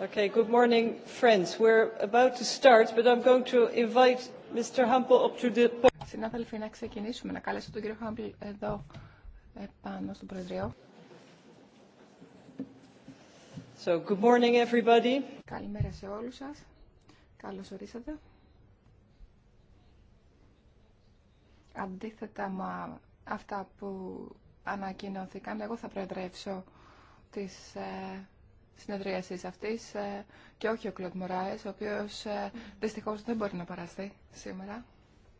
Okay, good morning, friends. We're about to start, but I'm going to invite Mr. Humble up to the... Συνάδελφοι, να ξεκινήσουμε. Να καλέσω τον κύριο Χάμπλ εδώ πάνω στο Προεδρείο. So, good morning, everybody. Καλημέρα σε όλους σας. Καλώς ορίσατε. Αντίθετα με αυτά που ανακοινώθηκαν, εγώ θα προεδρεύσω τις ε, αυτή αυτής ε, και όχι ο Κλοντ ο οποίος ε, δυστυχώ δεν μπορεί να παραστεί σήμερα.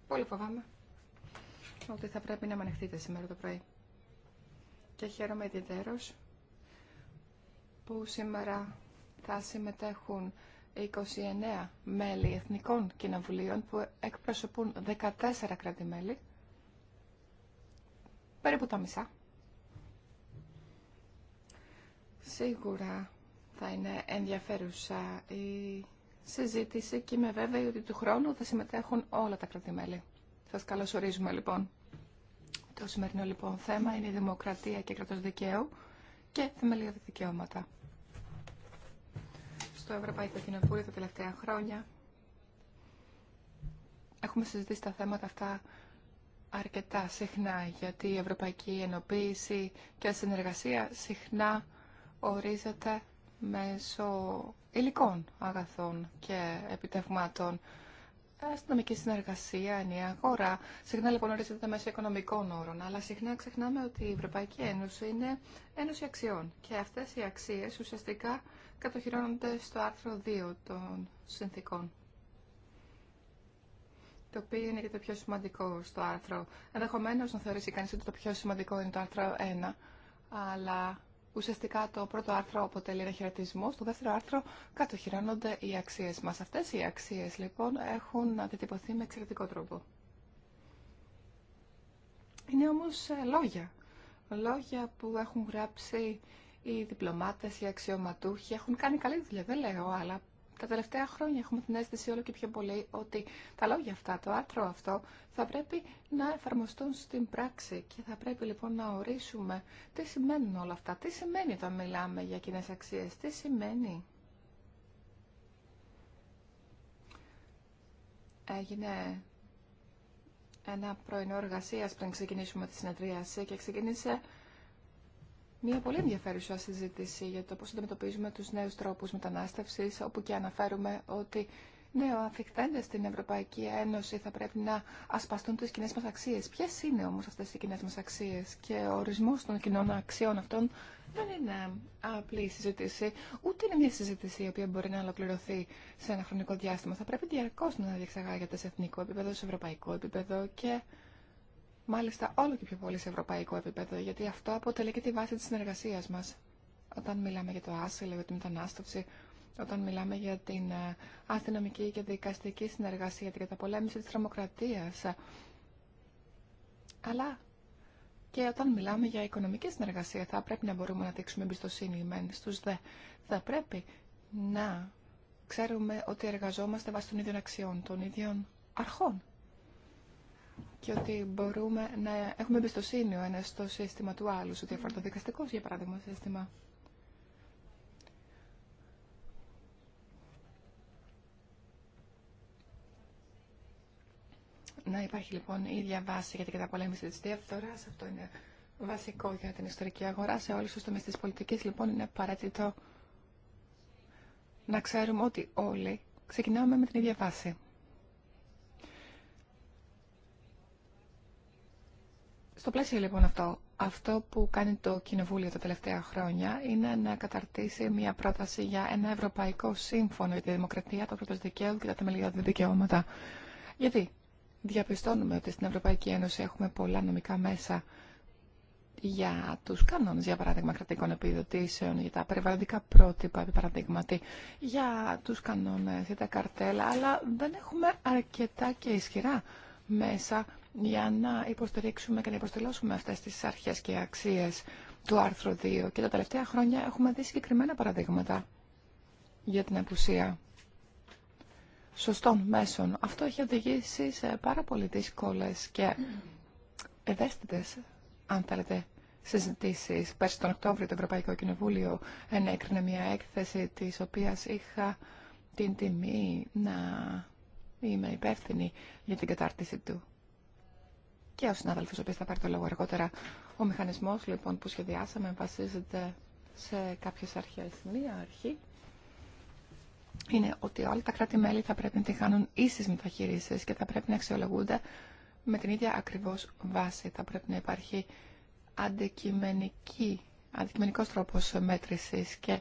Πολύ φοβάμαι ότι θα πρέπει να με ανεχτείτε σήμερα το πρωί. Και χαίρομαι ιδιαίτερω που σήμερα θα συμμετέχουν 29 μέλη εθνικών κοινοβουλίων που εκπροσωπούν 14 κράτη-μέλη, περίπου τα μισά. Σίγουρα θα είναι ενδιαφέρουσα η συζήτηση και είμαι βέβαιη ότι του χρόνου θα συμμετέχουν όλα τα κρατημέλη. Σας καλωσορίζουμε λοιπόν. Το σημερινό λοιπόν θέμα είναι η δημοκρατία και κρατός δικαίου και θεμελιώδη δικαιώματα. Στο Ευρωπαϊκό Κοινοβούλιο τα τελευταία χρόνια έχουμε συζητήσει τα θέματα αυτά αρκετά συχνά, γιατί η ευρωπαϊκή ενοποίηση και συνεργασία συχνά ορίζεται μέσω υλικών αγαθών και επιτευγμάτων. Αστυνομική συνεργασία, ενιαία αγορά. Συχνά λοιπόν ορίζεται μέσω οικονομικών όρων, αλλά συχνά ξεχνάμε ότι η Ευρωπαϊκή Ένωση είναι ένωση αξιών. Και αυτέ οι αξίε ουσιαστικά κατοχυρώνονται στο άρθρο 2 των συνθήκων. Το οποίο είναι και το πιο σημαντικό στο άρθρο. Ενδεχομένω να θεωρήσει κανεί ότι το πιο σημαντικό είναι το άρθρο 1, αλλά Ουσιαστικά το πρώτο άρθρο αποτελεί ένα χαιρετισμό, στο δεύτερο άρθρο κατοχυρώνονται οι αξίε. Μα αυτέ οι αξίε λοιπόν έχουν αντιτυπωθεί με εξαιρετικό τρόπο. Είναι όμω ε, λόγια. Λόγια που έχουν γράψει οι διπλωμάτε, οι αξιωματούχοι, έχουν κάνει καλή δουλειά, δεν λέω, αλλά τα τελευταία χρόνια έχουμε την αίσθηση όλο και πιο πολύ ότι τα λόγια αυτά, το άρθρο αυτό, θα πρέπει να εφαρμοστούν στην πράξη και θα πρέπει λοιπόν να ορίσουμε τι σημαίνουν όλα αυτά. Τι σημαίνει όταν μιλάμε για κοινέ αξίε, τι σημαίνει. Έγινε ένα πρωινό εργασία πριν ξεκινήσουμε τη συνεδρίαση και ξεκίνησε μια πολύ ενδιαφέρουσα συζήτηση για το πώς αντιμετωπίζουμε τους νέους τρόπους μετανάστευσης, όπου και αναφέρουμε ότι νεοαφιχθέντες στην Ευρωπαϊκή Ένωση θα πρέπει να ασπαστούν τις κοινέ μας αξίες. Ποιες είναι όμως αυτές οι κοινέ μας αξίες και ο ορισμός των κοινών αξιών αυτών δεν είναι απλή συζήτηση, ούτε είναι μια συζήτηση η οποία μπορεί να ολοκληρωθεί σε ένα χρονικό διάστημα. Θα πρέπει διαρκώς να διεξαγάγεται σε εθνικό επίπεδο, σε ευρωπαϊκό επίπεδο και μάλιστα όλο και πιο πολύ σε ευρωπαϊκό επίπεδο, γιατί αυτό αποτελεί και τη βάση της συνεργασίας μας. Όταν μιλάμε για το άσυλο, για τη μετανάστευση, όταν μιλάμε για την ε, αστυνομική και δικαστική συνεργασία, για την καταπολέμηση της τρομοκρατίας, αλλά και όταν μιλάμε για οικονομική συνεργασία θα πρέπει να μπορούμε να δείξουμε εμπιστοσύνη μεν στους δε. Θα πρέπει να ξέρουμε ότι εργαζόμαστε βάσει των ίδιων αξιών, των ίδιων αρχών και ότι μπορούμε να έχουμε εμπιστοσύνη ο ένας στο σύστημα του άλλου, ό,τι το δικαστικό, για παράδειγμα, σύστημα. Να υπάρχει λοιπόν η ίδια βάση για την καταπολέμηση της διαφθοράς, αυτό είναι βασικό για την ιστορική αγορά. Σε όλους τους τομείς της πολιτικής λοιπόν είναι απαραίτητο να ξέρουμε ότι όλοι ξεκινάμε με την ίδια βάση. Στο πλαίσιο λοιπόν αυτό, αυτό που κάνει το Κοινοβούλιο τα τελευταία χρόνια είναι να καταρτήσει μια πρόταση για ένα ευρωπαϊκό σύμφωνο για τη δημοκρατία, το πρώτο δικαίου και τα θεμελιώδη δικαιώματα. Γιατί διαπιστώνουμε ότι στην Ευρωπαϊκή Ένωση έχουμε πολλά νομικά μέσα για τους κανόνες, για παράδειγμα, κρατικών επιδοτήσεων, για τα περιβαλλοντικά πρότυπα, παραδείγματι, για τους κανόνες, για τα καρτέλα, αλλά δεν έχουμε αρκετά και ισχυρά μέσα για να υποστηρίξουμε και να υποστηλώσουμε αυτές τις αρχές και αξίες του άρθρου 2. Και τα τελευταία χρόνια έχουμε δει συγκεκριμένα παραδείγματα για την απουσία σωστών μέσων. Αυτό έχει οδηγήσει σε πάρα πολύ δύσκολε και ευαίσθητες, αν θέλετε, συζητήσει. Πέρσι τον Οκτώβριο το Ευρωπαϊκό Κοινοβούλιο ενέκρινε μια έκθεση της οποίας είχα την τιμή να είμαι υπεύθυνη για την κατάρτιση του. Και ο συνάδελφο, ο οποίο θα πάρει το λόγο αργότερα. Ο μηχανισμό λοιπόν που σχεδιάσαμε βασίζεται σε κάποιε αρχέ. Μία αρχή είναι ότι όλα τα κράτη-μέλη θα πρέπει να τη χάνουν ίσε μεταχειρήσει και θα πρέπει να αξιολογούνται με την ίδια ακριβώ βάση. Θα πρέπει να υπάρχει αντικειμενική αντικειμενικός τρόπος μέτρησης και α,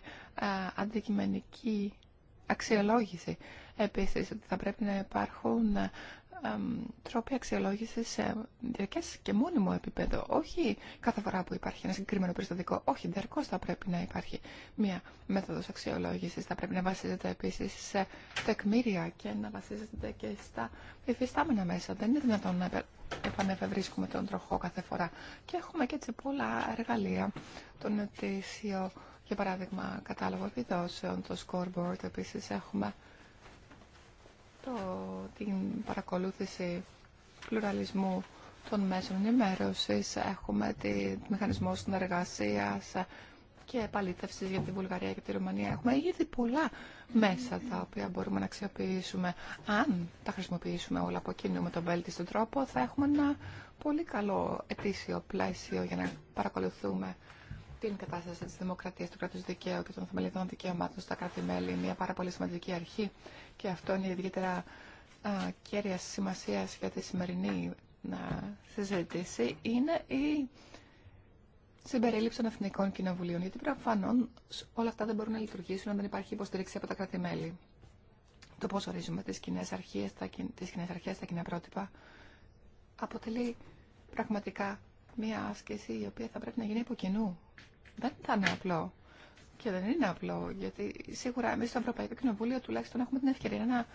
αντικειμενική αξιολόγηση. Επίσης, ότι θα πρέπει να υπάρχουν τρόποι αξιολόγηση σε διαρκέ και μόνιμο επίπεδο. Όχι κάθε φορά που υπάρχει ένα συγκεκριμένο περιστατικό. Όχι, διαρκώ θα πρέπει να υπάρχει μια μέθοδο αξιολόγηση. Θα πρέπει να βασίζεται επίση σε τεκμήρια και να βασίζεται και στα υφιστάμενα μέσα. Δεν είναι δυνατόν να επανεφευρίσκουμε τον τροχό κάθε φορά. Και έχουμε και έτσι πολλά εργαλεία. των ετήσιων. Για παράδειγμα, κατάλογο επιδόσεων, το scoreboard, επίσης έχουμε το, την παρακολούθηση πλουραλισμού των μέσων ενημέρωση, έχουμε τη μηχανισμό συνεργασία και επαλήθευση για τη Βουλγαρία και τη Ρουμανία. Έχουμε ήδη πολλά μέσα τα οποία μπορούμε να αξιοποιήσουμε. Αν τα χρησιμοποιήσουμε όλα από κοινού με τον βέλτιστο τρόπο, θα έχουμε ένα πολύ καλό ετήσιο πλαίσιο για να παρακολουθούμε την κατάσταση της δημοκρατίας, του κράτους δικαίου και των θεμελιωδών δικαιωμάτων στα κράτη-μέλη, μια πάρα πολύ σημαντική αρχή και αυτό είναι ιδιαίτερα α, κέρια σημασία για τη σημερινή να, συζήτηση, είναι η συμπερίληψη των εθνικών κοινοβουλίων. Γιατί προφανώ όλα αυτά δεν μπορούν να λειτουργήσουν αν δεν υπάρχει υποστήριξη από τα κράτη-μέλη. Το πώ ορίζουμε τι κοινέ αρχέ, τα κοινά πρότυπα, αποτελεί πραγματικά μια άσκηση η οποία θα πρέπει να γίνει από κοινού. Δεν θα είναι απλό. Και δεν είναι απλό, γιατί σίγουρα εμεί στο Ευρωπαϊκό Κοινοβούλιο τουλάχιστον έχουμε την ευκαιρία να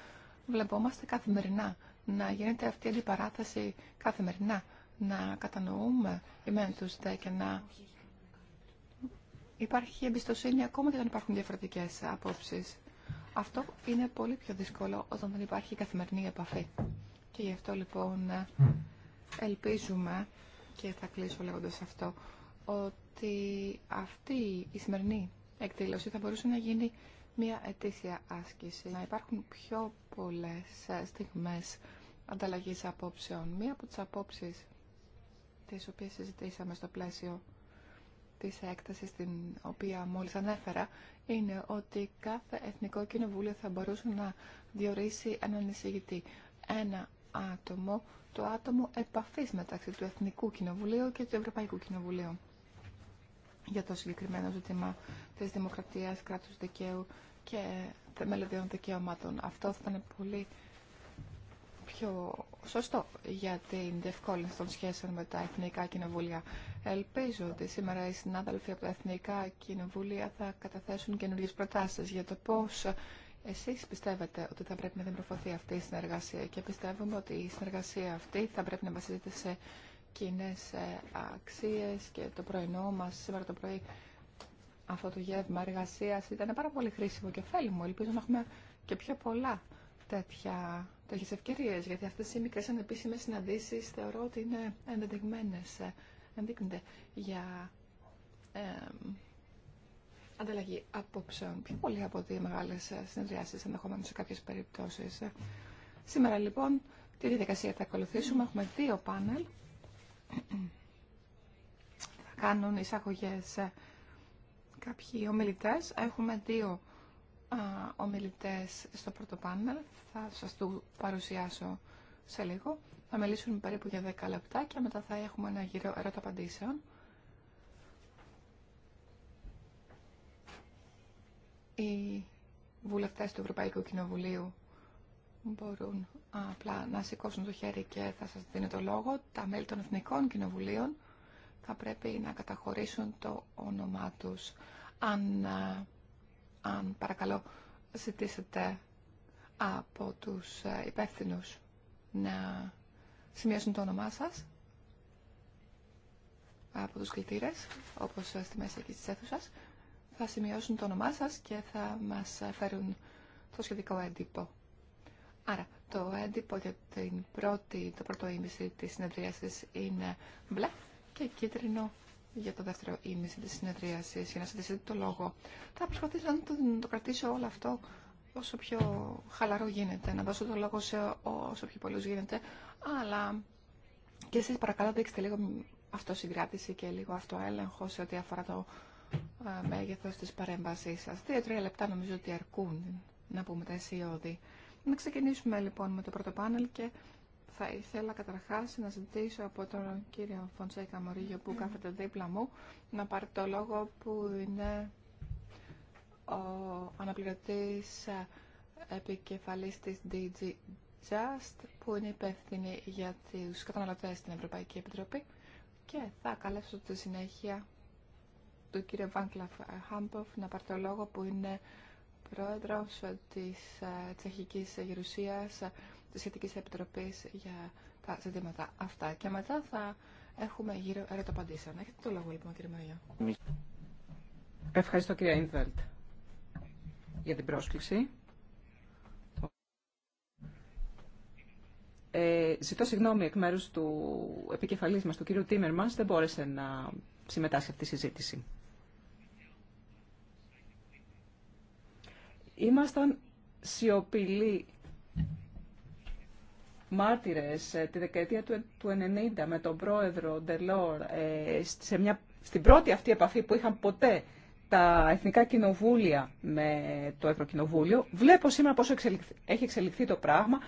βλεπόμαστε καθημερινά, να γίνεται αυτή η αντιπαράθεση καθημερινά, να κατανοούμε οι μεν του δε και να υπάρχει εμπιστοσύνη ακόμα και όταν υπάρχουν διαφορετικέ απόψει. Αυτό είναι πολύ πιο δύσκολο όταν δεν υπάρχει καθημερινή επαφή. Και γι' αυτό λοιπόν ελπίζουμε και θα κλείσω λέγοντας αυτό, ότι αυτή η σημερινή εκδήλωση θα μπορούσε να γίνει μια ετήσια άσκηση, να υπάρχουν πιο πολλές ε, στιγμές ανταλλαγής απόψεων. Μία από τι απόψεις τι οποίε συζητήσαμε στο πλαίσιο της έκταση, την οποία μόλις ανέφερα είναι ότι κάθε Εθνικό Κοινοβούλιο θα μπορούσε να διορίσει έναν εισηγητή. Ένα άτομο, το άτομο επαφής μεταξύ του Εθνικού Κοινοβουλίου και του Ευρωπαϊκού Κοινοβουλίου για το συγκεκριμένο ζήτημα της δημοκρατίας, κράτους δικαίου και θεμελιωδιών δικαιωμάτων. Αυτό θα ήταν πολύ πιο σωστό για την διευκόλυνση των σχέσεων με τα Εθνικά Κοινοβούλια. Ελπίζω ότι σήμερα οι συνάδελφοι από τα Εθνικά Κοινοβούλια θα καταθέσουν καινούργιες προτάσεις για το πώς εσείς πιστεύετε ότι θα πρέπει να δημιουργηθεί αυτή η συνεργασία και πιστεύουμε ότι η συνεργασία αυτή θα πρέπει να βασίζεται σε κοινέ ε, αξίες και το πρωινό μας σήμερα το πρωί αυτό το γεύμα εργασία ήταν πάρα πολύ χρήσιμο και ωφέλιμο. Ελπίζω να έχουμε και πιο πολλά τέτοια τέτοιες ευκαιρίες, γιατί αυτές οι μικρές ανεπίσημες συναντήσεις θεωρώ ότι είναι ενδεδειγμένε. Ε, για ε, ανταλλαγή απόψεων, πιο πολύ από δύο μεγάλε συνεδριάσει ενδεχομένω σε κάποιε περιπτώσει. Ε, σήμερα λοιπόν τη διαδικασία θα ακολουθήσουμε. Έχουμε δύο πάνελ. Θα κάνουν εισαγωγέ ε, κάποιοι ομιλητέ. Έχουμε δύο ομιλητέ στο πρώτο πάνελ. Θα σα το παρουσιάσω σε λίγο. Θα μιλήσουν περίπου για 10 λεπτά και μετά θα έχουμε ένα γύρο ερώτα απαντήσεων. οι βουλευτές του Ευρωπαϊκού Κοινοβουλίου μπορούν απλά να σηκώσουν το χέρι και θα σας δίνω το λόγο. Τα μέλη των Εθνικών Κοινοβουλίων θα πρέπει να καταχωρήσουν το όνομά τους. Αν, αν παρακαλώ ζητήσετε από τους ε, υπεύθυνους να σημειώσουν το όνομά σας από τους κλητήρες, όπως ε, στη μέση εκεί της αίθουσας θα σημειώσουν το όνομά σας και θα μας φέρουν το σχετικό έντυπο. Άρα, το έντυπο για την πρώτη, το πρώτο ήμιση της συνεδρίασης είναι μπλε και κίτρινο για το δεύτερο ήμιση της συνεδρίασης για να δείτε το λόγο. Θα προσπαθήσω να το, να το κρατήσω όλο αυτό όσο πιο χαλαρό γίνεται, να δώσω το λόγο σε όσο πιο πολλούς γίνεται, αλλά και εσείς παρακαλώ δείξτε λίγο αυτοσυγκράτηση και λίγο αυτοέλεγχο σε ό,τι αφορά το Μέγεθο τη παρέμβασή σα. Δύο-τρία λεπτά νομίζω ότι αρκούν να πούμε τα αισιόδη. Να ξεκινήσουμε λοιπόν με το πρώτο πάνελ και θα ήθελα καταρχάς να ζητήσω από τον κύριο Φωντσέκα Μωρίγιο που κάθεται δίπλα μου να πάρει το λόγο που είναι ο αναπληρωτής ε, επικεφαλής της DG Just που είναι υπεύθυνη για τους καταναλωτές στην Ευρωπαϊκή Επιτροπή και θα καλέσω τη συνέχεια του κύριου Βάνκλαφ Χάμποφ να πάρει το λόγο που είναι πρόεδρος της ε, Τσεχικής Γερουσίας της Σχετικής Επιτροπής για τα ζητήματα αυτά. Και μετά θα έχουμε γύρω ερωτοπαντήσεων. Έχετε το λόγο λοιπόν κύριε Μαριά. Ευχαριστώ κυρία Ινβέλτ για την πρόσκληση. Ε, ζητώ συγγνώμη εκ μέρους του επικεφαλής μας, του κύριου Τίμερμανς, δεν μπόρεσε να συμμετάσχει αυτή τη συζήτηση. Ήμασταν σιωπηλοί μάρτυρες ε, τη δεκαετία του 90 με τον πρόεδρο Ντελόρ ε, σε μια, στην πρώτη αυτή επαφή που είχαν ποτέ τα εθνικά κοινοβούλια με το Ευρωκοινοβούλιο. Βλέπω σήμερα πόσο έχει εξελιχθεί το πράγμα,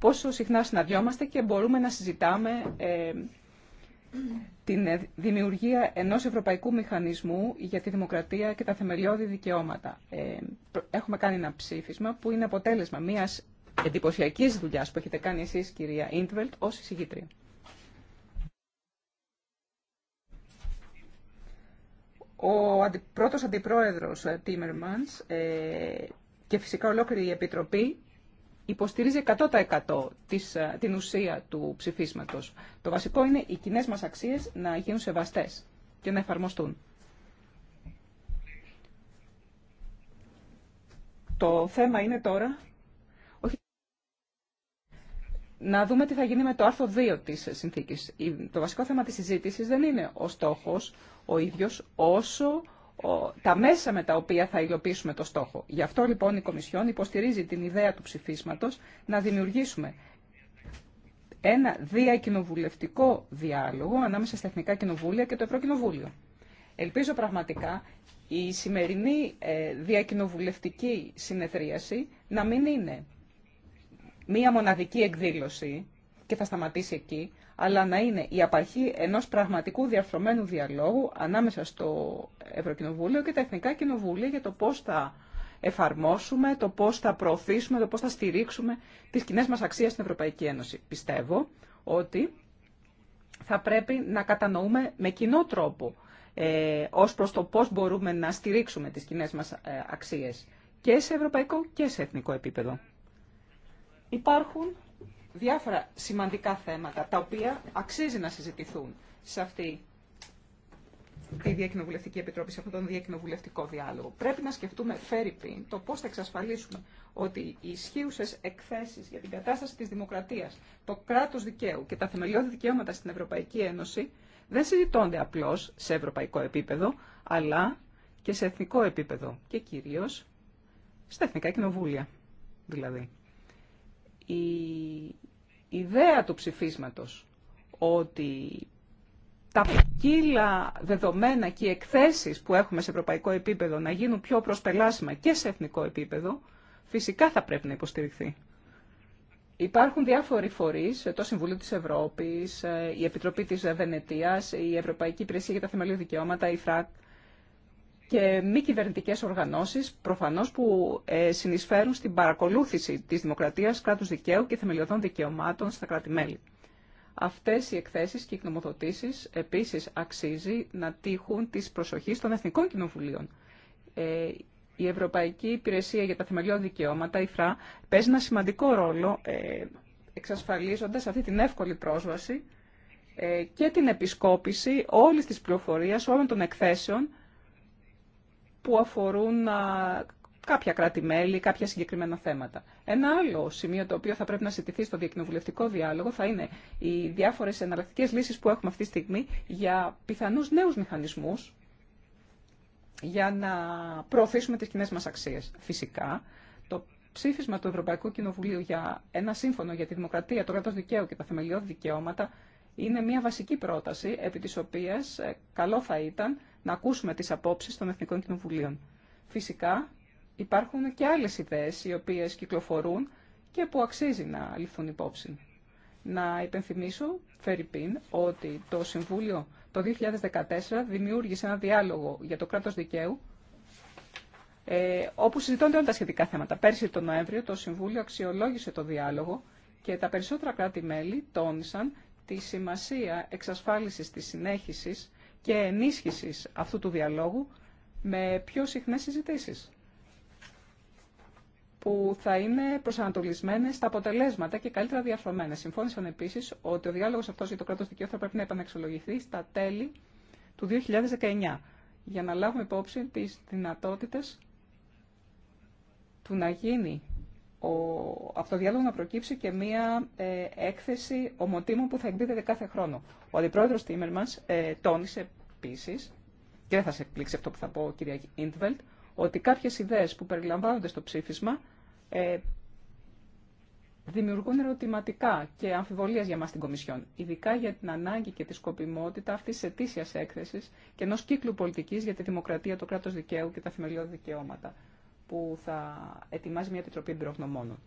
πόσο συχνά συναντιόμαστε και μπορούμε να συζητάμε ε, την ε, δημιουργία ενός ευρωπαϊκού μηχανισμού για τη δημοκρατία και τα θεμελιώδη δικαιώματα. Ε, έχουμε κάνει ένα ψήφισμα που είναι αποτέλεσμα μιας εντυπωσιακή δουλειάς που έχετε κάνει εσείς, κυρία Ίντβελτ, ως εισηγήτρια. Ο πρώτος αντιπρόεδρος ε, Τίμερμανς και φυσικά ολόκληρη η Επιτροπή υποστηρίζει 100% της, ε, την ουσία του ψηφίσματος. Το βασικό είναι οι κοινέ μας αξίες να γίνουν σεβαστές και να εφαρμοστούν. Το θέμα είναι τώρα όχι, να δούμε τι θα γίνει με το άρθρο 2 της συνθήκης. Το βασικό θέμα της συζήτησης δεν είναι ο στόχος ο ίδιος όσο τα μέσα με τα οποία θα υλοποιήσουμε το στόχο. Γι' αυτό λοιπόν η Κομισιόν υποστηρίζει την ιδέα του ψηφίσματος να δημιουργήσουμε ένα διακοινοβουλευτικό διάλογο ανάμεσα στα Εθνικά Κοινοβούλια και το Ευρωκοινοβούλιο. Ελπίζω πραγματικά η σημερινή ε, διακοινοβουλευτική συνεδρίαση να μην είναι μία μοναδική εκδήλωση και θα σταματήσει εκεί, αλλά να είναι η απαρχή ενός πραγματικού διαρθρωμένου διαλόγου ανάμεσα στο Ευρωκοινοβούλιο και τα Εθνικά Κοινοβούλια για το πώς θα εφαρμόσουμε, το πώς θα προωθήσουμε, το πώς θα στηρίξουμε τις κοινέ μας αξίες στην Ευρωπαϊκή Ένωση. Πιστεύω ότι θα πρέπει να κατανοούμε με κοινό τρόπο ε, ως προς το πώς μπορούμε να στηρίξουμε τις κοινέ μας ε, αξίες και σε ευρωπαϊκό και σε εθνικό επίπεδο. Υπάρχουν διάφορα σημαντικά θέματα, τα οποία αξίζει να συζητηθούν σε αυτή τη Διακοινοβουλευτική Επιτροπή, σε αυτόν τον διακοινοβουλευτικό διάλογο. Πρέπει να σκεφτούμε πριν το πώ θα εξασφαλίσουμε ότι οι ισχύουσε εκθέσει για την κατάσταση τη δημοκρατία, το κράτο δικαίου και τα θεμελιώδη δικαιώματα στην Ευρωπαϊκή Ένωση δεν συζητώνται απλώ σε ευρωπαϊκό επίπεδο, αλλά και σε εθνικό επίπεδο και κυρίω στα εθνικά κοινοβούλια δηλαδή η ιδέα του ψηφίσματος ότι τα ποικίλα δεδομένα και οι εκθέσεις που έχουμε σε ευρωπαϊκό επίπεδο να γίνουν πιο προσπελάσιμα και σε εθνικό επίπεδο, φυσικά θα πρέπει να υποστηριχθεί. Υπάρχουν διάφοροι φορείς, το Συμβουλίο της Ευρώπης, η Επιτροπή της Βενετίας, η Ευρωπαϊκή Υπηρεσία για τα Θεμελιώδη Δικαιώματα, η ΦΡΑΚ, και μη κυβερνητικέ οργανώσει, προφανώ που ε, συνεισφέρουν στην παρακολούθηση τη δημοκρατία κράτου δικαίου και θεμελιωδών δικαιωμάτων στα κράτη-μέλη. Αυτές οι εκθέσει και οι επίση αξίζει να τύχουν τη προσοχή των Εθνικών Κοινοβουλίων. Ε, η Ευρωπαϊκή Υπηρεσία για τα Θεμελιώδη Δικαιώματα, η ΦΡΑ, παίζει ένα σημαντικό ρόλο ε, εξασφαλίζοντας αυτή την εύκολη πρόσβαση και την επισκόπηση όλης της πληροφορίας, όλων των εκθέσεων που αφορούν κάποια κράτη-μέλη, κάποια συγκεκριμένα θέματα. Ένα άλλο σημείο το οποίο θα πρέπει να συζητηθεί στο διακοινοβουλευτικό διάλογο θα είναι οι διάφορε εναλλακτικέ λύσει που έχουμε αυτή τη στιγμή για πιθανού νέου μηχανισμού για να προωθήσουμε τι κοινέ μα αξίε. Φυσικά, το ψήφισμα του Ευρωπαϊκού Κοινοβουλίου για ένα σύμφωνο για τη δημοκρατία, το κράτο δικαίου και τα θεμελιώδη δικαιώματα είναι μια βασική πρόταση επί της οποίας ε, καλό θα ήταν να ακούσουμε τις απόψεις των Εθνικών Κοινοβουλίων. Φυσικά υπάρχουν και άλλες ιδέες οι οποίες κυκλοφορούν και που αξίζει να ληφθούν υπόψη. Να υπενθυμίσω, Φερρυπίν, ότι το Συμβούλιο το 2014 δημιούργησε ένα διάλογο για το κράτος δικαίου ε, όπου συζητώνται όλα τα σχετικά θέματα. Πέρσι τον Νοέμβριο το Συμβούλιο αξιολόγησε το διάλογο και τα περισσότερα κράτη-μέλη τόνισαν τη σημασία εξασφάλισης της συνέχισης και ενίσχυσης αυτού του διαλόγου με πιο συχνές συζητήσεις που θα είναι προσανατολισμένε στα αποτελέσματα και καλύτερα διαρθρωμένε. Συμφώνησαν επίση ότι ο διάλογο αυτό για το κράτο δικαίου θα πρέπει να επαναξιολογηθεί στα τέλη του 2019 για να λάβουμε υπόψη τι δυνατότητε του να γίνει ο, αυτό το διάλογο να προκύψει και μία ε, έκθεση ομοτήμων που θα εκδίδεται κάθε χρόνο. Ο αντιπρόεδρο Τίμερμαν ε, τόνισε Επίση, και δεν θα σε εκπλήξει αυτό που θα πω, κυρία Ιντβελτ, ότι κάποιες ιδέες που περιλαμβάνονται στο ψήφισμα ε, δημιουργούν ερωτηματικά και αμφιβολίες για μα την Κομισιόν, ειδικά για την ανάγκη και τη σκοπιμότητα αυτή τη ετήσια έκθεση και ενό κύκλου πολιτική για τη δημοκρατία, το κράτος δικαίου και τα θεμελιώδη δικαιώματα, που θα ετοιμάζει μια επιτροπή εμπειρογνωμόνων.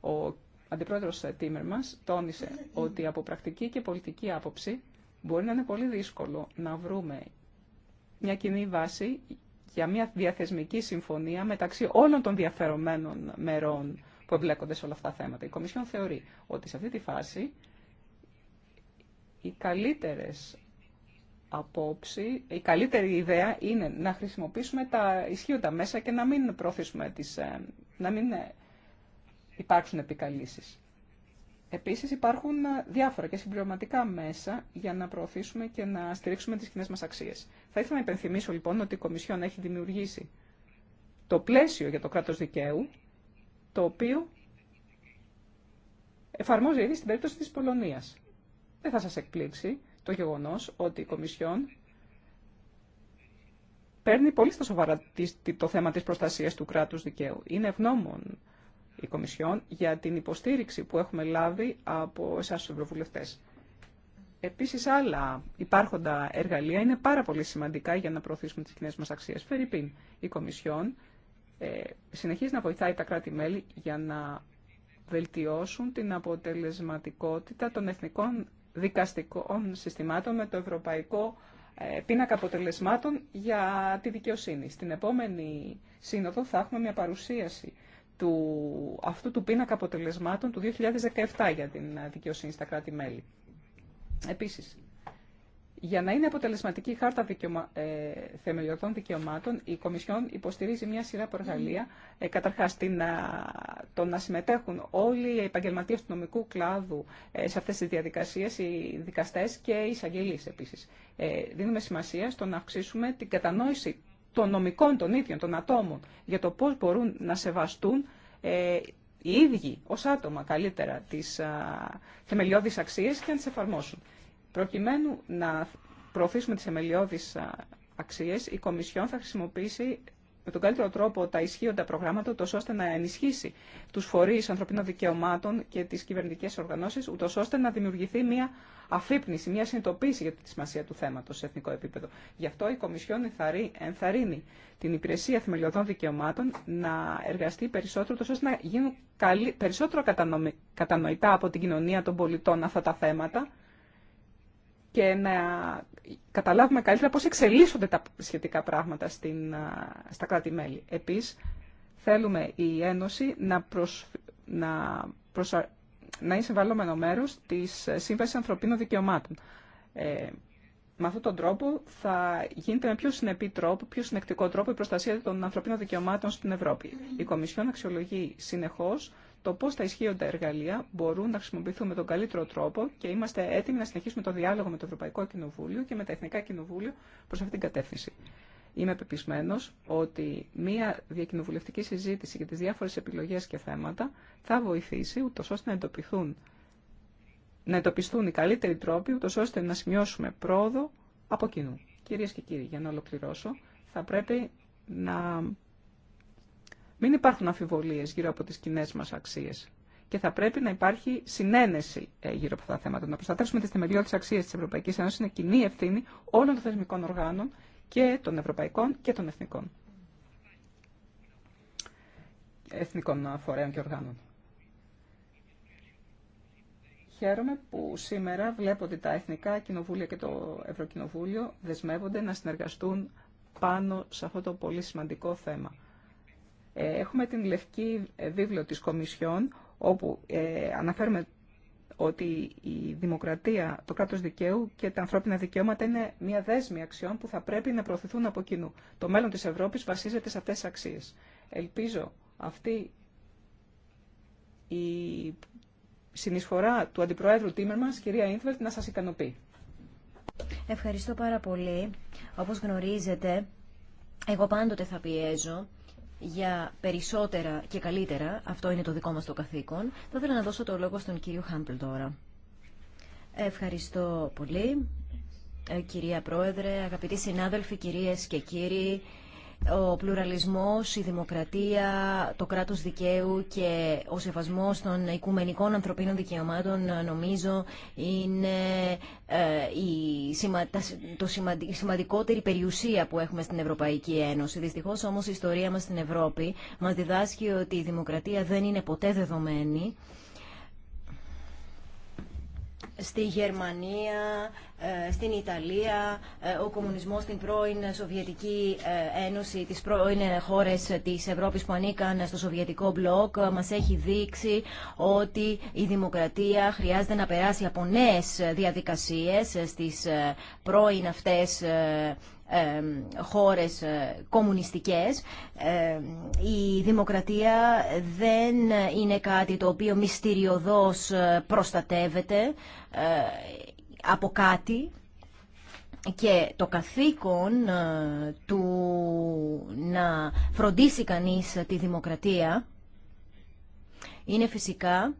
Ο αντιπρόεδρος Τίμερ μας τόνισε ότι από πρακτική και πολιτική άποψη Μπορεί να είναι πολύ δύσκολο να βρούμε μια κοινή βάση για μια διαθεσμική συμφωνία μεταξύ όλων των διαφερομένων μερών που εμπλέκονται σε όλα αυτά τα θέματα. Η Κομισιόν θεωρεί ότι σε αυτή τη φάση οι καλύτερες απόψη, η καλύτερη ιδέα είναι να χρησιμοποιήσουμε τα ισχύοντα μέσα και να μην τις, ε, να ε, υπάρξουν επικαλήσεις. Επίσης υπάρχουν ε, διάφορα και συμπληρωματικά μέσα για να προωθήσουμε και να στηρίξουμε τις κοινέ μας αξίες. Θα ήθελα να υπενθυμίσω λοιπόν ότι η Κομισιόν έχει δημιουργήσει το πλαίσιο για το κράτος δικαίου, το οποίο εφαρμόζει ήδη στην περίπτωση της Πολωνίας. Δεν θα σας εκπλήξει το γεγονός ότι η Κομισιόν παίρνει πολύ στα σοβαρά το θέμα της προστασίας του κράτους δικαίου. Είναι ευγνώμων η Κομισιόν για την υποστήριξη που έχουμε λάβει από εσάς τους Ευρωβουλευτές. Επίσης άλλα υπάρχοντα εργαλεία είναι πάρα πολύ σημαντικά για να προωθήσουμε τις κοινέ μας αξίες. Φερρυπίν, η Κομισιόν ε, συνεχίζει να βοηθάει τα κράτη-μέλη για να βελτιώσουν την αποτελεσματικότητα των εθνικών δικαστικών συστημάτων με το ευρωπαϊκό ε, πίνακα αποτελεσμάτων για τη δικαιοσύνη. Στην επόμενη σύνοδο θα έχουμε μια παρουσίαση του, αυτού του πίνακα αποτελεσμάτων του 2017 για την ε, δικαιοσύνη στα κράτη-μέλη. Επίσης, για να είναι αποτελεσματική η χάρτα δικαιωμα... Ε, θεμελιωτών δικαιωμάτων, η Κομισιόν υποστηρίζει μια σειρά από ε, καταρχάς, την, το να συμμετέχουν όλοι οι επαγγελματίε του νομικού κλάδου σε αυτές τις διαδικασίες, οι δικαστές και οι εισαγγελίε. επίσης. δίνουμε σημασία στο να αυξήσουμε την κατανόηση των νομικών των ίδιων των ατόμων για το πώς μπορούν να σεβαστούν ε, οι ίδιοι ως άτομα καλύτερα τις α, θεμελιώδεις αξίες και να τις εφαρμόσουν. Προκειμένου να προωθήσουμε τις θεμελιώδεις α, αξίες, η Κομισιόν θα χρησιμοποιήσει με τον καλύτερο τρόπο τα ισχύοντα προγράμματα, τόσο ώστε να ενισχύσει τους φορείς ανθρωπίνων δικαιωμάτων και τις κυβερνητικές οργανώσεις, ούτως ώστε να δημιουργηθεί μια αφύπνιση, μια συνειδητοποίηση για τη σημασία του θέματος σε εθνικό επίπεδο. Γι' αυτό η Κομισιόν ενθαρρύνει την Υπηρεσία Θεμελιωδών Δικαιωμάτων να εργαστεί περισσότερο, τόσο ώστε να γίνουν περισσότερο κατανοητά από την κοινωνία των πολιτών αυτά τα θέματα και να καταλάβουμε καλύτερα πώς εξελίσσονται τα σχετικά πράγματα στην, στα κράτη-μέλη. Επίσης, θέλουμε η Ένωση να, προσ... να προσα να είναι συμβαλόμενο μέρο τη ε, σύμβαση Ανθρωπίνων Δικαιωμάτων. Ε, με αυτόν τον τρόπο θα γίνεται με πιο συνεπή τρόπο, πιο συνεκτικό τρόπο η προστασία των ανθρωπίνων δικαιωμάτων στην Ευρώπη. Η Κομισιόν αξιολογεί συνεχώς το πώς τα ισχύοντα εργαλεία μπορούν να χρησιμοποιηθούν με τον καλύτερο τρόπο και είμαστε έτοιμοι να συνεχίσουμε το διάλογο με το Ευρωπαϊκό Κοινοβούλιο και με τα Εθνικά Κοινοβούλια προ αυτή την κατεύθυνση. Είμαι πεπισμένο ότι μία διακοινοβουλευτική συζήτηση για τι διάφορε επιλογέ και θέματα θα βοηθήσει ούτω ώστε να να εντοπιστούν οι καλύτεροι τρόποι, ούτως ώστε να σημειώσουμε πρόοδο από κοινού. Κυρίε και κύριοι, για να ολοκληρώσω, θα πρέπει να μην υπάρχουν αμφιβολίες γύρω από τι κοινέ μα αξίε και θα πρέπει να υπάρχει συνένεση ε, γύρω από αυτά τα θέματα. Να προστατεύσουμε τι θεμελιώδει αξίε τη Ευρωπαϊκή Ένωση είναι κοινή ευθύνη όλων των θεσμικών οργάνων και των ευρωπαϊκών και των εθνικών. Εθνικών φορέων και οργάνων. Χαίρομαι που σήμερα βλέπω ότι τα Εθνικά Κοινοβούλια και το Ευρωκοινοβούλιο δεσμεύονται να συνεργαστούν πάνω σε αυτό το πολύ σημαντικό θέμα. Ε, έχουμε την λευκή βίβλο της Κομισιόν, όπου ε, αναφέρουμε ότι η δημοκρατία, το κράτο δικαίου και τα ανθρώπινα δικαιώματα είναι μια δέσμη αξιών που θα πρέπει να προωθηθούν από κοινού. Το μέλλον της Ευρώπης βασίζεται σε αυτέ τι αξίε. Ελπίζω αυτή η συνεισφορά του Αντιπροέδρου μα, κυρία Ίνθβελτ, να σας ικανοποιεί. Ευχαριστώ πάρα πολύ. Όπω γνωρίζετε, εγώ πάντοτε θα πιέζω για περισσότερα και καλύτερα. Αυτό είναι το δικό μας το καθήκον. Θα ήθελα να δώσω το λόγο στον κύριο Χάμπλ τώρα. Ευχαριστώ πολύ. Ε, κυρία Πρόεδρε, αγαπητοί συνάδελφοι, κυρίες και κύριοι, ο πλουραλισμός, η δημοκρατία, το κράτος δικαίου και ο σεβασμός των οικουμενικών ανθρωπίνων δικαιωμάτων νομίζω είναι ε, το σημαντικότερη περιουσία που έχουμε στην Ευρωπαϊκή Ένωση. Δυστυχώς όμως η ιστορία μας στην Ευρώπη μας διδάσκει ότι η δημοκρατία δεν είναι ποτέ δεδομένη στη Γερμανία, ε, στην Ιταλία, ε, ο κομμουνισμός στην πρώην Σοβιετική ε, Ένωση, τις πρώην χώρες της Ευρώπης που ανήκαν στο Σοβιετικό μπλοκ, μας έχει δείξει ότι η δημοκρατία χρειάζεται να περάσει από νέες διαδικασίες στις πρώην αυτές χώρες ε, κομμουνιστικές. Η δημοκρατία δεν είναι κάτι το οποίο μυστηριωδώς ε, προστατεύεται ε, από κάτι και το καθήκον του να φροντίσει κανείς τη δημοκρατία είναι φυσικά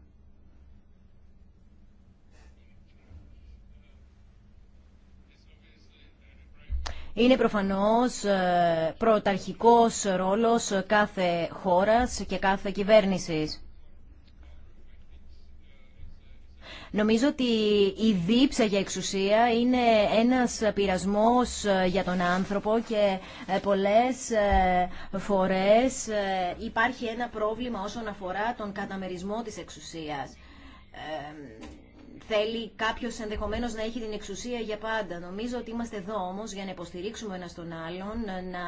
Είναι προφανώς ε, πρωταρχικός ρόλος κάθε χώρας και κάθε κυβέρνησης. Νομίζω ότι η δίψα για εξουσία είναι ένας πειρασμός ε, για τον άνθρωπο και ε, πολλές φορές υπάρχει ένα πρόβλημα όσον αφορά τον καταμερισμό της εξουσίας θέλει κάποιο ενδεχομένως να έχει την εξουσία για πάντα. Νομίζω ότι είμαστε εδώ όμω για να υποστηρίξουμε ένα τον άλλον, να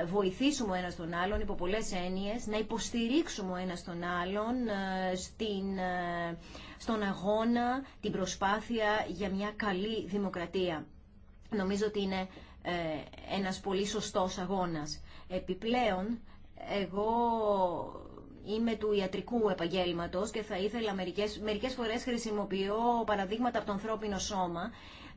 ε, βοηθήσουμε ένα τον άλλον υπό πολλέ έννοιε, να υποστηρίξουμε ένα τον άλλον ε, στην, ε, στον αγώνα, την προσπάθεια για μια καλή δημοκρατία. Νομίζω ότι είναι ένας πολύ σωστός αγώνας. Επιπλέον, εγώ είμαι του ιατρικού επαγγελματο και θα ήθελα μερικέ μερικές φορές χρησιμοποιώ παραδείγματα από το ανθρώπινο σώμα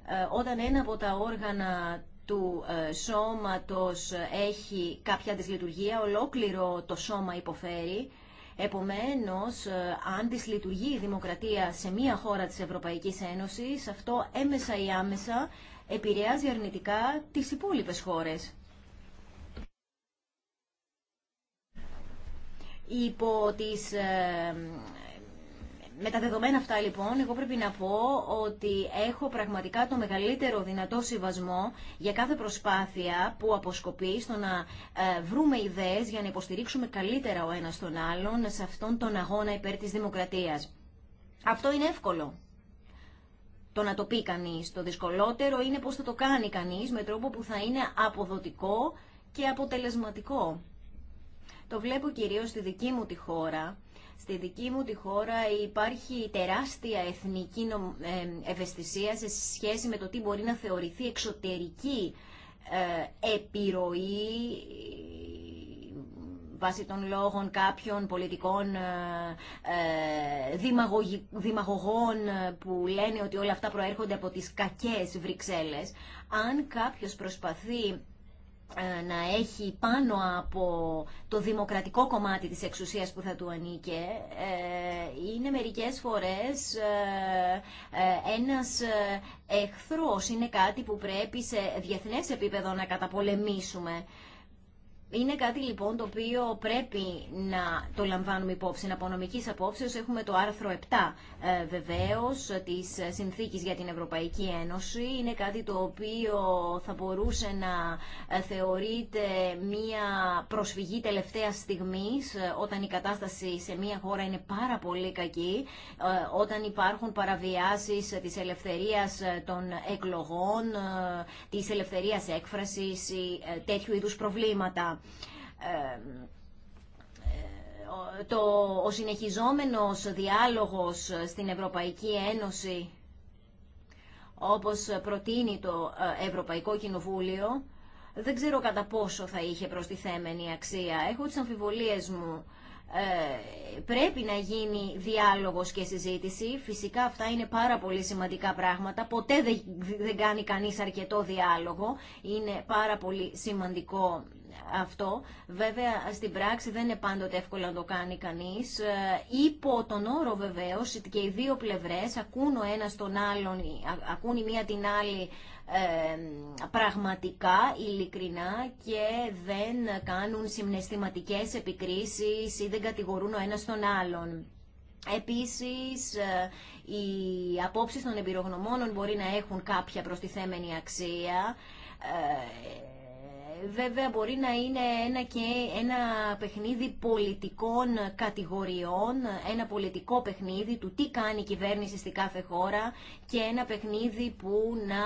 ε, όταν ένα από τα όργανα του ε, σώματος έχει κάποια δυσλειτουργία, ολόκληρο το σώμα υποφέρει. Επομένως, ε, αν δυσλειτουργεί η δημοκρατία σε μία χώρα της Ευρωπαϊκής Ένωσης, αυτό έμεσα ή άμεσα επηρεάζει αρνητικά τις υπόλοιπες χώρες. υπό τις ε, με τα δεδομένα αυτά λοιπόν, εγώ πρέπει να πω ότι έχω πραγματικά το μεγαλύτερο δυνατό συμβασμό για κάθε προσπάθεια που αποσκοπεί στο να ε, βρούμε ιδέες για να υποστηρίξουμε καλύτερα ο ένας τον άλλον σε αυτόν τον αγώνα υπέρ της δημοκρατίας. Αυτό είναι εύκολο. Το να το πει κανείς. Το δυσκολότερο είναι πώς θα το κάνει κανείς με τρόπο που θα είναι αποδοτικό και αποτελεσματικό. Το βλέπω κυρίως στη δική μου τη χώρα. Στη δική μου τη χώρα υπάρχει τεράστια εθνική ε, ευαισθησία σε σχέση με το τι μπορεί να θεωρηθεί εξωτερική ε, επιρροή βάσει των λόγων κάποιων πολιτικών ε, δημαγωγών που λένε ότι όλα αυτά προέρχονται από τις κακές Βρυξέλλες. Αν κάποιος προσπαθεί ε, να έχει πάνω από το δημοκρατικό κομμάτι της εξουσίας που θα του ανήκε ε, είναι μερικές φορές ε, ένας εχθρός. Είναι κάτι που πρέπει σε διεθνές επίπεδο να καταπολεμήσουμε. Είναι κάτι λοιπόν το οποίο πρέπει να το λαμβάνουμε υπόψη. Από νομική απόψεω έχουμε το άρθρο 7 ε, βεβαίω τη συνθήκη για την Ευρωπαϊκή Ένωση. Είναι κάτι το οποίο θα μπορούσε να ε, θεωρείται μία προσφυγή τελευταία στιγμή ε, όταν η κατάσταση σε μία χώρα είναι πάρα πολύ κακή, ε, όταν υπάρχουν παραβιάσει τη ελευθερία των εκλογών, ε, τη ελευθερία έκφραση, τέτοιου είδου προβλήματα. Ε, ε, το, ο συνεχιζόμενος διάλογος στην Ευρωπαϊκή Ένωση, όπως προτείνει το ε, Ευρωπαϊκό Κοινοβούλιο, δεν ξέρω κατά πόσο θα είχε προστιθέμενη αξία. Έχω τις αμφιβολίες μου. πρέπει να γίνει διάλογος και συζήτηση. Φυσικά αυτά είναι πάρα πολύ σημαντικά πράγματα. Ποτέ δεν, δεν κάνει κανείς αρκετό διάλογο. Είναι πάρα πολύ σημαντικό αυτό. Βέβαια, στην πράξη δεν είναι πάντοτε εύκολο να το κάνει κανείς. Ε, υπό τον όρο βεβαίως και οι δύο πλευρές ακούν ο ένας άλλον, ακούν η μία την άλλη ε, πραγματικά, ειλικρινά και δεν κάνουν συμναισθηματικές επικρίσεις ή δεν κατηγορούν ο ένα τον άλλον. Επίσης, ε, οι απόψεις των εμπειρογνωμόνων μπορεί να έχουν κάποια προστιθέμενη αξία βέβαια μπορεί να είναι ένα και ένα παιχνίδι πολιτικών κατηγοριών, ένα πολιτικό παιχνίδι του τι κάνει η κυβέρνηση στη κάθε χώρα και ένα παιχνίδι που να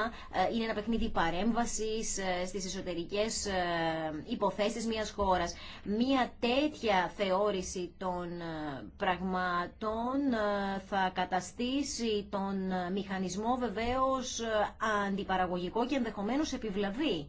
ε, είναι ένα παιχνίδι παρέμβασης ε, στις εσωτερικές ε, υποθέσεις μιας χώρας. Μια τέτοια θεώρηση των πραγμάτων θα καταστήσει τον μηχανισμό βεβαίως αντιπαραγωγικό και ενδεχομένως επιβλαβή.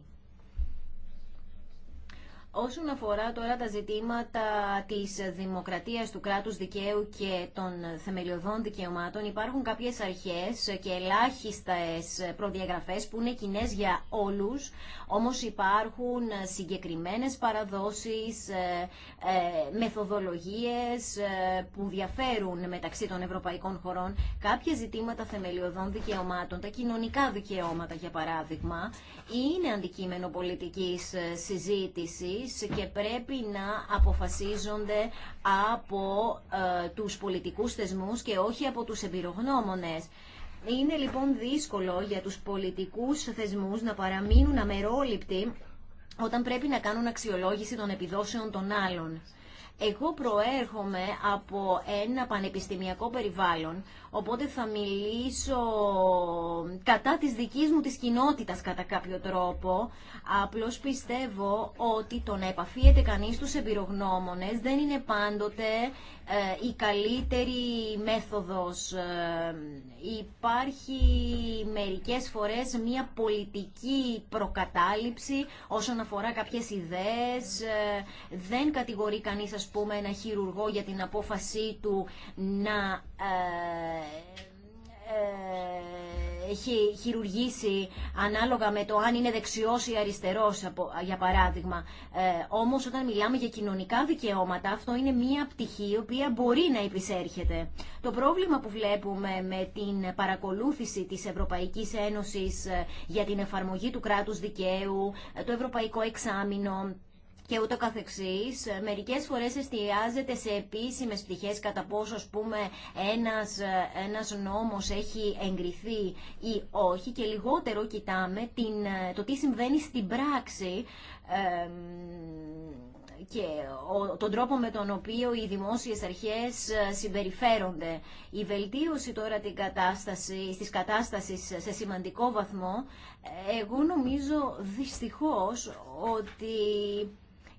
Όσον αφορά τώρα τα ζητήματα της δημοκρατίας, του κράτους δικαίου και των θεμελιωδών δικαιωμάτων, υπάρχουν κάποιες αρχές και ελάχιστες προδιαγραφές που είναι κοινέ για όλους, όμως υπάρχουν συγκεκριμένες παραδόσεις, ε, ε, μεθοδολογίες ε, που διαφέρουν μεταξύ των ευρωπαϊκών χωρών. Κάποια ζητήματα θεμελιωδών δικαιωμάτων, τα κοινωνικά δικαιώματα για παράδειγμα, είναι αντικείμενο πολιτικής συζήτησης και πρέπει να αποφασίζονται από ε, τους πολιτικούς θεσμούς και όχι από τους εμπειρογνώμονες. Είναι λοιπόν δύσκολο για τους πολιτικούς θεσμούς να παραμείνουν αμερόληπτοι όταν πρέπει να κάνουν αξιολόγηση των επιδόσεων των άλλων. Εγώ προέρχομαι από ένα πανεπιστημιακό περιβάλλον Οπότε θα μιλήσω κατά της δικής μου της κοινότητας κατά κάποιο τρόπο. Απλώς πιστεύω ότι το να επαφίεται κανείς τους εμπειρογνώμονες δεν είναι πάντοτε ε, η καλύτερη μέθοδος. Ε, υπάρχει μερικές φορές μια πολιτική προκατάληψη όσον αφορά κάποιες ιδέες. Ε, δεν κατηγορεί κανείς, ας πούμε, ένα χειρουργό για την απόφασή του να ε, ε, έχει χειρουργήσει ανάλογα με το αν είναι δεξιός ή αριστερός, για παράδειγμα. Ε, όμως όταν μιλάμε για κοινωνικά δικαιώματα, αυτό είναι μία πτυχή η οποία μπορεί να επισέρχεται. Το πρόβλημα που βλέπουμε με την παρακολούθηση της Ευρωπαϊκής Ένωσης ε, για την εφαρμογή του κράτους δικαίου, το Ευρωπαϊκό Εξάμεινο, και ούτω καθεξής. Ε, μερικές φορές εστιάζεται σε επίσημες πτυχές κατά πόσο ας πούμε ένας, ε, ένας νόμος έχει εγκριθεί ή όχι και λιγότερο κοιτάμε την, ε, το τι συμβαίνει στην πράξη και τον τρόπο με τον οποίο οι δημόσιες αρχές συμπεριφέρονται. Η βελτίωση τώρα την κατάσταση, της κατάστασης σε σημαντικό βαθμό, εγώ νομίζω δυστυχώς ότι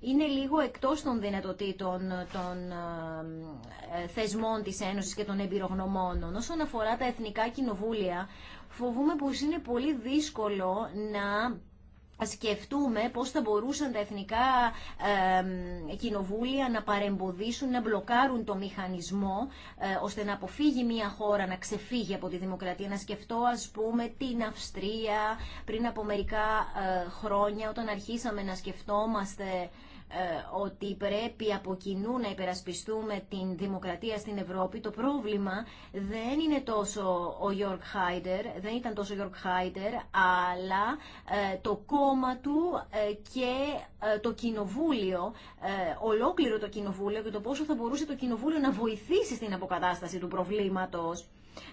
είναι λίγο εκτός των δυνατοτήτων των ε, ε, θεσμών της Ένωσης και των εμπειρογνωμόνων. Όσον αφορά τα εθνικά κοινοβούλια, φοβούμε πως είναι πολύ δύσκολο να σκεφτούμε πώς θα μπορούσαν τα εθνικά ε, κοινοβούλια να παρεμποδίσουν, να μπλοκάρουν το μηχανισμό ε, ώστε να αποφύγει μια χώρα να ξεφύγει από τη δημοκρατία. Να σκεφτώ ας πούμε την Αυστρία πριν από μερικά χρόνια όταν αρχίσαμε να σκεφτόμαστε ε, ότι πρέπει από κοινού να υπερασπιστούμε την δημοκρατία στην Ευρώπη, το πρόβλημα δεν είναι τόσο ο Γιώργ Χάιντερ, δεν ήταν τόσο ο Γιώργ Χάιντερ, αλλά ε, το κόμμα του ε, και το κοινοβούλιο, ολόκληρο το κοινοβούλιο και το πόσο θα μπορούσε το κοινοβούλιο να βοηθήσει στην αποκατάσταση του προβλήματος.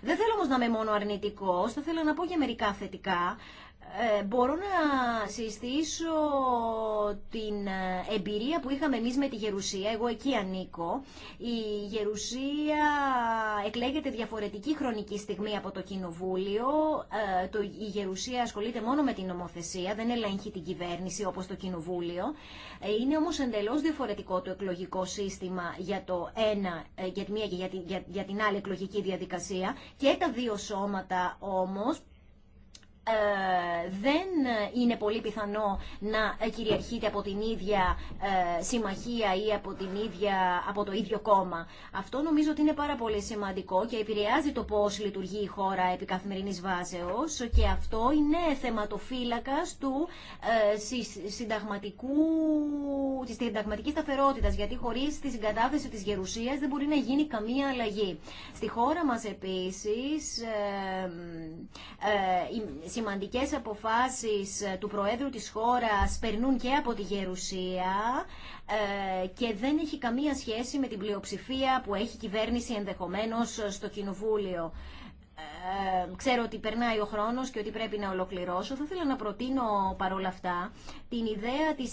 Δεν θέλω όμως να είμαι μόνο αρνητικός, θα θέλω να πω για μερικά θετικά. Ε, μπορώ να συστήσω την ε, εμπειρία που είχαμε εμείς με τη Γερουσία. Εγώ εκεί ανήκω. Η Γερουσία εκλέγεται διαφορετική χρονική στιγμή από το Κοινοβούλιο. Ε, το, η Γερουσία ασχολείται μόνο με την νομοθεσία, δεν ελέγχει την κυβέρνηση όπως το Κοινοβούλιο. είναι όμως εντελώς διαφορετικό το εκλογικό σύστημα για το ένα, για για την, την άλλη εκλογική διαδικασία. Και τα δύο σώματα όμως ε, δεν ε, είναι πολύ πιθανό να ε, κυριαρχείται από την ίδια συμμαχία ή από, την ίδια, από το ίδιο κόμμα. Αυτό νομίζω ότι είναι πάρα πολύ σημαντικό και επηρεάζει το πώς λειτουργεί η χώρα επί καθημερινής βάσεως και αυτό είναι θεματοφύλακας του συνταγματικού, της συνταγματικής σταθερότητας γιατί χωρίς τη συγκατάθεση της γερουσίας δεν μπορεί να γίνει καμία αλλαγή. Στη χώρα μας επίσης σημαντικές αποφάσεις ε, του Προέδρου της χώρας περνούν και από τη Γερουσία ε, και δεν έχει καμία σχέση με την πλειοψηφία που έχει κυβέρνηση ενδεχομένως ε, στο Κοινοβούλιο. Ξέρω ότι περνάει ο χρόνος και ότι πρέπει να ολοκληρώσω. Θα ήθελα να προτείνω παρόλα αυτά την ιδέα της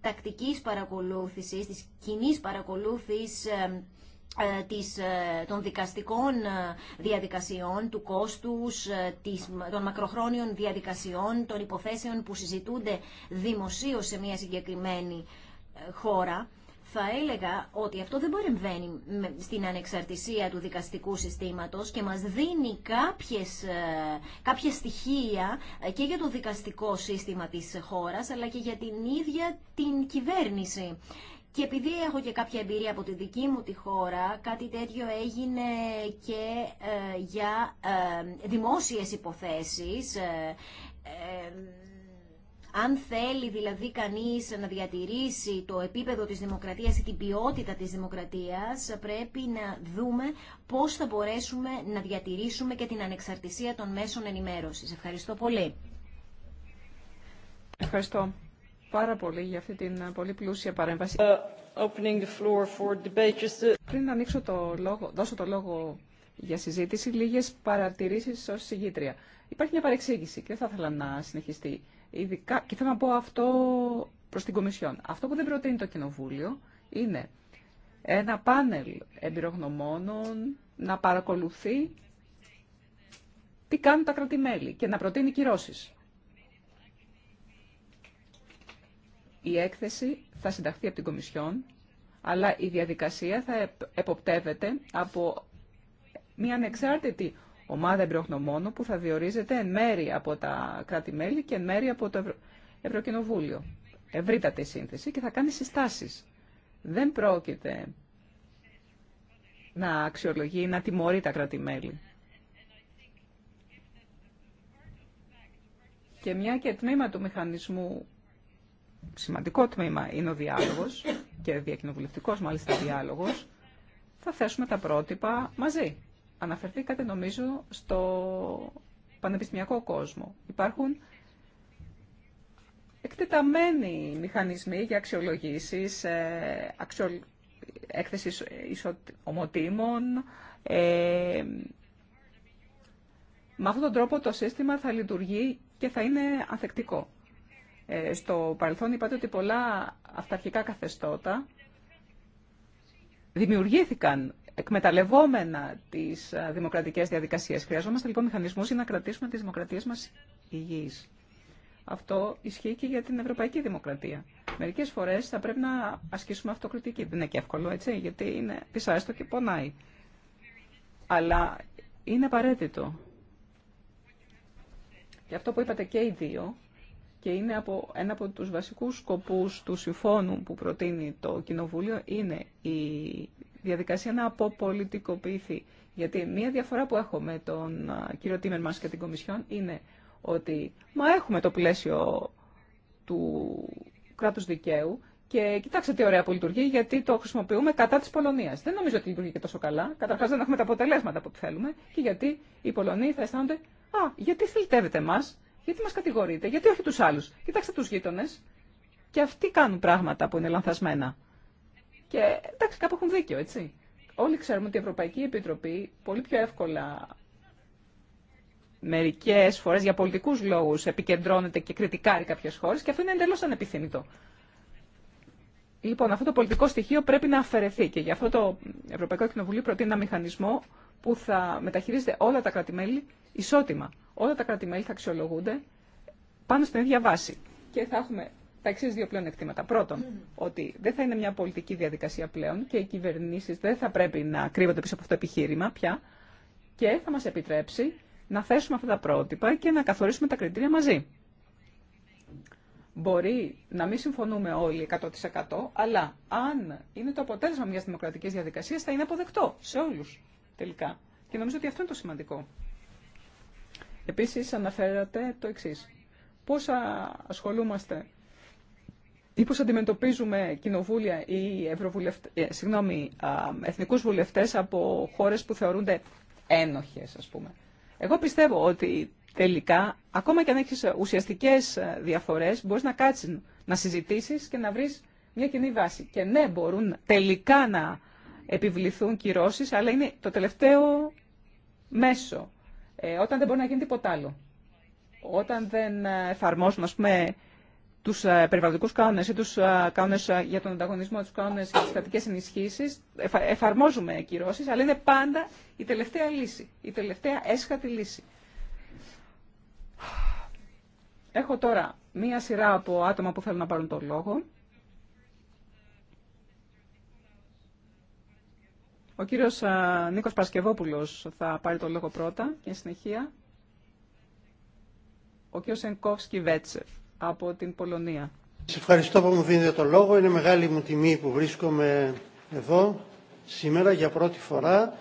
τακτικής παρακολούθησης, της κοινή παρακολούθησης ε, ε, των δικαστικών ε, διαδικασιών, του κόστους, των μακροχρόνιων διαδικασιών, των υποθέσεων που συζητούνται δημοσίως σε μια συγκεκριμένη χώρα, θα έλεγα ότι αυτό δεν μπορεί να παρεμβαίνει στην ανεξαρτησία του δικαστικού συστήματος και μας δίνει κάποιες, κάποια στοιχεία και για το δικαστικό σύστημα της χώρας, αλλά και για την ίδια την κυβέρνηση. Και επειδή έχω και κάποια εμπειρία από τη δική μου τη χώρα, κάτι τέτοιο έγινε και ε, για ε, δημόσιες υποθέσεις. Ε, ε, αν θέλει δηλαδή κανείς να διατηρήσει το επίπεδο της δημοκρατίας ή την ποιότητα της δημοκρατίας, πρέπει να δούμε πώς θα μπορέσουμε να διατηρήσουμε και την ανεξαρτησία των μέσων ενημέρωσης. Ευχαριστώ πολύ. Ευχαριστώ πάρα πολύ για αυτή την ε, πολύ πλούσια παρέμβαση. Uh, the Πριν ανοίξω το λόγο, δώσω το λόγο για συζήτηση, λίγες παρατηρήσεις ως συγγήτρια. Υπάρχει μια παρεξήγηση και δεν θα ήθελα να συνεχιστεί. Ειδικά, και θέλω να πω αυτό προς την Κομισιόν. Αυτό που δεν προτείνει το Κοινοβούλιο είναι ένα πάνελ εμπειρογνωμόνων να παρακολουθεί τι κάνουν τα κρατημέλη και να προτείνει κυρώσεις. Η έκθεση θα συνταχθεί από την Κομισιόν, αλλά η διαδικασία θα εποπτεύεται από μια ανεξάρτητη ομάδα εμπειρογνωμόνων που θα διορίζεται εν μέρη από τα κράτη-μέλη και εν μέρη από το Ευρωκοινοβούλιο. Ευρύτατη σύνθεση και θα κάνει συστάσεις. Δεν πρόκειται να αξιολογεί ή να τιμωρεί τα κράτη-μέλη. Και μια και τμήμα του μηχανισμού σημαντικό τμήμα είναι ο διάλογος και διακοινοβουλευτικός μάλιστα διάλογος, θα θέσουμε τα πρότυπα μαζί. Αναφερθήκατε νομίζω στο πανεπιστημιακό κόσμο. Υπάρχουν εκτεταμένοι μηχανισμοί για αξιολογήσεις, ε, αξιο... έκθεση ομοτήμων. Ε... Με αυτόν τον τρόπο το σύστημα θα λειτουργεί και θα είναι ανθεκτικό. Ε, στο παρελθόν είπατε ότι πολλά αυταρχικά καθεστώτα δημιουργήθηκαν εκμεταλλευόμενα τις ε, δημοκρατικές διαδικασίες. Χρειαζόμαστε λοιπόν μηχανισμούς για να κρατήσουμε τις δημοκρατίες μας υγιείς. Αυτό ισχύει και για την ευρωπαϊκή δημοκρατία. Μερικέ φορέ θα πρέπει να ασκήσουμε αυτοκριτική. Δεν είναι και εύκολο, έτσι, γιατί είναι δυσάρεστο και πονάει. Αλλά είναι απαραίτητο. Και αυτό που είπατε και οι δύο και είναι από, ένα από τους βασικούς σκοπούς του συμφώνου που προτείνει το Κοινοβούλιο είναι η διαδικασία να αποπολιτικοποιηθεί. Γιατί μία διαφορά που έχω με τον κύριο Τίμερ μας και την Κομισιόν είναι ότι μα έχουμε το πλαίσιο του κράτους δικαίου και κοιτάξτε τι ωραία που λειτουργεί, γιατί το χρησιμοποιούμε κατά της Πολωνία. Δεν νομίζω ότι λειτουργεί και τόσο καλά. Καταρχά, δεν έχουμε τα αποτελέσματα που θέλουμε και γιατί οι Πολωνοί θα αισθάνονται, Α, γιατί θελτεύετε εμά, γιατί μα κατηγορείτε, γιατί όχι τους άλλους. Κοιτάξτε του γείτονε. Και αυτοί κάνουν πράγματα που είναι λανθασμένα. Και εντάξει, κάπου έχουν δίκιο, έτσι. Όλοι ξέρουμε ότι η Ευρωπαϊκή Επιτροπή πολύ πιο εύκολα μερικές φορές για πολιτικούς λόγους επικεντρώνεται και κριτικάρει κάποιες χώρες και αυτό είναι εντελώ ανεπιθύμητο. Λοιπόν, αυτό το πολιτικό στοιχείο πρέπει να αφαιρεθεί και γι' αυτό το Ευρωπαϊκό Κοινοβουλίο προτείνει ένα μηχανισμό που θα μεταχειρίζεται όλα τα κράτη-μέλη ισότιμα. Όλα τα κρατη θα αξιολογούνται πάνω στην ίδια βάση. Και θα έχουμε τα εξή δύο πλέον εκτήματα. Πρώτον, ότι δεν θα είναι μια πολιτική διαδικασία πλέον και οι κυβερνήσει δεν θα πρέπει να κρύβονται πίσω από αυτό το επιχείρημα πια και θα μα επιτρέψει να θέσουμε αυτά τα πρότυπα και να καθορίσουμε τα κριτήρια μαζί. Μπορεί να μην συμφωνούμε όλοι 100%, αλλά αν είναι το αποτέλεσμα μιας δημοκρατικής διαδικασίας, θα είναι αποδεκτό σε όλους τελικά. Και νομίζω ότι αυτό είναι το σημαντικό. Επίσης αναφέρατε το εξής. Πώς ασχολούμαστε ή πώς αντιμετωπίζουμε κοινοβούλια ή ε, συγγνώμη, εθνικούς βουλευτές από χώρες που θεωρούνται ένοχες, ας πούμε. Εγώ πιστεύω ότι τελικά, ακόμα και αν έχεις ουσιαστικές ε, διαφορές, μπορείς να κάτσεις, να συζητήσεις και να βρεις μια κοινή βάση. Και ναι, μπορούν τελικά να επιβληθούν κυρώσεις, αλλά είναι το τελευταίο μέσο, ε, όταν δεν μπορεί να γίνει τίποτα άλλο. Όταν δεν εφαρμόζουμε ας πούμε, τους ε, περιβαλλοντικούς κανόνες ή τους ε, κανόνες για τον ανταγωνισμό, τους κανόνες για τις κρατικές ενισχύσεις, εφαρμόζουμε κυρώσεις, αλλά είναι πάντα η τελευταία λύση, η τελευταία έσχατη λύση. Έχω τώρα μία σειρά από άτομα που θέλουν να πάρουν τον λόγο. Ο κύριος Νίκος Πασκευόπουλος θα πάρει το λόγο πρώτα και συνεχεία ο κύριος Ενκόφσκι Βέτσεφ από την Πολωνία. Σε ευχαριστώ που μου δίνετε το λόγο. Είναι μεγάλη μου τιμή που βρίσκομαι εδώ σήμερα για πρώτη φορά.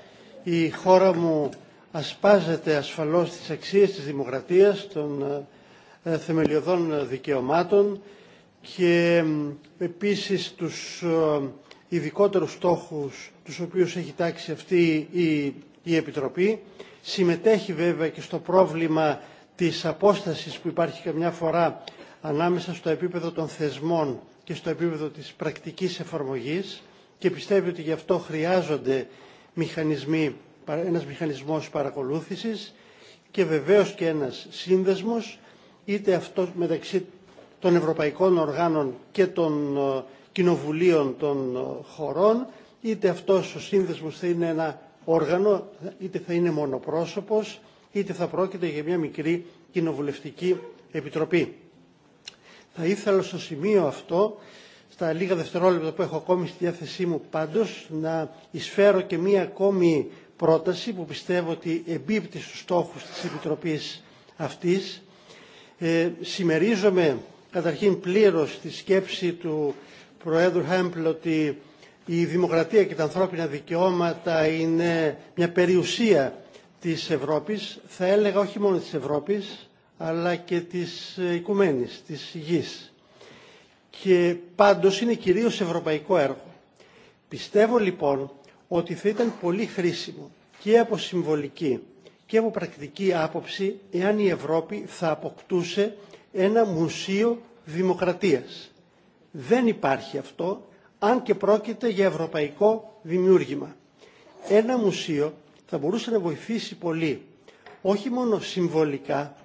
Η χώρα μου ασπάζεται ασφαλώς τις αξίες της δημοκρατίας, των ε, ε, θεμελιωδών δικαιωμάτων και επίσης τους ε, ειδικότερους στόχους τους οποίους έχει τάξει αυτή η, Επιτροπή. Συμμετέχει βέβαια και στο πρόβλημα της απόστασης που υπάρχει καμιά φορά ανάμεσα στο επίπεδο των θεσμών και στο επίπεδο της πρακτικής εφαρμογής και πιστεύει ότι γι' αυτό χρειάζονται μηχανισμοί, ένας μηχανισμός παρακολούθησης και βεβαίως και ένας σύνδεσμος είτε αυτό μεταξύ των ευρωπαϊκών οργάνων και των ε, κοινοβουλίων των ε, χωρών είτε αυτός ο σύνδεσμος θα είναι ένα όργανο, είτε θα είναι μονοπρόσωπος, είτε θα πρόκειται για μια μικρή κοινοβουλευτική επιτροπή. Θα ήθελα στο σημείο αυτό, στα λίγα δευτερόλεπτα που έχω ακόμη στη διάθεσή μου πάντως, να εισφέρω και μία ακόμη πρόταση που πιστεύω ότι εμπίπτει στους στόχους της Επιτροπής αυτής. Ε, καταρχήν πλήρως τη σκέψη του Προέδρου Χέμπλ ότι η δημοκρατία και τα ανθρώπινα δικαιώματα είναι μια περιουσία της Ευρώπης, θα έλεγα όχι μόνο της Ευρώπης, αλλά και της οικουμένης, της γης. Και πάντως είναι κυρίως ευρωπαϊκό έργο. Πιστεύω λοιπόν ότι θα ήταν πολύ χρήσιμο και από συμβολική και από πρακτική άποψη εάν η Ευρώπη θα αποκτούσε ένα μουσείο δημοκρατίας. Δεν υπάρχει αυτό αν και πρόκειται για ευρωπαϊκό δημιούργημα. Ένα μουσείο θα μπορούσε να βοηθήσει πολύ, όχι μόνο συμβολικά,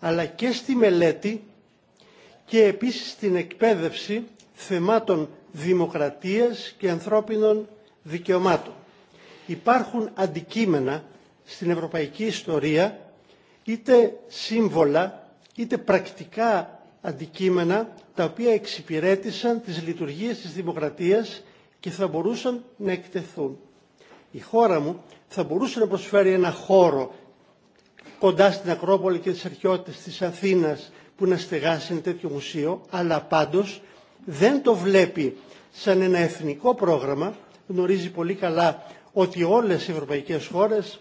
αλλά και στη μελέτη και επίσης στην εκπαίδευση θεμάτων δημοκρατίας και ανθρώπινων δικαιωμάτων. Υπάρχουν αντικείμενα στην ευρωπαϊκή ιστορία, είτε σύμβολα, είτε πρακτικά αντικείμενα τα οποία εξυπηρέτησαν τις λειτουργίες της δημοκρατίας και θα μπορούσαν να εκτεθούν. Η χώρα μου θα μπορούσε να προσφέρει ένα χώρο κοντά στην Ακρόπολη και τις αρχαιότητες της Αθήνας που να στεγάσει ένα τέτοιο μουσείο, αλλά πάντως δεν το βλέπει σαν ένα εθνικό πρόγραμμα. Γνωρίζει πολύ καλά ότι όλες οι ευρωπαϊκές χώρες,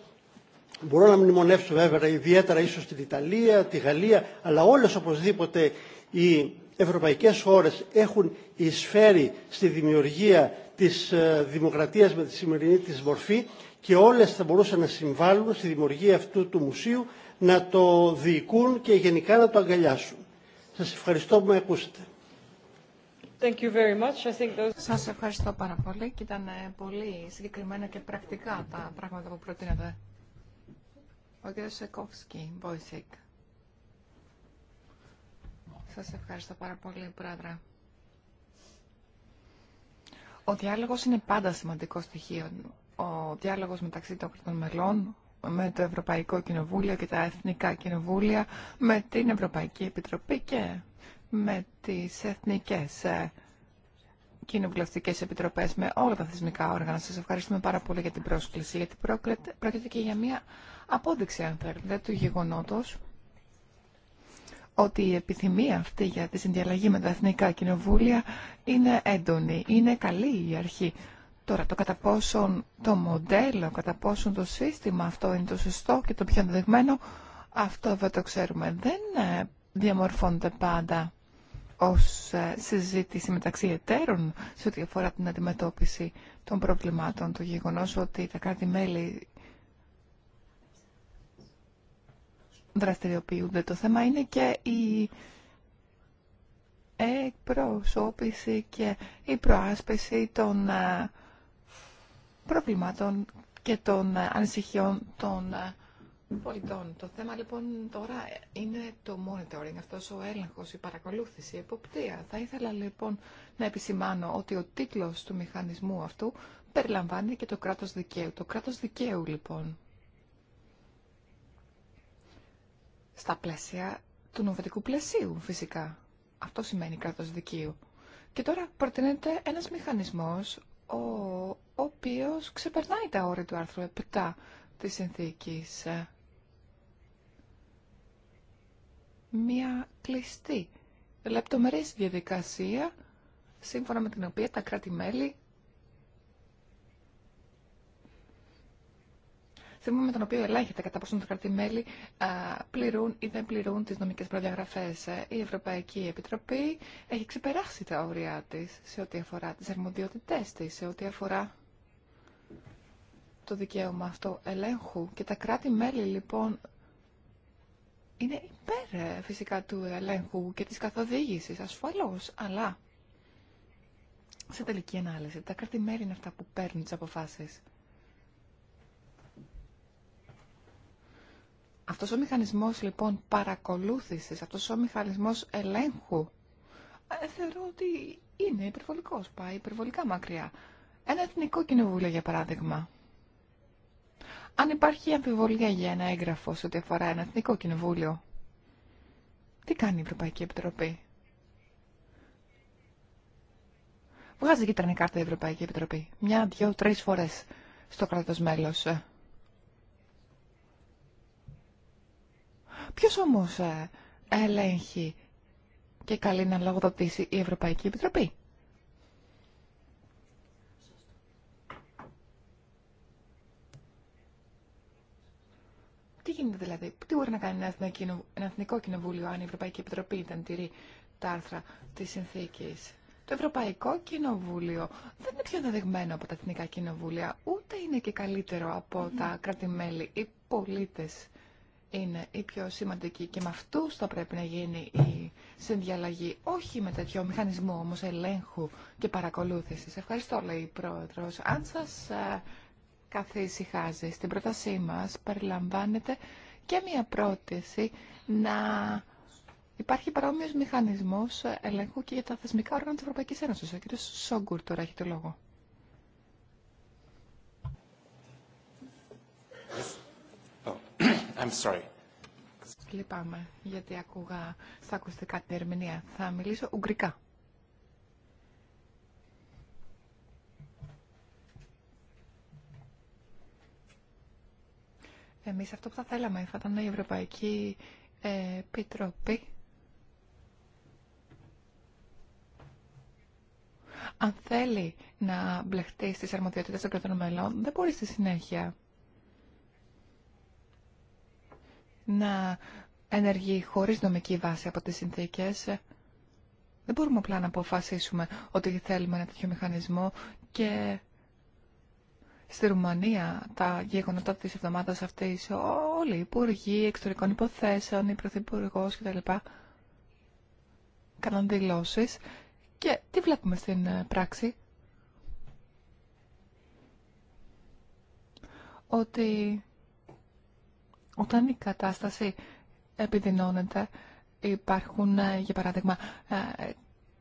μπορώ να μνημονεύσω βέβαια ιδιαίτερα ίσως την Ιταλία, τη Γαλλία, αλλά όλες οπωσδήποτε οι ευρωπαϊκές χώρες έχουν εισφέρει στη δημιουργία της ε, δημοκρατίας με τη σημερινή της μορφή και όλες θα μπορούσαν να συμβάλλουν στη δημιουργία αυτού του μουσείου, να το διοικούν και γενικά να το αγκαλιάσουν. Σας ευχαριστώ που με ακούσατε. Thank you very much. I think those... Σας ευχαριστώ πάρα πολύ και ήταν ε, πολύ συγκεκριμένα και πρακτικά τα πράγματα που προτείνατε. Ο κ. Σεκόφσκι, σας ευχαριστώ πάρα πολύ, Πρόεδρε. Ο διάλογος είναι πάντα σημαντικό στοιχείο. Ο διάλογος μεταξύ των κρατών μελών, με το Ευρωπαϊκό Κοινοβούλιο και τα Εθνικά Κοινοβούλια, με την Ευρωπαϊκή Επιτροπή και με τις Εθνικές ε, Κοινοβουλευτικές Επιτροπές, με όλα τα θεσμικά όργανα. Σας ευχαριστούμε πάρα πολύ για την πρόσκληση, γιατί πρόκειται και για μια απόδειξη, αν θέλετε, του γεγονότος ότι η επιθυμία αυτή για τη συνδιαλλαγή με τα εθνικά κοινοβούλια είναι έντονη, είναι καλή η αρχή. Τώρα, το κατά πόσον το μοντέλο, κατά πόσον το σύστημα αυτό είναι το σωστό και το πιο ενδεδειγμένο, αυτό δεν το ξέρουμε. Δεν ε, διαμορφώνεται πάντα ως ε, συζήτηση μεταξύ εταίρων σε ό,τι αφορά την αντιμετώπιση των προβλημάτων. Το γεγονός ότι τα κράτη-μέλη δραστηριοποιούνται. Το θέμα είναι και η εκπροσώπηση και η προάσπιση των ε, προβλημάτων και των ε, ανησυχιών των ε, πολιτών. Το θέμα λοιπόν τώρα είναι το monitoring, αυτός ο έλεγχος, η παρακολούθηση, η εποπτεία. Θα ήθελα λοιπόν να επισημάνω ότι ο τίτλος του μηχανισμού αυτού περιλαμβάνει και το κράτος δικαίου. Το κράτος δικαίου λοιπόν Στα πλαίσια του νομοθετικού πλαισίου, φυσικά. Αυτό σημαίνει κράτος δικαίου. Και τώρα προτείνεται ένας μηχανισμός ο, οποίος ξεπερνάει τα όρια του άρθρου 7 της συνθήκης. Μια κλειστή λεπτομερής διαδικασία σύμφωνα με την οποία τα κράτη-μέλη Θυμούμε με τον οποίο ελέγχεται κατά πόσο τα κράτη-μέλη πληρούν ή δεν πληρούν τι νομικέ προδιαγραφέ. Ε, η Ευρωπαϊκή Επιτροπή έχει ξεπεράσει τα όρια τη σε ό,τι αφορά τι αρμοδιότητέ τη, σε ό,τι αφορά το δικαίωμα αυτό ελέγχου. Και τα κράτη-μέλη λοιπόν είναι υπέρ ε, φυσικά του ελέγχου και της καθοδήγησης, ασφαλώς, αλλά σε τελική ανάλυση τα κράτη-μέλη είναι αυτά που παίρνουν τις αποφάσεις. Αυτός ο μηχανισμός λοιπόν παρακολούθησης, αυτός ο μηχανισμός ελέγχου, ε, θεωρώ ότι είναι υπερβολικός, πάει υπερβολικά μακριά. Ένα εθνικό κοινοβούλιο για παράδειγμα. Αν υπάρχει αμφιβολία για ένα έγγραφο σε ό,τι αφορά ένα εθνικό κοινοβούλιο, τι κάνει η Ευρωπαϊκή Επιτροπή. Βγάζει κίτρινη κάρτα η Ευρωπαϊκή Επιτροπή. Μια, δυο, τρεις φορές στο κράτος μέλος Ποιος όμως ε, ελέγχει και καλεί να λογοδοτήσει η Ευρωπαϊκή Επιτροπή. Τι γίνεται δηλαδή, τι μπορεί να κάνει ένα εθνικό, ένα εθνικό κοινοβούλιο αν η Ευρωπαϊκή Επιτροπή δεν τηρεί τα άρθρα της συνθήκης. Το Ευρωπαϊκό Κοινοβούλιο δεν είναι πιο ενδεδειγμένο από τα εθνικά κοινοβούλια, ούτε είναι και καλύτερο από τα κράτη-μέλη ή πολίτες είναι η πιο σημαντική και με αυτού θα πρέπει να γίνει η συνδιαλλαγή, όχι με τέτοιο μηχανισμό όμως ελέγχου και παρακολούθησης. Ευχαριστώ, λέει η Πρόεδρος. Αν σας ε, καθησυχάζει, στην πρότασή μας περιλαμβάνεται και μια πρόταση να υπάρχει παρόμοιος μηχανισμός ελέγχου και για τα θεσμικά όργανα της Ευρωπαϊκής Ένωσης. Ο κ. Σόγκουρ τώρα έχει το λόγο. I'm sorry. Λυπάμαι, γιατί ακούγα στα ακουστικά την ερμηνεία. Θα μιλήσω ουγγρικά. Εμείς αυτό που θα θέλαμε θα ήταν η Ευρωπαϊκή Επιτροπή. Αν θέλει να μπλεχτεί στις αρμοδιότητες των κρατών μελών, δεν μπορεί στη συνέχεια να ενεργεί χωρίς νομική βάση από τις συνθήκες. Δεν μπορούμε απλά να αποφασίσουμε ότι θέλουμε ένα τέτοιο μηχανισμό και στη Ρουμανία τα γεγονότα της εβδομάδας αυτής όλοι οι υπουργοί εξωτερικών υποθέσεων, η πρωθυπουργό κτλ. Κάναν δηλώσει και τι βλέπουμε στην ε, πράξη. Ότι όταν η κατάσταση επιδεινώνεται, υπάρχουν, ε, για παράδειγμα, ε,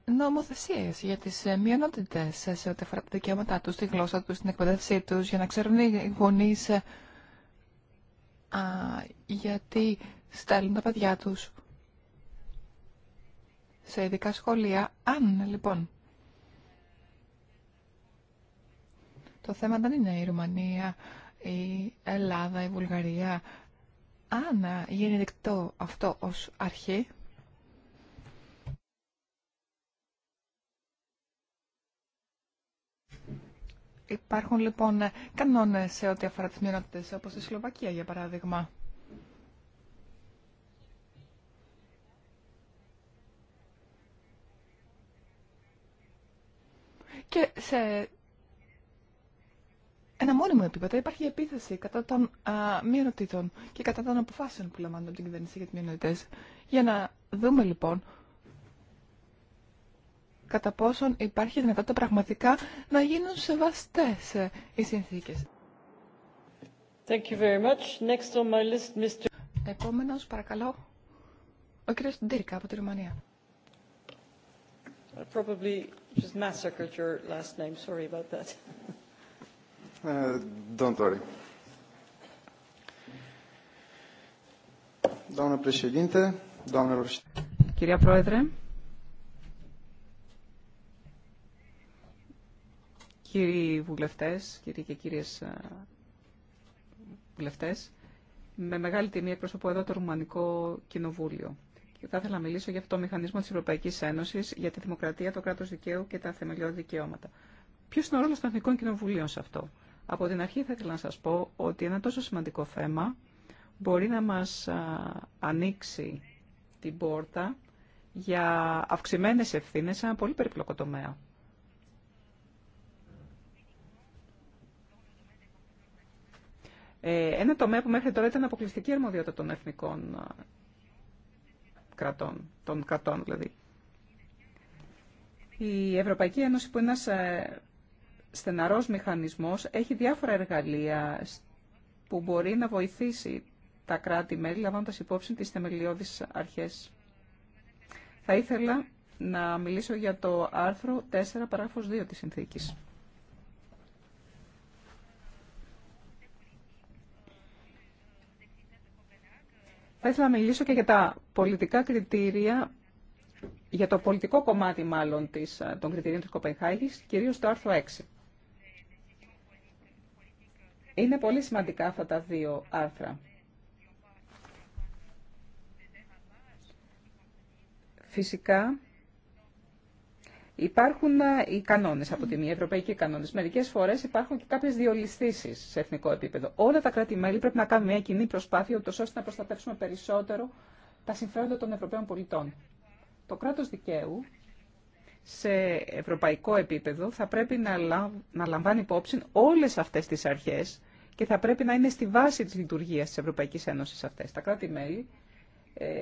νομοθεσίες για τις ε, μειονότητες σε ό,τι αφορά τα δικαιώματά τους, τη γλώσσα τους, την εκπαίδευσή τους, για να ξέρουν οι γονείς γιατί στέλνουν τα παιδιά τους σε ειδικά σχολεία. Αν, λοιπόν, το θέμα δεν είναι η Ρουμανία, η Ελλάδα, η Βουλγαρία αν γίνει δεκτό αυτό ως αρχή, Υπάρχουν λοιπόν κανόνες σε ό,τι αφορά τις μειονότητες, όπως στη Σλοβακία για παράδειγμα. Και σε ένα μόνιμο επίπεδο υπάρχει επίθεση κατά των α, μειονοτήτων και κατά των αποφάσεων που λαμβάνουν από την κυβέρνηση για τις μειονοτητές. Για να δούμε λοιπόν κατά πόσον υπάρχει δυνατότητα πραγματικά να γίνουν σεβαστές ε, οι συνθήκες. Thank you very much. Next on my list, Mr. Επόμενος, παρακαλώ, ο κύριος Ντίρκα από τη Ρουμανία. probably just massacred your last name. Sorry about that. Ε, don't worry. Κυρία Πρόεδρε, κύριοι βουλευτές, κύριοι και κύριες ε, βουλευτές, με μεγάλη τιμή εκπροσωπώ εδώ το Ρουμανικό Κοινοβούλιο. Και θα ήθελα να μιλήσω για αυτό το μηχανισμό της Ευρωπαϊκής Ένωση για τη δημοκρατία, το κράτος δικαίου και τα θεμελιώδη δικαιώματα. Ποιο είναι ο ρόλος των Εθνικών Κοινοβουλίων σε αυτό. Από την αρχή θα ήθελα να σας πω ότι ένα τόσο σημαντικό θέμα μπορεί να μας ανοίξει την πόρτα για αυξημένες ευθύνες σε ένα πολύ περιπλοκό τομέα. Ε, ένα τομέα που μέχρι τώρα ήταν αποκλειστική αρμοδιότητα των εθνικών κρατών, των κρατών δηλαδή. Η Ευρωπαϊκή Ένωση που είναι ένας ε, στεναρός μηχανισμός έχει διάφορα εργαλεία που μπορεί να βοηθήσει τα κράτη-μέλη λαμβάνοντας υπόψη τις θεμελιώδεις αρχές. Θα ήθελα να μιλήσω για το άρθρο 4 παράγραφος 2 της συνθήκης. Θα ήθελα να μιλήσω και για τα πολιτικά κριτήρια, για το πολιτικό κομμάτι μάλλον της, των κριτηρίων της Κοπενχάγης, κυρίως το άρθρο 6. Είναι πολύ σημαντικά αυτά τα δύο άρθρα. Φυσικά, υπάρχουν ε, οι κανόνες από τη μία, οι ευρωπαϊκοί κανόνες. Μερικές φορές υπάρχουν και κάποιες διολυστήσεις σε εθνικό επίπεδο. Όλα τα κράτη-μέλη πρέπει να κάνουν μια κοινή προσπάθεια, ούτως ώστε να προστατεύσουμε περισσότερο τα κρατη μελη πρεπει να κανουν μια κοινη προσπαθεια ωστε να προστατευσουμε περισσοτερο τα συμφεροντα των Ευρωπαίων πολιτών. Το κράτος δικαίου σε ευρωπαϊκό επίπεδο θα πρέπει να, να λαμβάνει υπόψη όλες αυτές τις αρχές και θα πρέπει να είναι στη βάση της λειτουργίας της Ευρωπαϊκής Ένωσης αυτές. Τα κράτη-μέλη ε,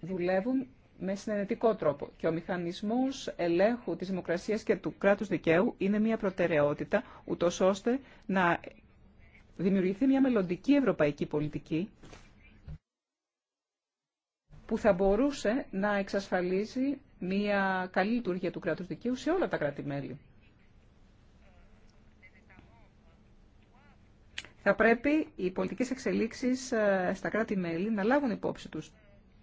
δουλεύουν με συνενετικό τρόπο και ο μηχανισμός ελέγχου της δημοκρασίας και του κράτους δικαίου είναι μια προτεραιότητα ούτω ώστε να δημιουργηθεί μια μελλοντική ευρωπαϊκή πολιτική που θα μπορούσε να εξασφαλίζει μια καλή λειτουργία του κράτους δικαίου σε όλα τα κράτη-μέλη. Θα πρέπει οι πολιτικές εξελίξεις ε, στα κράτη-μέλη να λάβουν υπόψη τους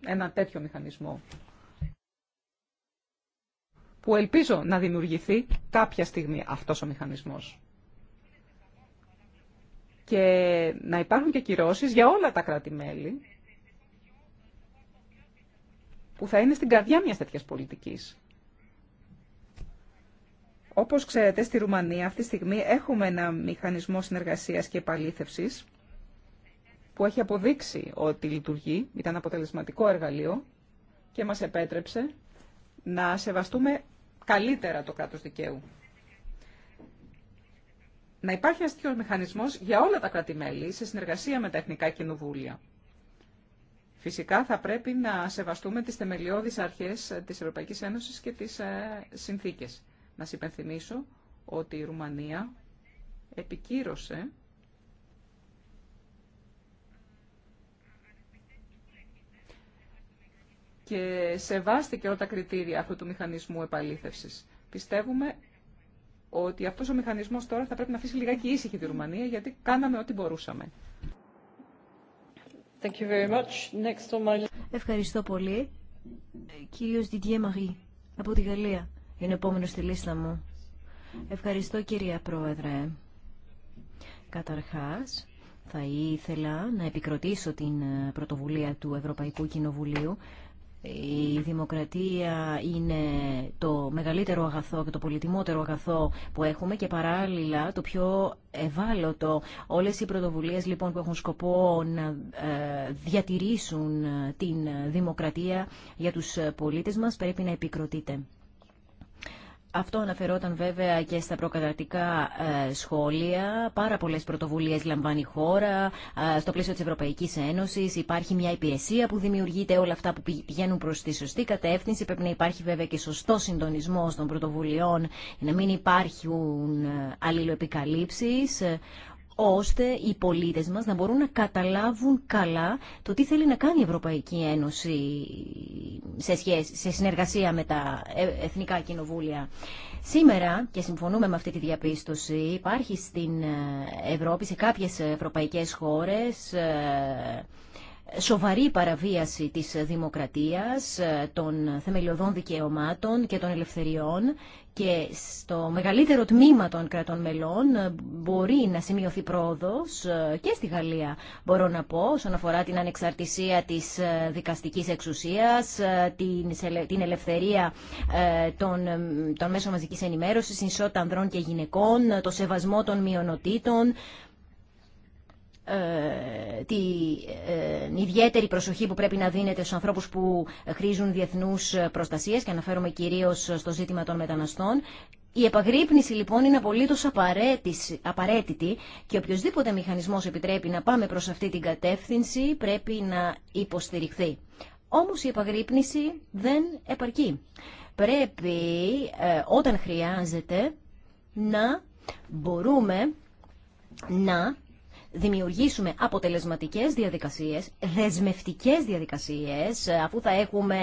ένα τέτοιο μηχανισμό που ελπίζω να δημιουργηθεί κάποια στιγμή αυτός ο μηχανισμός. Και να υπάρχουν και κυρώσεις για όλα τα κράτη-μέλη που θα είναι στην καρδιά μιας τέτοιας πολιτικής. Όπως ξέρετε, στη Ρουμανία αυτή τη στιγμή έχουμε ένα μηχανισμό συνεργασίας και επαλήθευσης που έχει αποδείξει ότι λειτουργεί, ήταν αποτελεσματικό εργαλείο και μας επέτρεψε να σεβαστούμε καλύτερα το κράτος δικαίου. Να υπάρχει ένα τέτοιο μηχανισμό για όλα τα κράτη-μέλη σε συνεργασία με τα εθνικά κοινοβούλια. Φυσικά θα πρέπει να σεβαστούμε τις θεμελιώδεις αρχές της Ευρωπαϊκής Ένωσης και τις ε, συνθήκες. Να σας ότι η Ρουμανία επικύρωσε και σεβάστηκε όλα τα κριτήρια αυτού του μηχανισμού επαλήθευσης. Πιστεύουμε ότι αυτός ο μηχανισμός τώρα θα πρέπει να αφήσει λιγάκι ήσυχη τη Ρουμανία γιατί κάναμε ό,τι μπορούσαμε. Ευχαριστώ πολύ. Κύριος Διντιέ Μαγί, από τη Γαλλία είναι επόμενο στη λίστα μου. Ευχαριστώ κυρία Πρόεδρε. Καταρχάς, θα ήθελα να επικροτήσω την πρωτοβουλία του Ευρωπαϊκού Κοινοβουλίου η δημοκρατία είναι το μεγαλύτερο αγαθό και το πολυτιμότερο αγαθό που έχουμε και παράλληλα το πιο ευάλωτο. Όλες οι πρωτοβουλίες λοιπόν που έχουν σκοπό να ε, διατηρήσουν ε, την ε, δημοκρατία για τους πολίτες μας πρέπει να επικροτείται. Αυτό αναφερόταν βέβαια και στα προκαταρτικά ε, σχόλια. Πάρα πολλέ πρωτοβουλίε λαμβάνει η χώρα ε, στο πλαίσιο τη Ευρωπαϊκή Ένωση. Υπάρχει μια υπηρεσία που δημιουργείται, όλα αυτά που πηγαίνουν προ τη σωστή κατεύθυνση. Πρέπει να υπάρχει βέβαια και σωστό συντονισμό των πρωτοβουλειών, να μην υπάρχουν ε, αλληλοεπικαλύψει ώστε οι πολίτες μας να μπορούν να καταλάβουν καλά το τι θέλει να κάνει η Ευρωπαϊκή Ένωση σε, σχέση, σε συνεργασία με τα ε, Εθνικά Κοινοβούλια. Σήμερα, και συμφωνούμε με αυτή τη διαπίστωση, υπάρχει στην Ευρώπη, σε κάποιες ευρωπαϊκές χώρες, ε, σοβαρή παραβίαση της δημοκρατίας, ε, των θεμελιωδών δικαιωμάτων και των ελευθεριών και στο μεγαλύτερο τμήμα των κρατών μελών ε, μπορεί να σημειωθεί πρόοδος ε, και στη Γαλλία μπορώ να πω όσον αφορά την ανεξαρτησία της δικαστικής εξουσίας, την ελευθερία των, των μέσων μαζικής ενημέρωσης, την ισότητα ανδρών και γυναικών, το σεβασμό των μειονοτήτων, ε, την ε, ιδιαίτερη προσοχή που πρέπει να δίνεται στους ανθρώπους που χρήζουν διεθνούς προστασίες και αναφέρομαι κυρίως στο ζήτημα των μεταναστών. Η επαγρύπνηση λοιπόν είναι απολύτως απαραίτητη και οποιοδήποτε μηχανισμός επιτρέπει να πάμε προς αυτή την κατεύθυνση πρέπει να υποστηριχθεί. Όμως η επαγρύπνηση δεν επαρκεί. Πρέπει ε, όταν χρειάζεται να μπορούμε να δημιουργήσουμε αποτελεσματικές διαδικασίες, δεσμευτικές διαδικασίες, ε, αφού θα έχουμε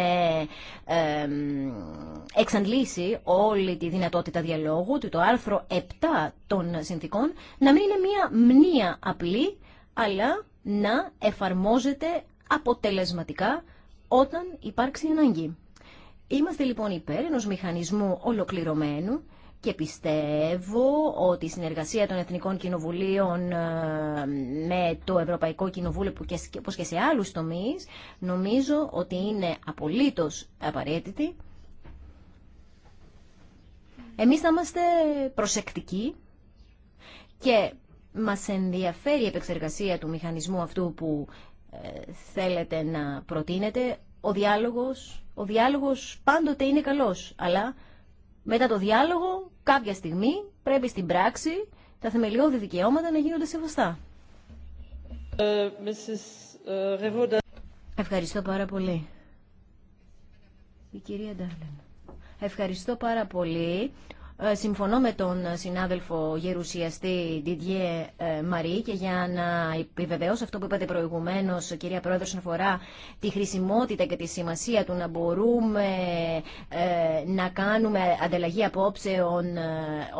εξαντλήσει όλη τη δυνατότητα διαλόγου, ότι το άρθρο 7 των συνθήκων να μην είναι μία μνήα απλή, αλλά να εφαρμόζεται αποτελεσματικά όταν υπάρξει ανάγκη. Είμαστε λοιπόν υπέρ ενός μηχανισμού ολοκληρωμένου, και πιστεύω ότι η συνεργασία των Εθνικών Κοινοβουλίων ε, με το Ευρωπαϊκό Κοινοβούλιο, όπως και σε άλλους τομείς, νομίζω ότι είναι απολύτως απαραίτητη. Εμείς θα είμαστε προσεκτικοί και μας ενδιαφέρει η επεξεργασία του μηχανισμού αυτού που ε, θέλετε να προτείνετε. Ο διάλογος, ο διάλογος πάντοτε είναι καλός, αλλά μετά το διάλογο κάποια στιγμή πρέπει στην πράξη τα θεμελιώδη δικαιώματα να γίνονται σεβαστά. Ευχαριστώ πάρα πολύ. Η κυρία Ντάρλεν. Ευχαριστώ πάρα πολύ. Ε, συμφωνώ με τον συνάδελφο γερουσιαστή Didier Μαρή ε, και για να επιβεβαιώσω αυτό που είπατε προηγουμένω, κυρία Πρόεδρο, όσον αφορά τη χρησιμότητα και τη σημασία του να μπορούμε ε, να κάνουμε ανταλλαγή απόψεων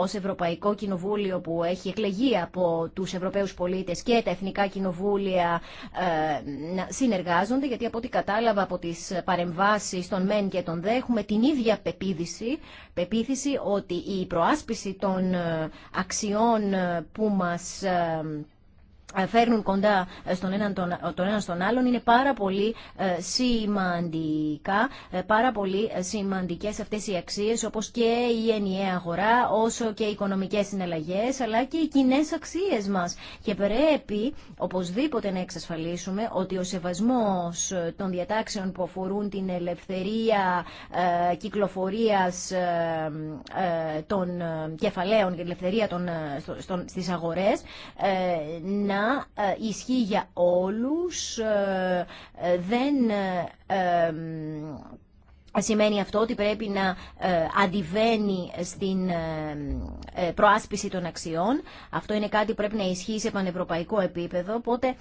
ω Ευρωπαϊκό Κοινοβούλιο που έχει εκλεγεί από του Ευρωπαίου πολίτε και τα εθνικά κοινοβούλια να συνεργάζονται, γιατί από ό,τι κατάλαβα από τι παρεμβάσει των ΜΕΝ και των ΔΕ έχουμε την ίδια πεποίθηση, ότι η προάσπιση των ε, αξιών ε, που μας ε, ε, φέρνουν κοντά ε, στον έναν τον, τον έναν στον άλλον είναι πάρα πολύ ε, σημαντικά, πάρα πολύ σημαντικές αυτές οι αξίες όπως και η ενιαία αγορά, όσο και οι οικονομικές συναλλαγές, αλλά και οι κοινέ αξίες μας. Και πρέπει οπωσδήποτε να εξασφαλίσουμε ότι ο σεβασμός των διατάξεων που αφορούν την ελευθερία ε, κυκλοφορίας των κεφαλαίων και ελευθερία των, στο, στις αγορές να ε, ισχύει για όλους, ε, ε, δεν Σημαίνει αυτό ότι πρέπει να αντιβαίνει στην προάσπιση των αξιών. Αυτό είναι κάτι που πρέπει να ισχύει σε πανευρωπαϊκό επίπεδο, οπότε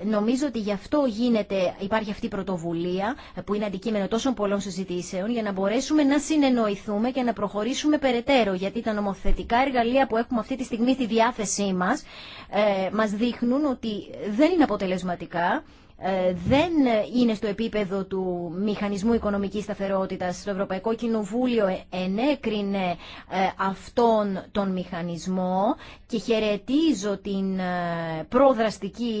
ε, νομίζω ότι γι' αυτό γίνεται, υπάρχει αυτή η πρωτοβουλία ε, που είναι αντικείμενο τόσων πολλών συζητήσεων για να μπορέσουμε να συνεννοηθούμε και να προχωρήσουμε περαιτέρω γιατί τα νομοθετικά εργαλεία που έχουμε αυτή τη στιγμή στη διάθεσή μας ε, μας δείχνουν ότι δεν είναι αποτελεσματικά ε, δεν είναι στο επίπεδο του μηχανισμού οικονομικής σταθερότητας. Το Ευρωπαϊκό Κοινοβούλιο ε, ενέκρινε ε, αυτόν τον μηχανισμό και χαιρετίζω την προδραστική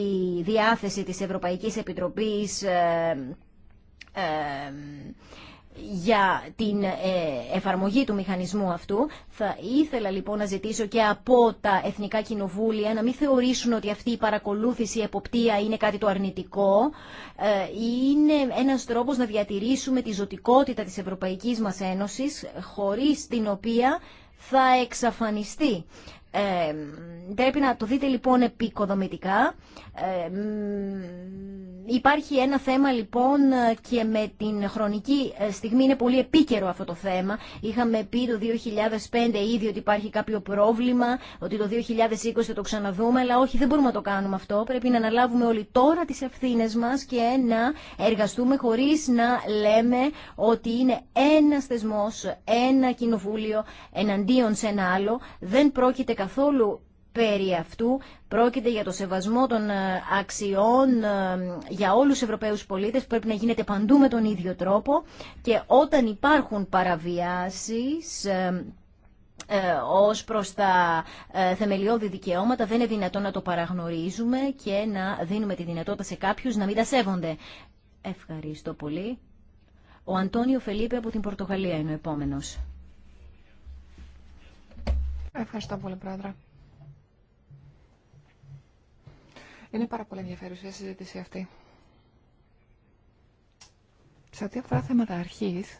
διάθεση της Ευρωπαϊκής Επιτροπής για την ε, εφαρμογή του μηχανισμού αυτού. Θα ήθελα λοιπόν να ζητήσω και από τα Εθνικά Κοινοβούλια να μην θεωρήσουν ότι αυτή η παρακολούθηση, η εποπτεία είναι κάτι το αρνητικό. Ε, είναι ένας τρόπος να διατηρήσουμε τη ζωτικότητα της Ευρωπαϊκής μας Ένωσης, χωρίς την οποία θα εξαφανιστεί. Ε, πρέπει να το δείτε λοιπόν επικοδομητικά. Ε, υπάρχει ένα θέμα λοιπόν ε, και με την χρονική ε, στιγμή είναι πολύ επίκαιρο αυτό το θέμα. Είχαμε πει το 2005 ήδη ότι υπάρχει κάποιο πρόβλημα, ότι το 2020 θα το ξαναδούμε, αλλά όχι δεν μπορούμε να το κάνουμε αυτό. Πρέπει να αναλάβουμε όλοι τώρα τις ευθύνε μας και να εργαστούμε χωρίς να λέμε ότι είναι ένα θεσμός, ένα κοινοβούλιο εναντίον σε ένα άλλο. Δεν πρόκειται καθόλου περί αυτού πρόκειται για το σεβασμό των ε, αξιών ε, για όλους τους Ευρωπαίους πολίτες που πρέπει να γίνεται παντού με τον ίδιο τρόπο και όταν υπάρχουν παραβιάσεις ε, ως προς τα θεμελιώδη δικαιώματα δεν είναι δυνατόν να το παραγνωρίζουμε και να δίνουμε τη δυνατότητα σε κάποιους να μην τα σέβονται. Ευχαριστώ πολύ. Ο Αντώνιο Φελίπε από την Πορτογαλία είναι ο επόμενος. Ευχαριστώ πολύ, Πρόεδρε. Είναι πάρα πολύ ενδιαφέρουσα η συζήτηση αυτή. Σε ό,τι αφορά θέματα αρχής,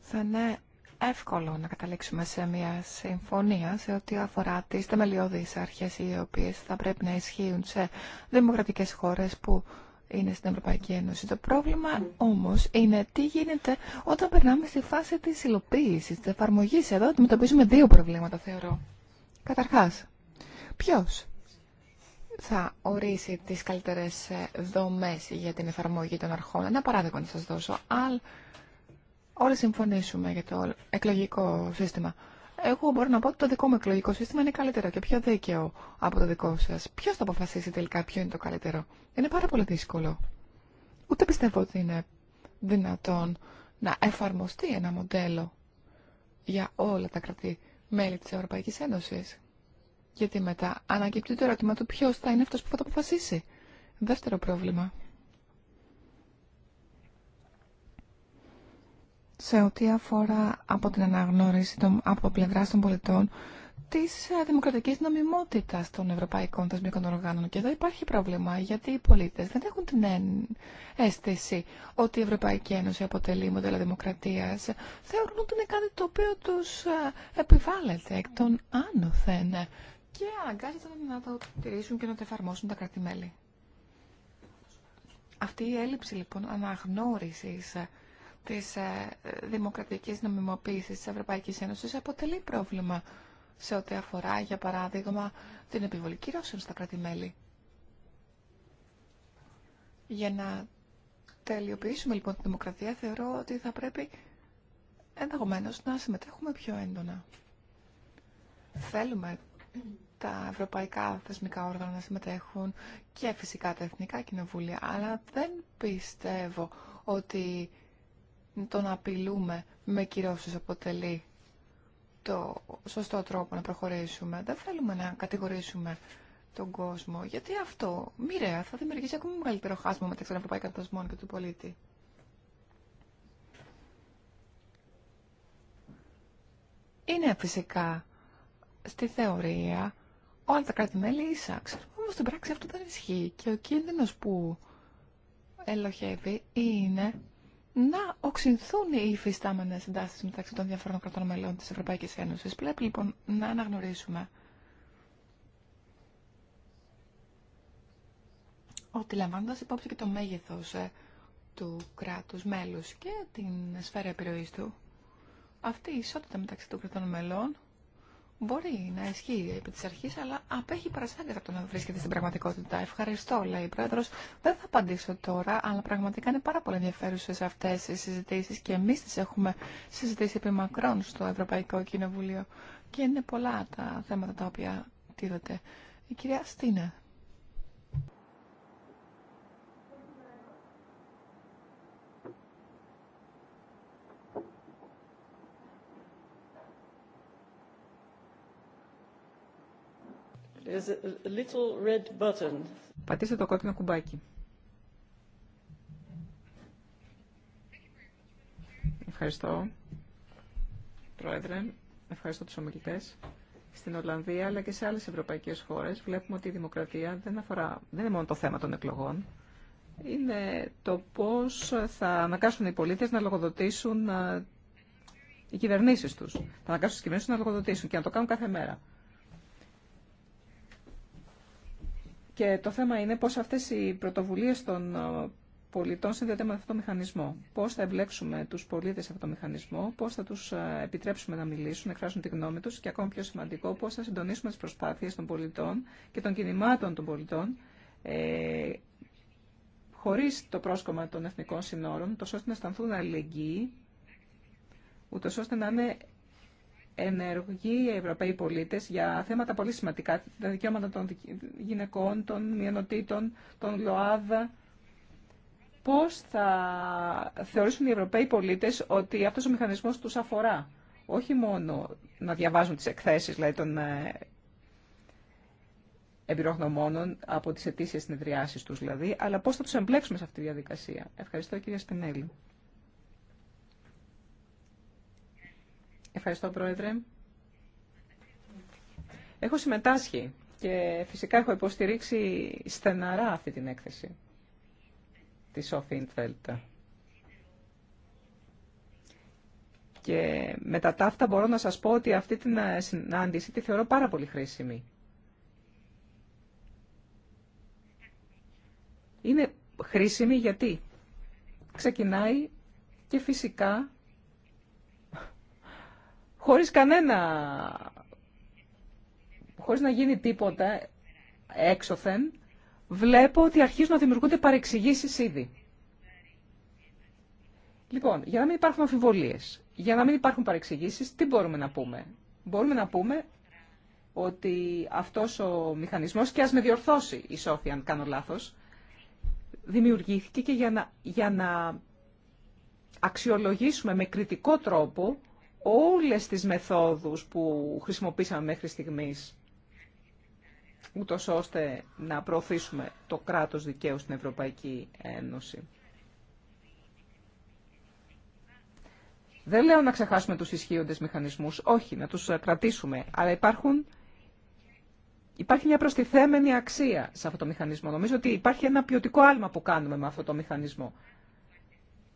θα είναι εύκολο να καταλήξουμε σε μια συμφωνία σε ό,τι αφορά τις θεμελιώδεις αρχές οι οποίες θα πρέπει να ισχύουν σε δημοκρατικές χώρες που είναι στην Ευρωπαϊκή Ένωση. Το πρόβλημα όμως είναι τι γίνεται όταν περνάμε στη φάση της υλοποίησης, της εφαρμογής. Εδώ αντιμετωπίζουμε δύο προβλήματα θεωρώ. Καταρχάς, ποιος θα ορίσει τις καλύτερες ε, δομές για την εφαρμογή των αρχών. Ένα παράδειγμα να σας δώσω. Αν όλοι συμφωνήσουμε για το εκλογικό σύστημα, εγώ μπορώ να πω ότι το δικό μου εκλογικό σύστημα είναι καλύτερο και πιο δίκαιο από το δικό σας. Ποιος θα αποφασίσει τελικά ποιο είναι το καλύτερο. Είναι πάρα πολύ δύσκολο. Ούτε πιστεύω ότι είναι δυνατόν να εφαρμοστεί ένα μοντέλο για όλα τα κρατή μέλη της Ευρωπαϊκής Ένωσης. Γιατί μετά ανακύπτει το ερώτημα του ποιο θα είναι αυτό που θα το αποφασίσει. Δεύτερο πρόβλημα. Σε ό,τι αφορά από την αναγνώριση των, από πλευρά των πολιτών της ε, δημοκρατικής νομιμότητα των ευρωπαϊκών θεσμικών οργάνων. Και εδώ υπάρχει πρόβλημα, γιατί οι πολίτες δεν έχουν την αίσθηση ότι η Ευρωπαϊκή Ένωση αποτελεί μοντέλο δημοκρατίας. Θεωρούν ότι είναι κάτι το οποίο τους ε, επιβάλλεται εκ των άνωθεν και αναγκάζεται να το τηρήσουν και να το εφαρμόσουν τα κράτη-μέλη. Αυτή η έλλειψη λοιπόν αναγνώριση ε, της ε, δημοκρατικής νομιμοποίηση τη Ευρωπαϊκή Ένωση αποτελεί πρόβλημα σε ό,τι αφορά, για παράδειγμα, την επιβολή κυρώσεων στα κράτη-μέλη. Για να τελειοποιήσουμε λοιπόν τη δημοκρατία, θεωρώ ότι θα πρέπει ενδεχομένω να συμμετέχουμε πιο έντονα. Θέλουμε τα ευρωπαϊκά θεσμικά όργανα να συμμετέχουν και φυσικά τα εθνικά κοινοβούλια. Αλλά δεν πιστεύω ότι το να απειλούμε με κυρώσεις αποτελεί το σωστό τρόπο να προχωρήσουμε. Δεν θέλουμε να κατηγορήσουμε τον κόσμο, γιατί αυτό μοιραία θα δημιουργήσει ακόμη μεγαλύτερο χάσμα μεταξύ των ευρωπαϊκών θεσμών και του πολίτη. Είναι φυσικά στη θεωρία όλα τα κράτη-μέλη ίσα. Ξέρουμε όμως στην πράξη αυτό δεν ισχύει και ο κίνδυνος που ελοχεύει είναι να οξυνθούν οι υφιστάμενες συντάσεις μεταξύ των διαφορών κρατών μελών της Ευρωπαϊκής Ένωσης. Πρέπει λοιπόν να αναγνωρίσουμε ότι λαμβάνοντας υπόψη και το μέγεθος ε, του κράτους μέλους και την σφαίρα επιρροής του, αυτή η ισότητα μεταξύ των κρατών μελών Μπορεί να ισχύει επί τη αρχή, αλλά απέχει παρασάγκα από το να βρίσκεται στην πραγματικότητα. Ευχαριστώ, λέει η Πρόεδρο. Δεν θα απαντήσω τώρα, αλλά πραγματικά είναι πάρα πολύ ενδιαφέρουσε αυτέ οι συζητήσει και εμεί τι έχουμε συζητήσει επί μακρόν στο Ευρωπαϊκό Κοινοβούλιο και είναι πολλά τα θέματα τα οποία τίθεται. Η κυρία Στίνα Πατήστε το κόκκινο κουμπάκι. Ευχαριστώ, Πρόεδρε. Ευχαριστώ τους ομιλητές. Στην Ολλανδία αλλά και σε άλλες ευρωπαϊκές χώρες βλέπουμε ότι η δημοκρατία δεν, αφορά, δεν είναι μόνο το θέμα των εκλογών. Είναι το πώς θα ανακάσουν οι πολίτες να λογοδοτήσουν ε, οι κυβερνήσεις τους. Θα ανακάσουν τις κυβερνήσεις να λογοδοτήσουν και να το κάνουν κάθε μέρα. Και το θέμα είναι πώς αυτές οι πρωτοβουλίες των ε, πολιτών συνδέονται με αυτό το μηχανισμό. Πώς θα εμπλέξουμε τους πολίτες σε αυτό το μηχανισμό, πώς θα τους ε, επιτρέψουμε να μιλήσουν, να εκφράσουν τη γνώμη τους και ακόμα πιο σημαντικό πώς θα συντονίσουμε τις προσπάθειες των πολιτών και των κινημάτων των πολιτών ε, χωρίς το πρόσκομα των εθνικών συνόρων, τόσο ώστε να αισθανθούν αλληλεγγύοι, ούτω ώστε να είναι ενεργοί Ευρωπαίοι πολίτε για θέματα πολύ σημαντικά, τα δικαιώματα των γυναικών, των μειονοτήτων, των ΛΟΑΔΑ. Πώς θα θεωρήσουν οι Ευρωπαίοι πολίτες ότι αυτός ο μηχανισμός του αφορά. Όχι μόνο να διαβάζουν τις εκθέσεις δηλαδή των ε, εμπειρογνωμόνων από τις αιτήσει συνεδριάσει τους δηλαδή, αλλά πώ θα του εμπλέξουμε σε αυτή τη διαδικασία. Ευχαριστώ κυρία Σπινέλη. Ευχαριστώ, Πρόεδρε. Έχω συμμετάσχει και φυσικά έχω υποστηρίξει στεναρά αυτή την έκθεση τη Σόφη Ιντφέλτ. Και με τα ταύτα μπορώ να σας πω ότι αυτή την ε, συνάντηση τη θεωρώ πάρα πολύ χρήσιμη. Είναι χρήσιμη γιατί ξεκινάει και φυσικά χωρίς κανένα, χωρίς να γίνει τίποτα έξωθεν, βλέπω ότι αρχίζουν να δημιουργούνται παρεξηγήσεις ήδη. Λοιπόν, για να μην υπάρχουν αμφιβολίες, για να μην υπάρχουν παρεξηγήσεις, τι μπορούμε να πούμε. Μπορούμε να πούμε ότι αυτός ο μηχανισμός, και ας με διορθώσει η Σόφια αν κάνω λάθος, δημιουργήθηκε και για να, για να αξιολογήσουμε με κριτικό τρόπο όλες τις μεθόδους που χρησιμοποίησαμε μέχρι στιγμής, ούτω ώστε να προωθήσουμε το κράτος δικαίου στην Ευρωπαϊκή Ένωση. Δεν λέω να ξεχάσουμε τους ισχύοντες μηχανισμούς, όχι, να τους κρατήσουμε, αλλά υπάρχουν, υπάρχει μια προστιθέμενη αξία σε αυτό το μηχανισμό. Νομίζω ότι υπάρχει ένα ποιοτικό άλμα που κάνουμε με αυτό το μηχανισμό.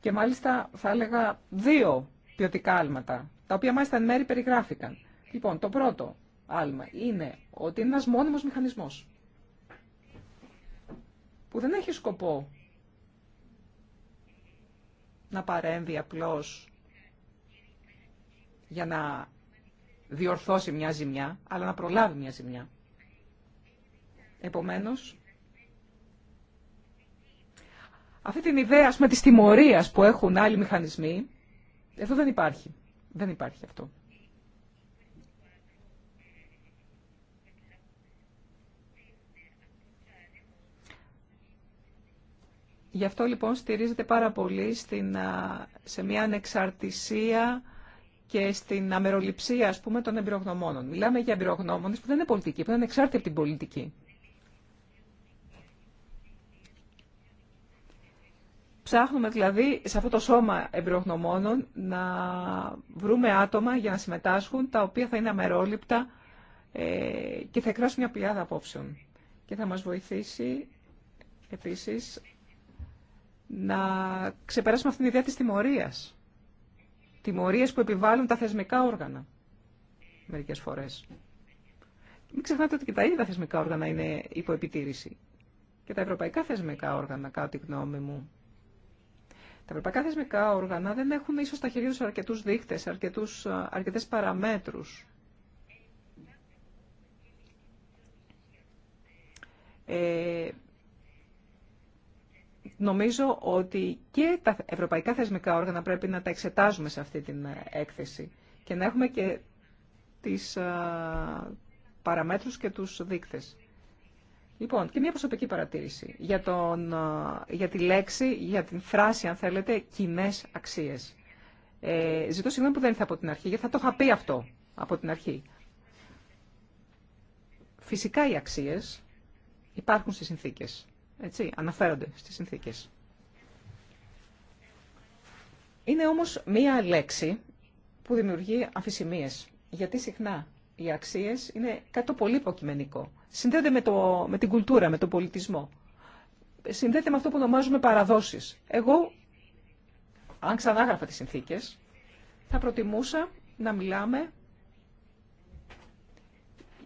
Και μάλιστα θα έλεγα δύο ποιοτικά άλματα τα οποία μάλιστα εν μέρη περιγράφηκαν. Λοιπόν, το πρώτο άλμα είναι ότι είναι ένας μόνιμος μηχανισμός που δεν έχει σκοπό να παρέμβει απλώς για να διορθώσει μια ζημιά, αλλά να προλάβει μια ζημιά. Επομένως, αυτή την ιδέα, με τις που έχουν άλλοι μηχανισμοί, εδώ δεν υπάρχει. Δεν υπάρχει αυτό. Γι' αυτό λοιπόν στηρίζεται πάρα πολύ σε μια ανεξαρτησία και στην αμεροληψία ας πούμε των εμπειρογνωμόνων. Μιλάμε για εμπειρογνώμονες που δεν είναι πολιτικοί, που είναι ανεξάρτητοι από την πολιτική. Ψάχνουμε δηλαδή σε αυτό το σώμα εμπειρογνωμόνων να βρούμε άτομα για να συμμετάσχουν, τα οποία θα είναι αμερόληπτα ε, και θα εκφράσουν μια πλειάδα απόψεων. Και θα μας βοηθήσει επίσης να ξεπεράσουμε αυτήν την ιδέα της τιμωρίας. Τιμωρίες που επιβάλλουν τα θεσμικά όργανα μερικές φορές. Μην ξεχνάτε ότι και τα ίδια τα θεσμικά όργανα είναι υπό επιτήρηση. Και τα ευρωπαϊκά θεσμικά όργανα, κάτω τη γνώμη μου, τα ευρωπαϊκά θεσμικά όργανα δεν έχουν ίσως στα χέρια τους αρκετούς δείχτες, αρκετούς, αρκετές παραμέτρους. Ε, νομίζω ότι και τα ευρωπαϊκά θεσμικά όργανα πρέπει να τα εξετάζουμε σε αυτή την ε, έκθεση και να έχουμε και τις α, παραμέτρους και τους δείκτες. Λοιπόν, και μια προσωπική παρατήρηση για, τον, ε, για τη λέξη, για την φράση, αν θέλετε, κοινέ αξίε. Ε, ζητώ συγγνώμη που δεν ήρθα από την αρχή, γιατί θα το είχα πει αυτό από την αρχή. Φυσικά οι αξίε υπάρχουν στι συνθήκε. Έτσι, αναφέρονται στι συνθήκε. Είναι όμως μία λέξη που δημιουργεί αφησιμίες. γιατί συχνά οι αξίες είναι κάτι το πολύ υποκειμενικό. Συνδέεται με, το, με την κουλτούρα, με τον πολιτισμό. Συνδέεται με αυτό που ονομάζουμε παραδόσεις. Εγώ, αν ξανάγραφα τι συνθήκες, θα προτιμούσα να μιλάμε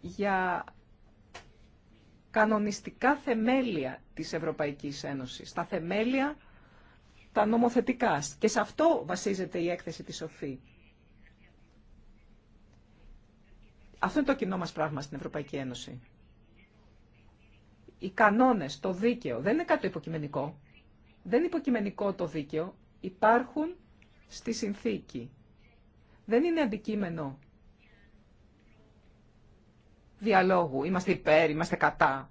για κανονιστικά θεμέλια της Ευρωπαϊκής Ένωσης, τα θεμέλια τα νομοθετικά. Και σε αυτό βασίζεται η έκθεση της Σοφή. Αυτό είναι το κοινό μας πράγμα στην Ευρωπαϊκή Ένωση. Οι κανόνες, το δίκαιο, δεν είναι κάτι υποκειμενικό. Δεν είναι υποκειμενικό το δίκαιο. Υπάρχουν στη συνθήκη. Δεν είναι αντικείμενο διαλόγου. Είμαστε υπέρ, είμαστε κατά.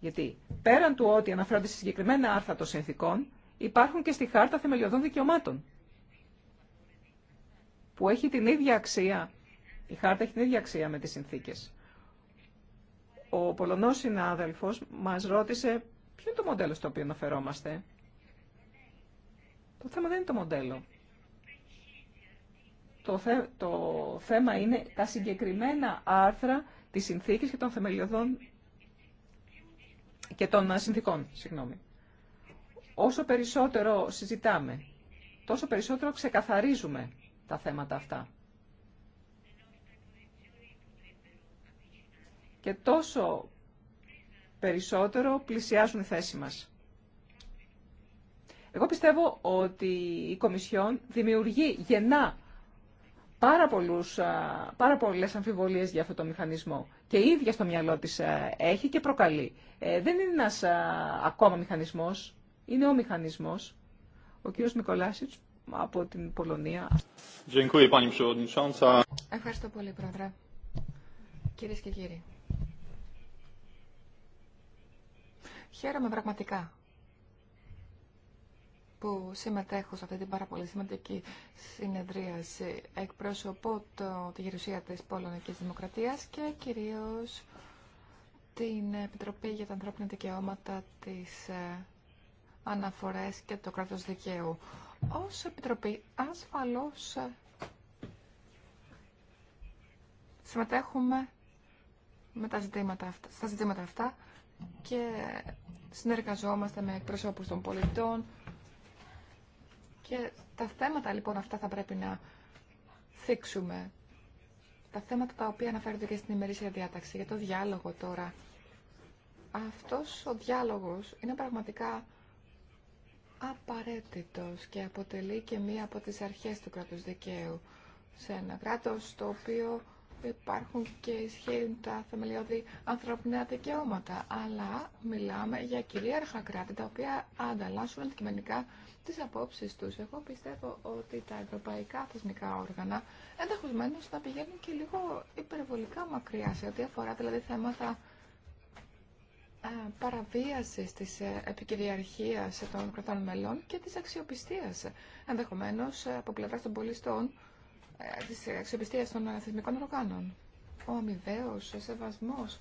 Γιατί πέραν του ότι αναφέρονται σε συγκεκριμένα άρθρα των συνθήκων, υπάρχουν και στη Χάρτα Θεμελιωδών Δικαιωμάτων που έχει την ίδια αξία. Η χάρτα έχει την ίδια αξία με τις συνθήκες. Ο Πολωνός συνάδελφος μας ρώτησε ποιο είναι το μοντέλο στο οποίο αναφερόμαστε. Το θέμα δεν είναι το μοντέλο. Το, θέμα είναι τα συγκεκριμένα άρθρα της συνθήκης και των θεμελιωδών και των συνθήκων. Συγγνώμη. Όσο περισσότερο συζητάμε, τόσο περισσότερο ξεκαθαρίζουμε τα θέματα αυτά. Και τόσο περισσότερο πλησιάζουν οι θέση μας. Εγώ πιστεύω ότι η Κομισιόν δημιουργεί γεννά πάρα, πολλούς, πάρα πολλές αμφιβολίες για αυτό το μηχανισμό. Και η ίδια στο μυαλό της έχει και προκαλεί. Ε, δεν είναι ένας ακόμα μηχανισμός, είναι ο μηχανισμός. Ο κύριος Μικολάσιτς από την Πολωνία. Ευχαριστώ πολύ, Πρόεδρε. κύριε και κύριοι. Χαίρομαι πραγματικά που συμμετέχω σε αυτή την πάρα πολύ σημαντική συνεδρίαση. Εκπροσωπώ το, τη γερουσία της Πολωνικής Δημοκρατίας και κυρίως την Επιτροπή για τα Ανθρώπινα Δικαιώματα, της ε, αναφορές και το κράτος δικαίου. Ως Επιτροπή ασφαλώς ε, συμμετέχουμε με τα ζητήματα αυτά, στα ζητήματα αυτά και συνεργαζόμαστε με εκπροσώπους των πολιτών και τα θέματα λοιπόν αυτά θα πρέπει να θίξουμε. Τα θέματα τα οποία αναφέρονται και στην ημερήσια διάταξη για το διάλογο τώρα. Αυτός ο διάλογος είναι πραγματικά απαραίτητος και αποτελεί και μία από τις αρχές του κράτους δικαίου σε ένα κράτος το οποίο υπάρχουν και ισχύουν τα θεμελιώδη ανθρωπινά δικαιώματα. Αλλά μιλάμε για κυρίαρχα κράτη τα οποία ανταλλάσσουν αντικειμενικά τις απόψεις τους. Εγώ πιστεύω ότι τα ευρωπαϊκά θεσμικά όργανα ενδεχομένω θα πηγαίνουν και λίγο υπερβολικά μακριά σε ό,τι αφορά δηλαδή θέματα ε, Παραβίαση της ε, επικυριαρχίας των κρατών μελών και της αξιοπιστίας, ε, ενδεχομένως από πλευράς των πολιστών, της αξιοπιστίας των θεσμικών οργάνων. Ο αμοιβαίος σεβασμός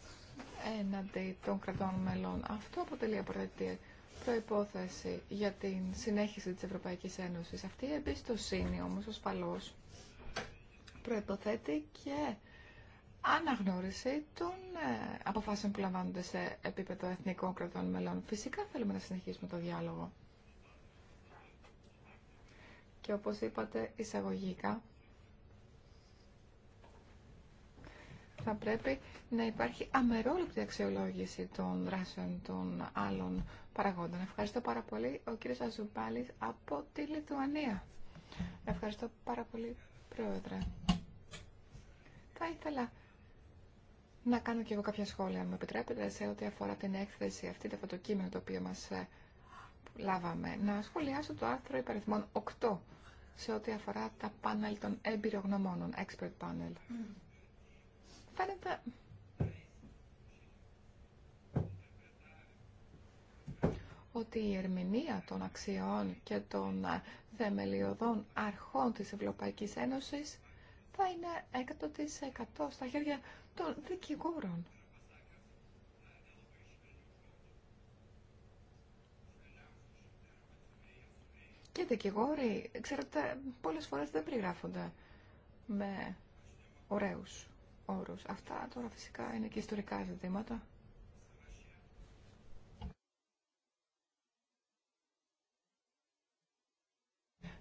έναντι των κρατών μελών. Αυτό αποτελεί απαραίτητη προϋπόθεση για την συνέχιση της Ευρωπαϊκής Ένωσης. Αυτή η εμπιστοσύνη όμως ασφαλώς προϋποθέτει και αναγνώριση των ε, αποφάσεων που λαμβάνονται σε επίπεδο εθνικών κρατών μελών. Φυσικά θέλουμε να συνεχίσουμε το διάλογο. Και όπως είπατε εισαγωγικά, θα πρέπει να υπάρχει αμερόληπτη αξιολόγηση των δράσεων των άλλων παραγόντων. Ευχαριστώ πάρα πολύ ο κύριος Αζουμπάλης από τη Λιτουανία. Ευχαριστώ πάρα πολύ, Πρόεδρε. Θα ήθελα να κάνω και εγώ κάποια σχόλια, αν μου επιτρέπετε, σε ό,τι αφορά την έκθεση αυτή, το φωτοκείμενο το οποίο μας ε, λάβαμε. Να σχολιάσω το άρθρο υπαριθμών 8 σε ό,τι αφορά τα πάνελ των εμπειρογνωμόνων, expert panel. Φαίνεται... ότι η ερμηνεία των αξιών και των ε, θεμελιωδών αρχών της Ευρωπαϊκής Ένωσης θα είναι 100% στα χέρια των δικηγόρων. Και δικηγόροι, ξέρετε, πολλές φορές δεν περιγράφονται με ωραίους όρους. Αυτά τώρα φυσικά είναι και ιστορικά ζητήματα.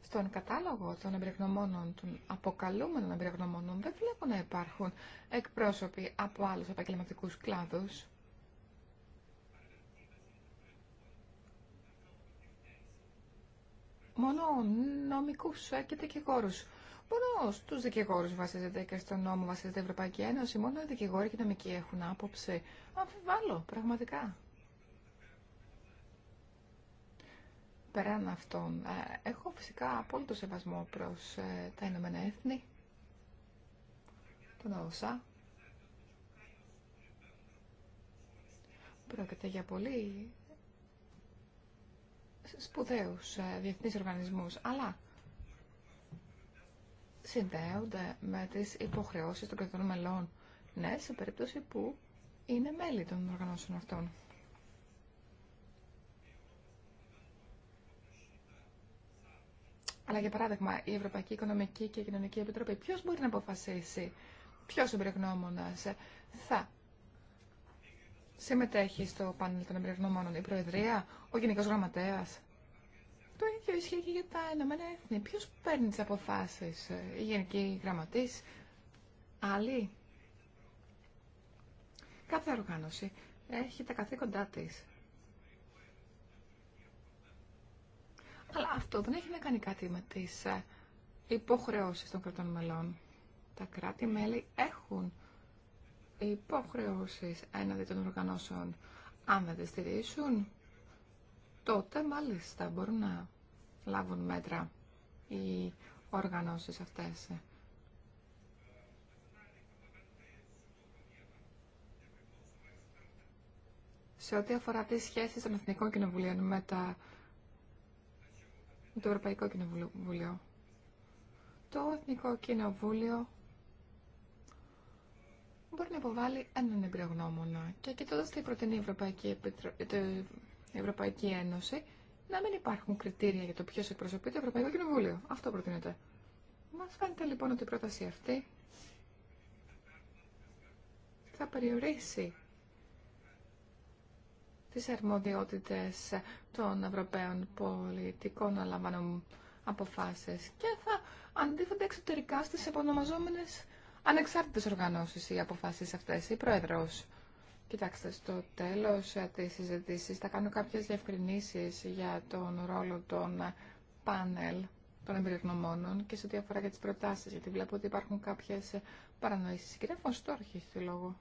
στον κατάλογο των εμπρεγνωμόνων, των αποκαλούμενων εμπειρογνωμόνων, δεν βλέπω να υπάρχουν εκπρόσωποι από άλλους επαγγελματικού κλάδους. Μόνο νομικού ε, και δικηγόρου. Μόνο στου δικηγόρου βασίζεται και στον νόμο βασίζεται η Ευρωπαϊκή Ένωση. Μόνο οι δικηγόροι και οι νομικοί έχουν άποψη. Αμφιβάλλω, πραγματικά. Πέραν αυτών, ε, έχω φυσικά απόλυτο σεβασμό προς ε, τα Ηνωμένα Έθνη, τον ΟΣΑ. Πρόκειται για πολύ σπουδαίους ε, διεθνείς οργανισμούς, αλλά συνδέονται με τις υποχρεώσεις των κρατών μελών, ναι, σε περίπτωση που είναι μέλη των οργανώσεων αυτών. Αλλά για παράδειγμα, η Ευρωπαϊκή Οικονομική και Κοινωνική Επιτροπή, ποιο μπορεί να αποφασίσει ποιο εμπειρογνώμονα ε, θα συμμετέχει στο πάνελ των εμπειρογνώμονων, η Προεδρία, ο Γενικό Γραμματέα. Το ίδιο ισχύει και για τα Ηνωμένα Έθνη. Ποιο παίρνει τι αποφάσει, ε, η Γενική Γραμματή, άλλοι. Κάθε οργάνωση έχει τα καθήκοντά της. Αλλά αυτό δεν έχει να κάνει κάτι με τι ε, υποχρεώσει των κρατών μελών. Τα κράτη-μέλη έχουν υποχρεώσει έναντι των οργανώσεων. Αν δεν τι στηρίσουν, τότε μάλιστα μπορούν να λάβουν μέτρα οι οργανώσεις αυτές. Σε ό,τι αφορά τις σχέσεις των Εθνικών Κοινοβουλίων με τα το Ευρωπαϊκό Κοινοβούλιο. Το Εθνικό Κοινοβούλιο μπορεί να υποβάλει έναν εμπειρογνώμονα και κοιτώντας τι προτείνει η Ευρωπαϊκή, Επιτρο... η Ευρωπαϊκή Ένωση να μην υπάρχουν κριτήρια για το ποιο εκπροσωπεί το Ευρωπαϊκό Κοινοβούλιο. Αυτό προτείνεται. Μα φαίνεται λοιπόν ότι η πρόταση αυτή θα περιορίσει τις αρμοδιότητες των Ευρωπαίων πολιτικών να λαμβάνουν αποφάσεις και θα αντίθεται εξωτερικά στις επωνομαζόμενες ανεξάρτητες οργανώσεις οι αποφάσεις αυτές, η Πρόεδρος. Κοιτάξτε, στο τέλος της συζήτησης θα κάνω κάποιες διευκρινήσεις για τον ρόλο των πάνελ των εμπειρογνωμόνων και σε ό,τι αφορά για τις προτάσεις, γιατί βλέπω ότι υπάρχουν κάποιες παρανοήσεις. Κύριε Φωστόρχη, στη λόγο.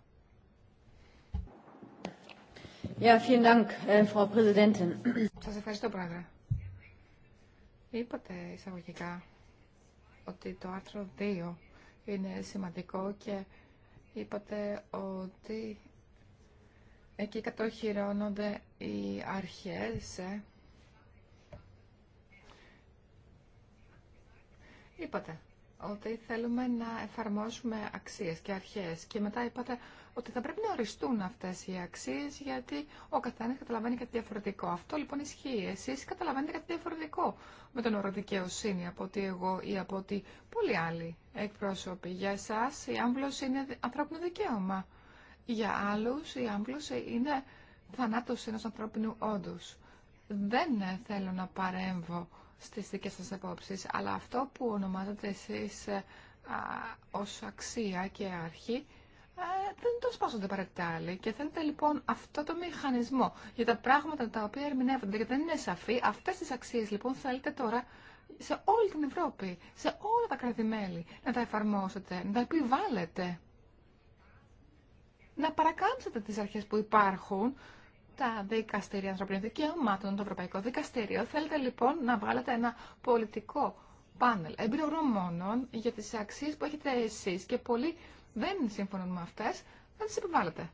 Σα äh, Σας ευχαριστώ, Πρόεδρε. Είπατε εισαγωγικά ότι το άρθρο 2 είναι σημαντικό και είπατε ότι εκεί κατοχυρώνονται οι αρχές. Ε. Είπατε ότι θέλουμε να εφαρμόσουμε αξίες και αρχές και μετά είπατε ότι θα πρέπει να οριστούν αυτέ οι αξίε γιατί ο καθένα καταλαβαίνει κάτι διαφορετικό. Αυτό λοιπόν ισχύει. Εσεί καταλαβαίνετε κάτι διαφορετικό με τον όρο δικαιοσύνη από ότι εγώ ή από ότι πολλοί άλλοι εκπρόσωποι. Για εσάς η άμβλωση είναι ανθρώπινο δικαίωμα. Για εσά, η άμβλωση είναι άλλου, η ενός θανατος ενό όντους. Δεν θέλω να παρέμβω στι δικέ σα απόψει, αλλά αυτό που ονομάζετε εσεί ω ε, ως αξία και αρχή ε, δεν το σπάσονται άλλοι. και θέλετε λοιπόν αυτό το μηχανισμό για τα πράγματα τα οποία ερμηνεύονται και δεν είναι σαφή. Αυτές τις αξίες λοιπόν θέλετε τώρα σε όλη την Ευρώπη, σε όλα τα κρατημέλη να τα εφαρμόσετε, να τα επιβάλλετε. Να παρακάμψετε τις αρχές που υπάρχουν τα δικαστήρια ανθρωπίνων δικαιωμάτων, το Ευρωπαϊκό Δικαστήριο. Θέλετε λοιπόν να βγάλετε ένα πολιτικό πάνελ εμπειρογνωμόνων για τις αξίες που έχετε εσείς και πολλοί δεν συμφωνούν με αυτέ, Δεν τι επιβάλλετε.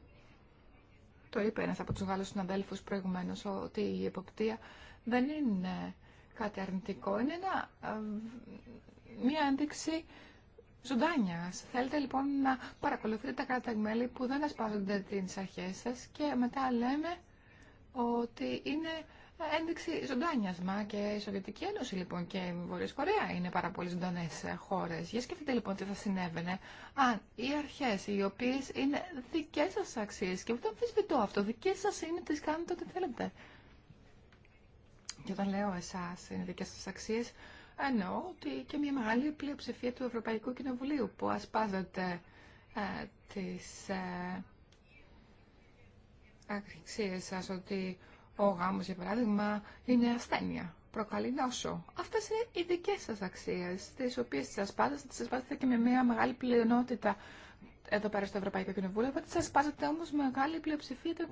Το είπε ένα από του Γάλλου συναδέλφου προηγουμένω ότι η εποπτεία δεν είναι κάτι αρνητικό, είναι ε, μια ένδειξη ζωντάνια. Θέλετε λοιπόν να παρακολουθείτε τα κράτη-μέλη που δεν ασπάζονται τι αρχέ σα και μετά λέμε ότι είναι ένδειξη ζωντάνιασμα και η Σοβιετική Ένωση λοιπόν και η Βόρεια Κορέα είναι πάρα πολύ ζωντανέ ε, χώρε. Για σκεφτείτε λοιπόν τι θα συνέβαινε αν οι αρχέ οι οποίε είναι δικέ σα αξίε και δεν αμφισβητώ αυτό, δικέ σα είναι, τι κάνετε ό,τι θέλετε. Και όταν λέω εσά είναι δικέ σα αξίε, εννοώ ότι και μια μεγάλη πλειοψηφία του Ευρωπαϊκού Κοινοβουλίου που ασπάζεται ε, τι ε, αξίε σα ότι ο γάμος, για παράδειγμα, είναι ασθένεια, προκαλεί νόσο. Αυτές είναι οι δικές σας αξίες, τις οποίες τις ασπάζετε, τις ασπάζετε και με μια μεγάλη πλειονότητα εδώ πέρα στο Ευρωπαϊκό Κοινοβούλιο, αλλά σας ασπάζετε όμως μεγάλη πλειοψηφία των,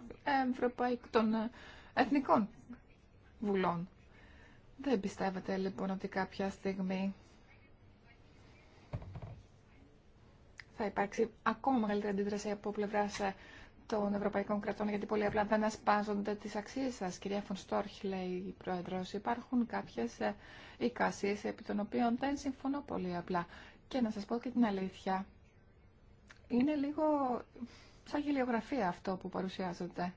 ε, των ε, εθνικών βουλών. Δεν πιστεύετε λοιπόν ότι κάποια στιγμή θα υπάρξει ακόμα μεγαλύτερη αντίδραση από πλευρά ε, των Ευρωπαϊκών κρατών, γιατί πολύ απλά δεν ασπάζονται τις αξίες σας. Κυρία Φωνστόρχ, λέει η Πρόεδρος, υπάρχουν κάποιες ε, εικασίες επί των οποίων δεν συμφωνώ πολύ απλά. Και να σας πω και την αλήθεια, είναι λίγο σαν γελιογραφία αυτό που παρουσιάζεται.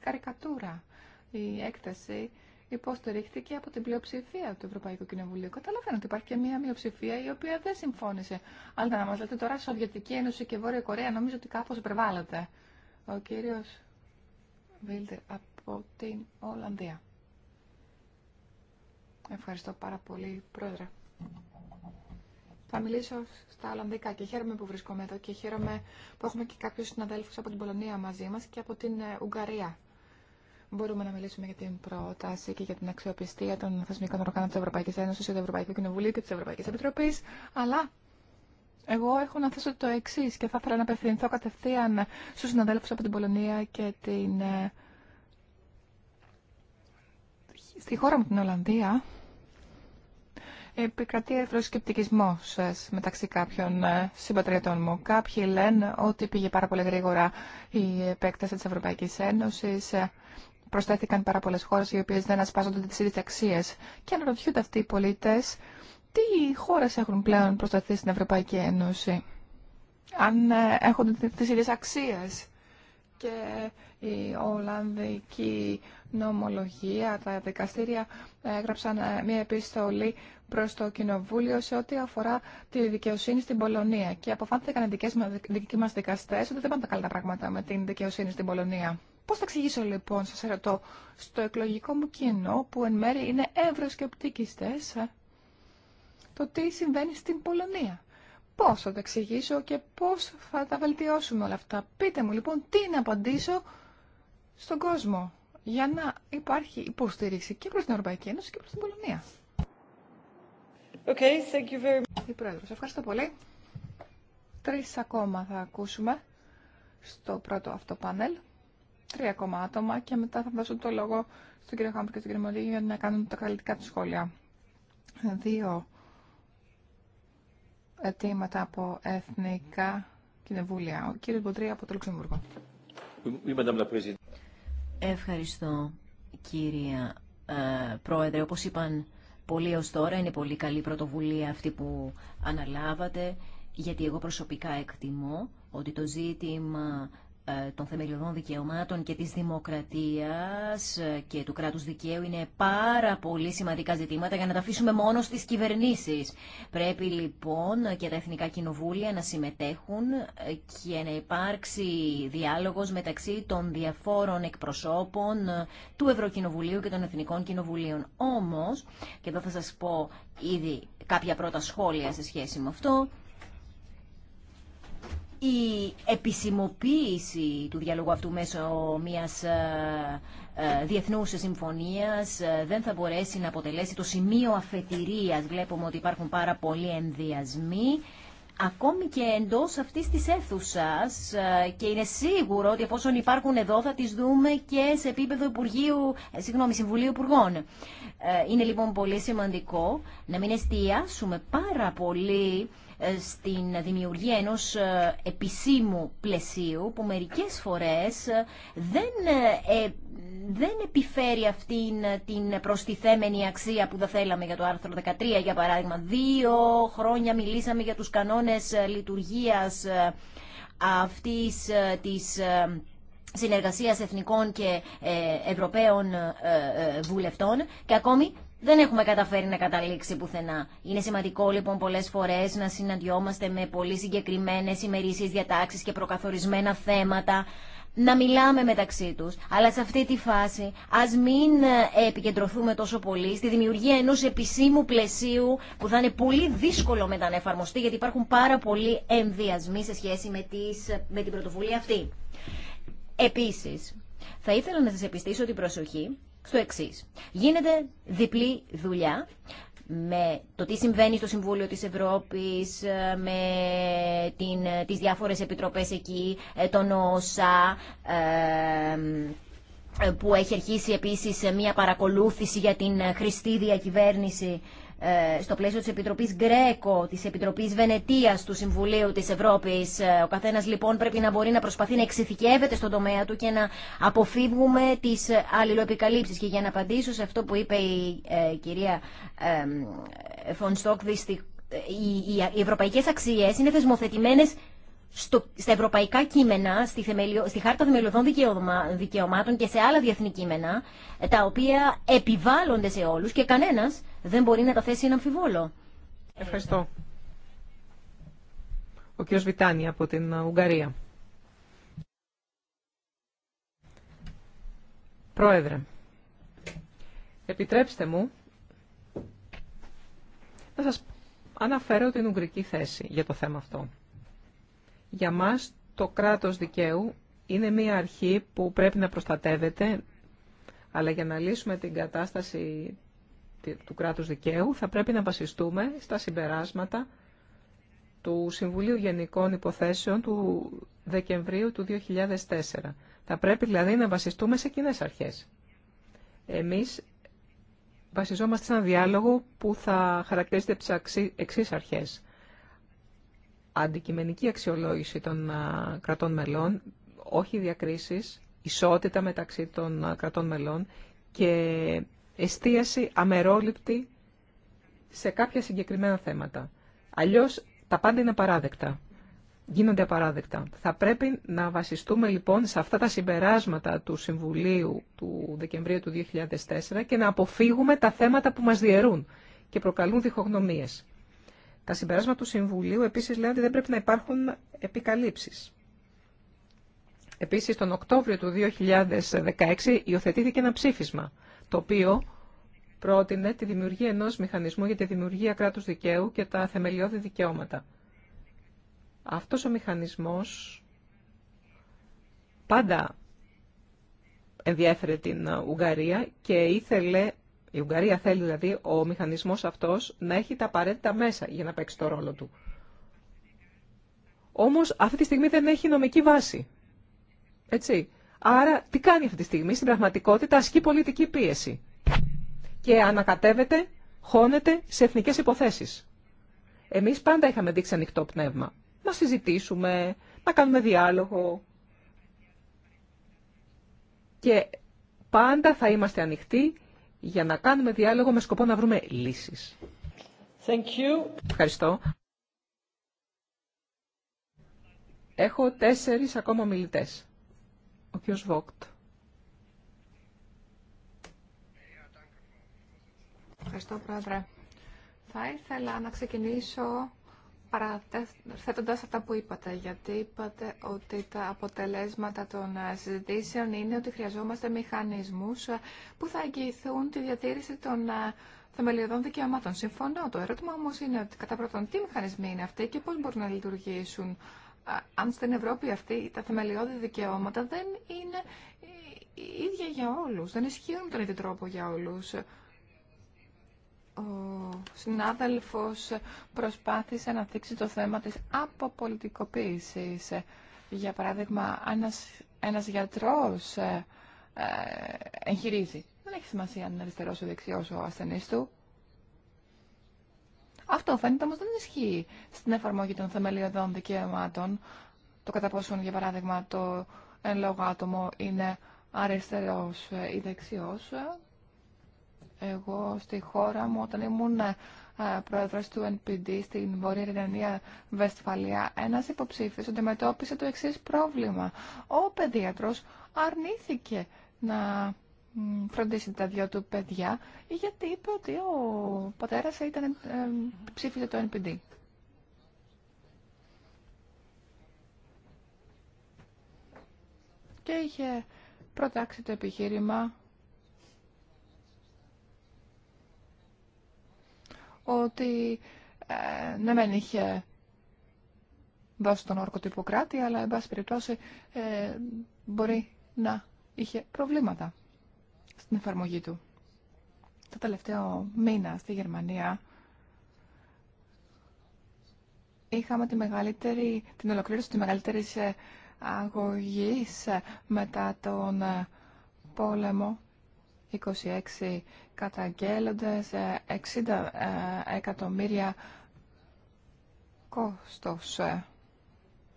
Καρικατούρα. Η έκταση υποστηρίχθηκε από την πλειοψηφία του Ευρωπαϊκού Κοινοβουλίου. Καταλαβαίνω ότι υπάρχει και μία μειοψηφία η οποία δεν συμφώνησε. Αλλά να μα λέτε τώρα Σοβιετική Ένωση και Βόρεια Κορέα, νομίζω ότι κάπω υπερβάλλεται. Ο κύριος Βίλτερ από την Ολλανδία. Ευχαριστώ πάρα πολύ, Πρόεδρε. Θα μιλήσω στα Ολλανδικά και χαίρομαι που βρισκόμαι εδώ και χαίρομαι που έχουμε και κάποιους συναδέλφου από την Πολωνία μαζί μας και από την ε, Ουγγαρία. Μπορούμε να μιλήσουμε για την πρόταση και για την αξιοπιστία των θεσμικών οργάνων τη Ευρωπαϊκή Ένωση, του Ευρωπαϊκού Κοινοβουλίου και τη Ευρωπαϊκή Επιτροπή, αλλά εγώ έχω να θέσω το εξή και θα ήθελα να απευθυνθώ κατευθείαν στους συναδέλφους από την Πολωνία και την... Ε, στη χώρα μου την Ολλανδία επικρατεί σκεπτικισμός ε, μεταξύ κάποιων ε, συμπατριωτών μου. Κάποιοι λένε ότι πήγε πάρα πολύ γρήγορα η επέκταση της Ευρωπαϊκής Ένωσης, προσθέθηκαν πάρα πολλές χώρες οι οποίες δεν ασπάζονται τις ίδιες αξίες. Και αναρωτιούνται αυτοί οι πολίτες τι χώρες έχουν πλέον προσταθεί στην Ευρωπαϊκή Ένωση, αν ε, έχουν τις ίδιες αξίες και η Ολλανδική νομολογία, τα δικαστήρια ε, έγραψαν ε, μια επιστολή προς το Κοινοβούλιο σε ό,τι αφορά τη δικαιοσύνη στην Πολωνία και αποφάνθηκαν οι δικοί μας δικαστές ότι δεν πάνε τα καλά τα πράγματα με την δικαιοσύνη στην Πολωνία. Πώς θα εξηγήσω λοιπόν, σας ερωτώ, στο εκλογικό μου κοινό που εν μέρει είναι ευρωσκεπτικιστές, το τι συμβαίνει στην Πολωνία. Πώ θα τα εξηγήσω και πώ θα τα βελτιώσουμε όλα αυτά. Πείτε μου λοιπόν τι να απαντήσω στον κόσμο για να υπάρχει υποστήριξη και προ την Ευρωπαϊκή Ένωση και προ την Πολωνία. Okay, thank you very much. ευχαριστώ πολύ. Τρει ακόμα θα ακούσουμε στο πρώτο αυτό πάνελ. Τρία ακόμα άτομα και μετά θα δώσω το λόγο στον κύριο Χάμπερ και στον κύριο Μολίγη για να κάνουν τα καλλιτικά του σχόλια. Δύο αιτήματα από εθνικά κοινοβούλια. Ο κύριος Μποντρή από το Λουξεμβούργο. Ευχαριστώ κύρια ε, Πρόεδρε. Όπως είπαν πολλοί ως τώρα, είναι πολύ καλή πρωτοβουλία αυτή που αναλάβατε, γιατί εγώ προσωπικά εκτιμώ ότι το ζήτημα ε, των θεμελιωδών δικαιωμάτων και της δημοκρατίας ε, και του κράτους δικαίου είναι πάρα πολύ σημαντικά ζητήματα για να τα αφήσουμε μόνο στις κυβερνήσεις. Πρέπει λοιπόν και τα εθνικά κοινοβούλια να συμμετέχουν ε, και να υπάρξει διάλογος μεταξύ των διαφόρων εκπροσώπων του Ευρωκοινοβουλίου και των Εθνικών Κοινοβουλίων. Όμως, και εδώ θα σας πω ήδη κάποια πρώτα σχόλια σε σχέση με αυτό, η επισημοποίηση του διαλόγου αυτού μέσω μιας ε, ε, διεθνούς συμφωνίας ε, δεν θα μπορέσει να αποτελέσει το σημείο αφετηρίας. Βλέπουμε ότι υπάρχουν πάρα πολλοί ενδιασμοί ακόμη και εντός αυτής της αίθουσα, και είναι σίγουρο ότι εφόσον υπάρχουν εδώ θα τις δούμε και σε επίπεδο Υπουργείου, συγγνώμη, Συμβουλίου Υπουργών. Είναι λοιπόν πολύ σημαντικό να μην εστιάσουμε πάρα πολύ ε, στην δημιουργία ενός ε, επισήμου πλαισίου που μερικές φορές ε, δεν, δεν επιφέρει αυτήν την προστιθέμενη αξία που θα θέλαμε για το άρθρο 13 για παράδειγμα. Δύο χρόνια μιλήσαμε για τους κανόνες λειτουργίας αυτής της συνεργασίας εθνικών και ευρωπαίων βουλευτών και ακόμη δεν έχουμε καταφέρει να καταλήξει πουθενά. Είναι σημαντικό λοιπόν πολλές φορές να συναντιόμαστε με πολύ συγκεκριμένες ημερήσεις διατάξεις και προκαθορισμένα θέματα, να μιλάμε μεταξύ τους. Αλλά σε αυτή τη φάση ας μην ε, επικεντρωθούμε τόσο πολύ στη δημιουργία ενός επισήμου πλαισίου που θα είναι πολύ δύσκολο μετά να εφαρμοστεί γιατί υπάρχουν πάρα πολλοί ενδιασμοί σε σχέση με, τις, με την πρωτοβουλία αυτή. Επίσης, θα ήθελα να σας επιστήσω την προσοχή στο εξή. Γίνεται διπλή δουλειά με το τι συμβαίνει στο Συμβούλιο της Ευρώπης, ε, με την, ε, τις διάφορες επιτροπές εκεί, ε, τον ΩΣΑ, που έχει αρχίσει επίσης μια παρακολούθηση για την χρηστή διακυβέρνηση ε, στο πλαίσιο της Επιτροπής Γκρέκο, της Επιτροπής Βενετίας του Συμβουλίου της Ευρώπης. Ε, ο καθένας λοιπόν πρέπει να μπορεί να προσπαθεί να εξειδικεύεται στον τομέα του και να αποφύγουμε τις ε, αλληλοεπικαλύψεις. Και για να απαντήσω σε αυτό που είπε η κυρία ε, Φωνστόκ, οι ευρωπαϊκές αξίες είναι θεσμοθετημένες στο, στα ευρωπαϊκά κείμενα, στη, θεμελιο, στη Χάρτα Θεμελιωδών Δικαιωμάτων και σε άλλα διεθνή κείμενα, τα οποία επιβάλλονται σε όλους και κανένας δεν μπορεί να τα θέσει ένα αμφιβόλο. Ευχαριστώ. Ο κ. Βιτάνη από την Ουγγαρία. Πρόεδρε, επιτρέψτε μου να σας αναφέρω την Ουγγρική θέση για το θέμα αυτό. Για μας το κράτος δικαίου είναι μια αρχή που πρέπει να προστατεύεται, αλλά για να λύσουμε την κατάσταση του κράτους δικαίου, θα πρέπει να βασιστούμε στα συμπεράσματα του Συμβουλίου Γενικών Υποθέσεων του Δεκεμβρίου του 2004. Θα πρέπει δηλαδή να βασιστούμε σε κοινέ αρχές. Εμείς βασιζόμαστε σε ένα διάλογο που θα χαρακτηρίζεται από τις εξή αρχές. Αντικειμενική αξιολόγηση των κρατών μελών, όχι διακρίσεις, ισότητα μεταξύ των κρατών μελών και εστίαση αμερόληπτη σε κάποια συγκεκριμένα θέματα. Αλλιώς τα πάντα είναι απαράδεκτα. Γίνονται απαράδεκτα. Θα πρέπει να βασιστούμε λοιπόν σε αυτά τα συμπεράσματα του Συμβουλίου του Δεκεμβρίου του 2004 και να αποφύγουμε τα θέματα που μας διαιρούν και προκαλούν διχογνωμίες. Τα συμπεράσματα του Συμβουλίου επίσης λένε ότι δεν πρέπει να υπάρχουν επικαλύψεις. Επίσης, τον Οκτώβριο του 2016 υιοθετήθηκε ένα ψήφισμα το οποίο πρότεινε τη δημιουργία ενός μηχανισμού για τη δημιουργία κράτους δικαίου και τα θεμελιώδη δικαιώματα. Αυτός ο μηχανισμός πάντα ενδιέφερε την Ουγγαρία και ήθελε, η Ουγγαρία θέλει δηλαδή ο μηχανισμός αυτός να έχει τα απαραίτητα μέσα για να παίξει το ρόλο του. Όμως αυτή τη στιγμή δεν έχει νομική βάση. Έτσι. Άρα, τι κάνει αυτή τη στιγμή, στην πραγματικότητα ασκεί πολιτική πίεση και ανακατεύεται, χώνεται σε εθνικές υποθέσεις. Εμείς πάντα είχαμε δείξει ανοιχτό πνεύμα. Να συζητήσουμε, να κάνουμε διάλογο. Και πάντα θα είμαστε ανοιχτοί για να κάνουμε διάλογο με σκοπό να βρούμε λύσεις. Ευχαριστώ. Έχω τέσσερις ακόμα μιλητές. Ο κ. Βόκτ. Ευχαριστώ, Πρόεδρε. Θα ήθελα να ξεκινήσω παραθέτοντας αυτά που είπατε, γιατί είπατε ότι τα αποτελέσματα των ε, συζητήσεων είναι ότι χρειαζόμαστε μηχανισμούς ε, που θα εγγυηθούν τη διατήρηση των ε, θεμελιωδών δικαιωμάτων. Συμφωνώ. Το ερώτημα όμως είναι ότι κατά πρώτον τι μηχανισμοί είναι αυτοί και πώς μπορούν να λειτουργήσουν αν στην Ευρώπη αυτή τα θεμελιώδη δικαιώματα δεν είναι ε, ίδια για όλους, δεν ισχύουν τον ίδιο τρόπο για όλους. Ο συνάδελφος προσπάθησε να θίξει το θέμα της αποπολιτικοποίησης. Για παράδειγμα, ένας, ένας γιατρός ε, ε εγχειρίζει. Δεν έχει σημασία αν είναι αριστερός ή δεξιός ο ασθενής του. Αυτό φαίνεται όμω δεν ισχύει στην εφαρμογή των θεμελιωδών δικαιωμάτων. Το κατά πόσον, για παράδειγμα, το εν λόγω άτομο είναι αριστερό ε, ή δεξιό. Εγώ στη χώρα μου, όταν ήμουν ε, πρόεδρο του NPD στην Βόρεια Ρινανία Βεσφαλία, ένας υποψήφιος αντιμετώπισε το εξής πρόβλημα. Ο παιδιατρό αρνήθηκε να φροντίσει τα δυο του παιδιά, γιατί είπε ότι ο πατέρας ε, ψήφιζε το NPD. Και είχε προτάξει το επιχείρημα ότι ε, ναι είχε δώσει τον όρκο του Ιπποκράτη, αλλά εν πάση περιπτώσει ε, μπορεί να είχε προβλήματα στην εφαρμογή του. Το τελευταίο μήνα στη Γερμανία είχαμε τη μεγαλύτερη, την ολοκλήρωση της μεγαλύτερης ε, αγωγής ε, μετά τον ε, πόλεμο 26 καταγγέλλοντες, 60 εκατομμύρια κόστος.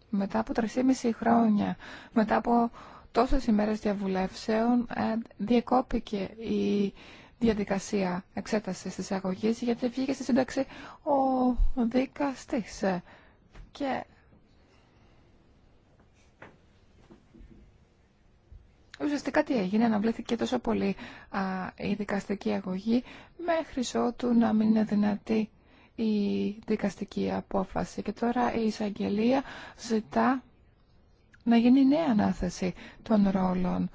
Μετά από 3,5 χρόνια, μετά από τόσες ημέρες διαβουλεύσεων ε, διεκόπηκε η διαδικασία εξέτασης της αγωγής γιατί βγήκε στη σύνταξη ο δικαστής. Και ουσιαστικά τι έγινε, αναβλήθηκε τόσο πολύ η δικαστική αγωγή μέχρι ότου να μην είναι δυνατή η δικαστική απόφαση. Και τώρα η εισαγγελία ζητά να γίνει νέα ανάθεση των ρόλων.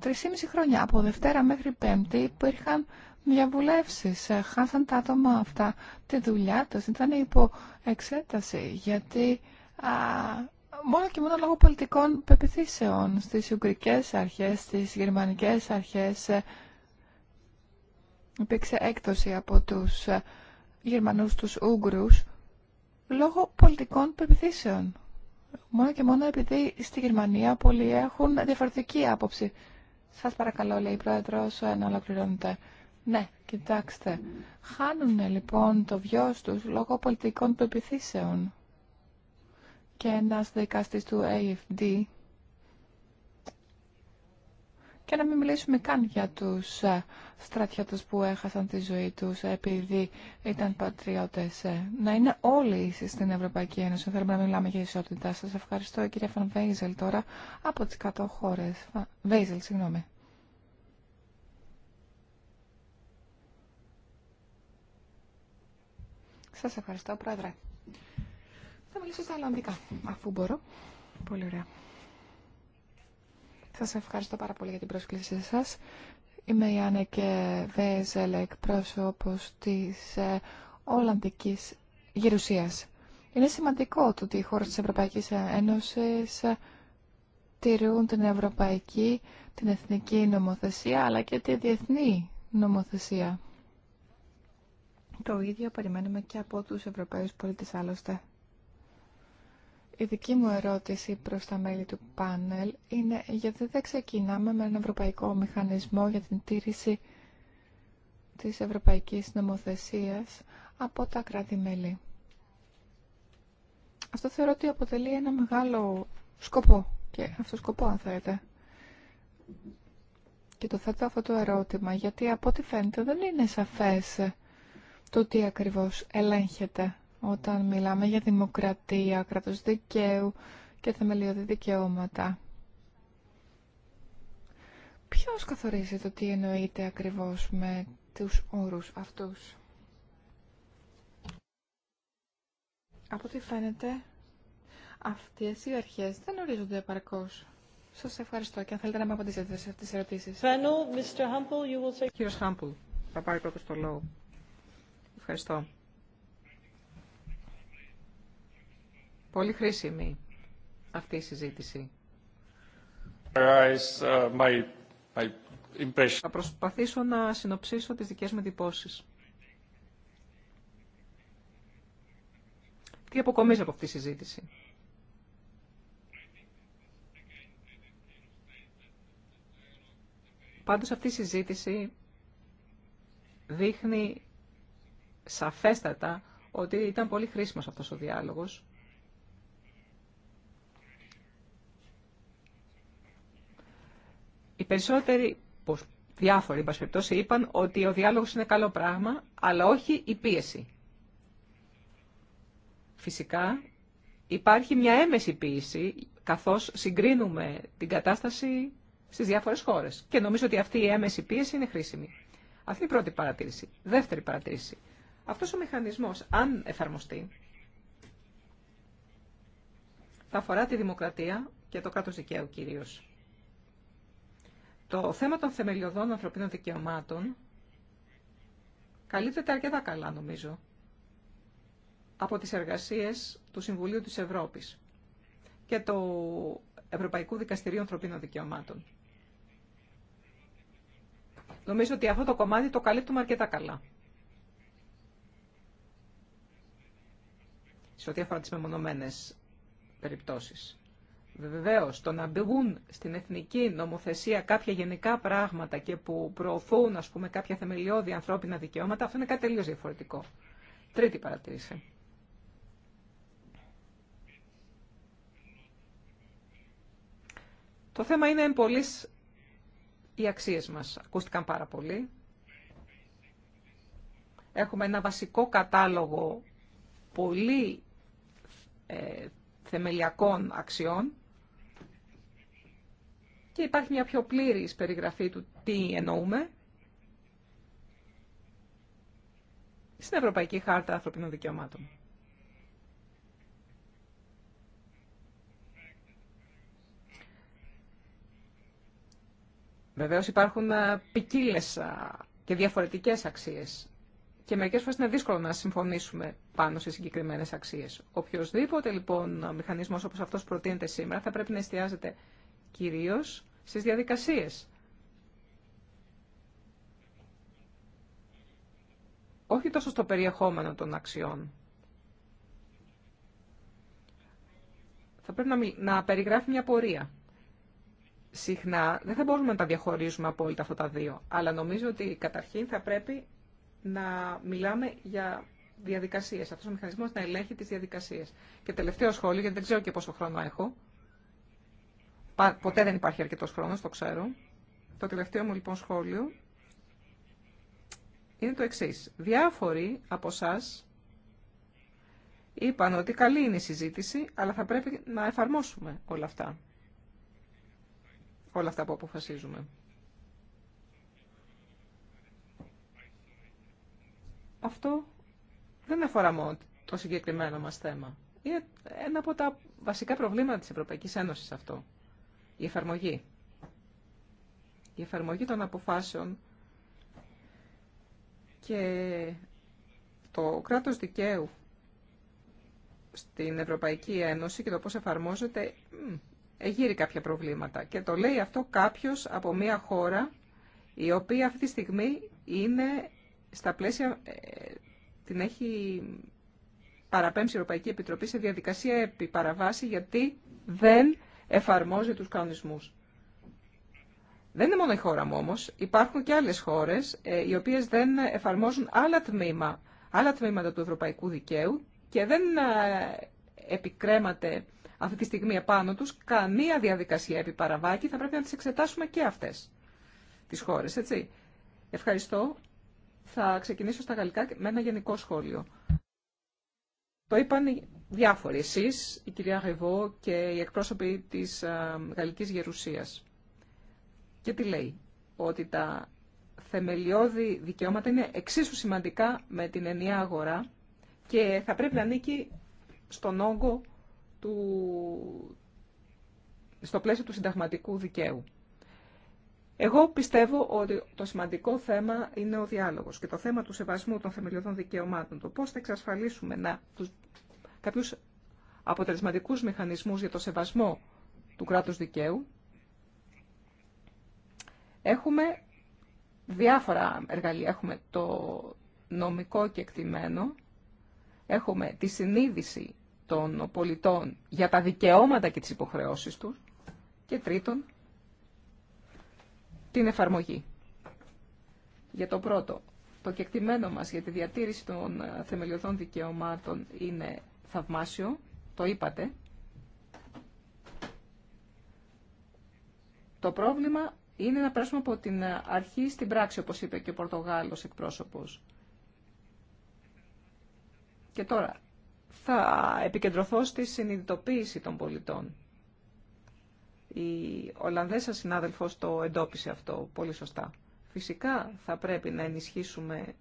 Τρεις χρόνια, από Δευτέρα μέχρι Πέμπτη, υπήρχαν διαβουλεύσεις. Χάσαν τα άτομα αυτά τη δουλειά τους. Ήταν υπό εξέταση, γιατί α, μόνο και μόνο λόγω πολιτικών πεπιθήσεων στις Ουγγρικές αρχές, στις Γερμανικές αρχές, ε, υπήρξε έκδοση από τους ε, Γερμανούς τους Ούγγρους λόγω πολιτικών πεπιθήσεων μόνο και μόνο επειδή στη Γερμανία πολλοί έχουν διαφορετική άποψη. Σας παρακαλώ, λέει η όσο να ολοκληρώνετε. Ναι, κοιτάξτε. Χάνουν λοιπόν το βιό τους λόγω πολιτικών επιθύσεων Και ένα δικαστή του AFD. Και να μην μιλήσουμε καν για τους ε, στρατιώτες που έχασαν τη ζωή τους επειδή ήταν πατριώτες. Ε, να είναι όλοι στην Ευρωπαϊκή Ένωση. Θέλουμε να μιλάμε για ισότητα. Σας ευχαριστώ κυρία Φαν Βέιζελ τώρα από τις 100 χώρες. Βέιζελ, συγγνώμη. Σας ευχαριστώ, Πρόεδρε. Θα μιλήσω στα Ολλανδικά, αφού μπορώ. Πολύ ωραία. Σας ευχαριστώ πάρα πολύ για την πρόσκλησή σας Είμαι η Άννεκε Βέζελεκ, πρόσωπος της ε, Ολλανδικής Γερουσίας. Είναι σημαντικό το ότι οι χώρες της Ευρωπαϊκής Ένωσης ε, τηρούν την ευρωπαϊκή, την εθνική νομοθεσία, αλλά και τη διεθνή νομοθεσία. Το ίδιο περιμένουμε και από τους Ευρωπαίους πολίτες άλλωστε. Η δική μου ερώτηση προς τα μέλη του πάνελ είναι γιατί δεν ξεκινάμε με έναν ευρωπαϊκό μηχανισμό για την τήρηση της ευρωπαϊκής νομοθεσίας από τα κράτη-μέλη. Αυτό θεωρώ ότι αποτελεί ένα μεγάλο σκοπό και αυτό σκοπό αν θέλετε. Και το θέτω αυτό το ερώτημα γιατί από ό,τι φαίνεται δεν είναι σαφές το τι ακριβώς ελέγχεται όταν μιλάμε για δημοκρατία, κράτος δικαίου και θεμελιώδη δικαιώματα. Ποιος καθορίζει το τι εννοείται ακριβώς με τους όρους αυτούς. Από ό,τι φαίνεται, αυτές οι αρχές δεν ορίζονται επαρκώς. Σας ευχαριστώ και αν θέλετε να με απαντήσετε σε αυτές τις ερωτήσεις. Κύριος Χάμπουλ, θα πάρει πρώτος το λόγο. Ευχαριστώ. Πολύ χρήσιμη αυτή η συζήτηση. Uh, θα προσπαθήσω να συνοψίσω τις δικές μου εντυπώσεις. Τι αποκομίζω από αυτή τη συζήτηση. Πάντως αυτή η συζήτηση δείχνει σαφέστατα ότι ήταν πολύ χρήσιμος αυτός ο διάλογος Περισσότεροι, διάφοροι περιπτώσει, είπαν ότι ο διάλογος είναι καλό πράγμα, αλλά όχι η πίεση. Φυσικά υπάρχει μια έμεση πίεση, καθώς συγκρίνουμε την κατάσταση στις διάφορες χώρες. Και νομίζω ότι αυτή η έμεση πίεση είναι χρήσιμη. Αυτή είναι η πρώτη παρατήρηση. Δεύτερη παρατήρηση. Αυτός ο μηχανισμός, αν εφαρμοστεί, θα αφορά τη δημοκρατία και το κράτος δικαίου κυρίως. Το θέμα των θεμελιωδών ανθρωπίνων δικαιωμάτων καλύπτεται αρκετά καλά, νομίζω, από τις εργασίες του Συμβουλίου της Ευρώπης και του Ευρωπαϊκού Δικαστηρίου Ανθρωπίνων Δικαιωμάτων. Νομίζω ότι αυτό το κομμάτι το καλύπτουμε αρκετά καλά. Σε ό,τι αφορά τις μεμονωμένες περιπτώσεις. Βεβαίω, το να μπουν στην εθνική νομοθεσία κάποια γενικά πράγματα και που προωθούν ας πούμε, κάποια θεμελιώδη ανθρώπινα δικαιώματα, αυτό είναι κάτι τελείω διαφορετικό. Τρίτη παρατήρηση. Το θέμα είναι εν οι αξίες μας. Ακούστηκαν πάρα πολύ. Έχουμε ένα βασικό κατάλογο πολύ ε, θεμελιακών αξιών και υπάρχει μια πιο πλήρης περιγραφή του τι εννοούμε στην Ευρωπαϊκή Χάρτα Ανθρωπίνων Δικαιωμάτων. Βεβαίως υπάρχουν ε, ποικίλε ε, και διαφορετικές αξίες και μερικές φορές είναι δύσκολο να συμφωνήσουμε πάνω σε συγκεκριμένες αξίες. Οποιοςδήποτε λοιπόν μηχανισμός όπως αυτός προτείνεται σήμερα θα πρέπει να εστιάζεται κυρίως στις διαδικασίες. Όχι τόσο στο περιεχόμενο των αξιών. Θα πρέπει να περιγράφει μια πορεία. Συχνά δεν θα μπορούμε να τα διαχωρίζουμε απόλυτα αυτά τα δύο, αλλά νομίζω ότι καταρχήν θα πρέπει να μιλάμε για διαδικασίες. Αυτός ο μηχανισμός να ελέγχει τις διαδικασίες. Και τελευταίο σχόλιο, γιατί δεν ξέρω και πόσο χρόνο έχω. Ποτέ δεν υπάρχει αρκετό χρόνο το ξέρω. Το τελευταίο μου λοιπόν σχόλιο είναι το εξή. Διάφοροι από εσά είπαν ότι καλή είναι η συζήτηση, αλλά θα πρέπει να εφαρμόσουμε όλα αυτά. Όλα αυτά που αποφασίζουμε. Αυτό δεν αφορά μόνο το συγκεκριμένο μας θέμα. Είναι ένα από τα βασικά προβλήματα της Ευρωπαϊκής Ένωσης αυτό η εφαρμογή. Η εφαρμογή των αποφάσεων και το κράτος δικαίου στην Ευρωπαϊκή Ένωση και το πώς εφαρμόζεται εγείρει κάποια προβλήματα. Και το λέει αυτό κάποιος από μια χώρα η οποία αυτή τη στιγμή είναι στα πλαίσια, ε, την έχει παραπέμψει η Ευρωπαϊκή Επιτροπή σε διαδικασία επί γιατί δεν εφαρμόζει τους κανονισμούς. Δεν είναι μόνο η χώρα μου όμως, υπάρχουν και άλλες χώρες ε, οι οποίες δεν εφαρμόζουν άλλα, τμήμα, άλλα τμήματα του ευρωπαϊκού δικαίου και δεν ε, επικρέμαται αυτή τη στιγμή επάνω τους καμία διαδικασία επί παραβάκη, θα πρέπει να τις εξετάσουμε και αυτές τις χώρες, έτσι. Ευχαριστώ. Θα ξεκινήσω στα γαλλικά με ένα γενικό σχόλιο. Το είπαν διάφοροι εσείς, η κυρία Γεβό και οι εκπρόσωποι της Γαλλικής Γερουσίας. Και τι λέει, ότι τα θεμελιώδη δικαιώματα είναι εξίσου σημαντικά με την ενιαία αγορά και θα πρέπει να ανήκει στον όγκο του, στο πλαίσιο του συνταγματικού δικαίου. Εγώ πιστεύω ότι το σημαντικό θέμα είναι ο διάλογος και το θέμα του σεβασμού των θεμελιωδών δικαιωμάτων, το πώς θα εξασφαλίσουμε να κάποιους αποτελεσματικούς μηχανισμούς για το σεβασμό του κράτους δικαίου, έχουμε διάφορα εργαλεία. Έχουμε το νομικό κεκτημένο, έχουμε τη συνείδηση των πολιτών για τα δικαιώματα και τις υποχρεώσεις τους και τρίτον, την εφαρμογή. Για το πρώτο, το κεκτημένο μας για τη διατήρηση των θεμελιωδών δικαιωμάτων είναι θαυμάσιο, το είπατε. Το πρόβλημα είναι να περάσουμε από την αρχή στην πράξη, όπως είπε και ο Πορτογάλος εκπρόσωπος. Και τώρα, θα επικεντρωθώ στη συνειδητοποίηση των πολιτών. Η Ολλανδέσα συνάδελφος το εντόπισε αυτό πολύ σωστά. Φυσικά θα πρέπει να ενισχύσουμε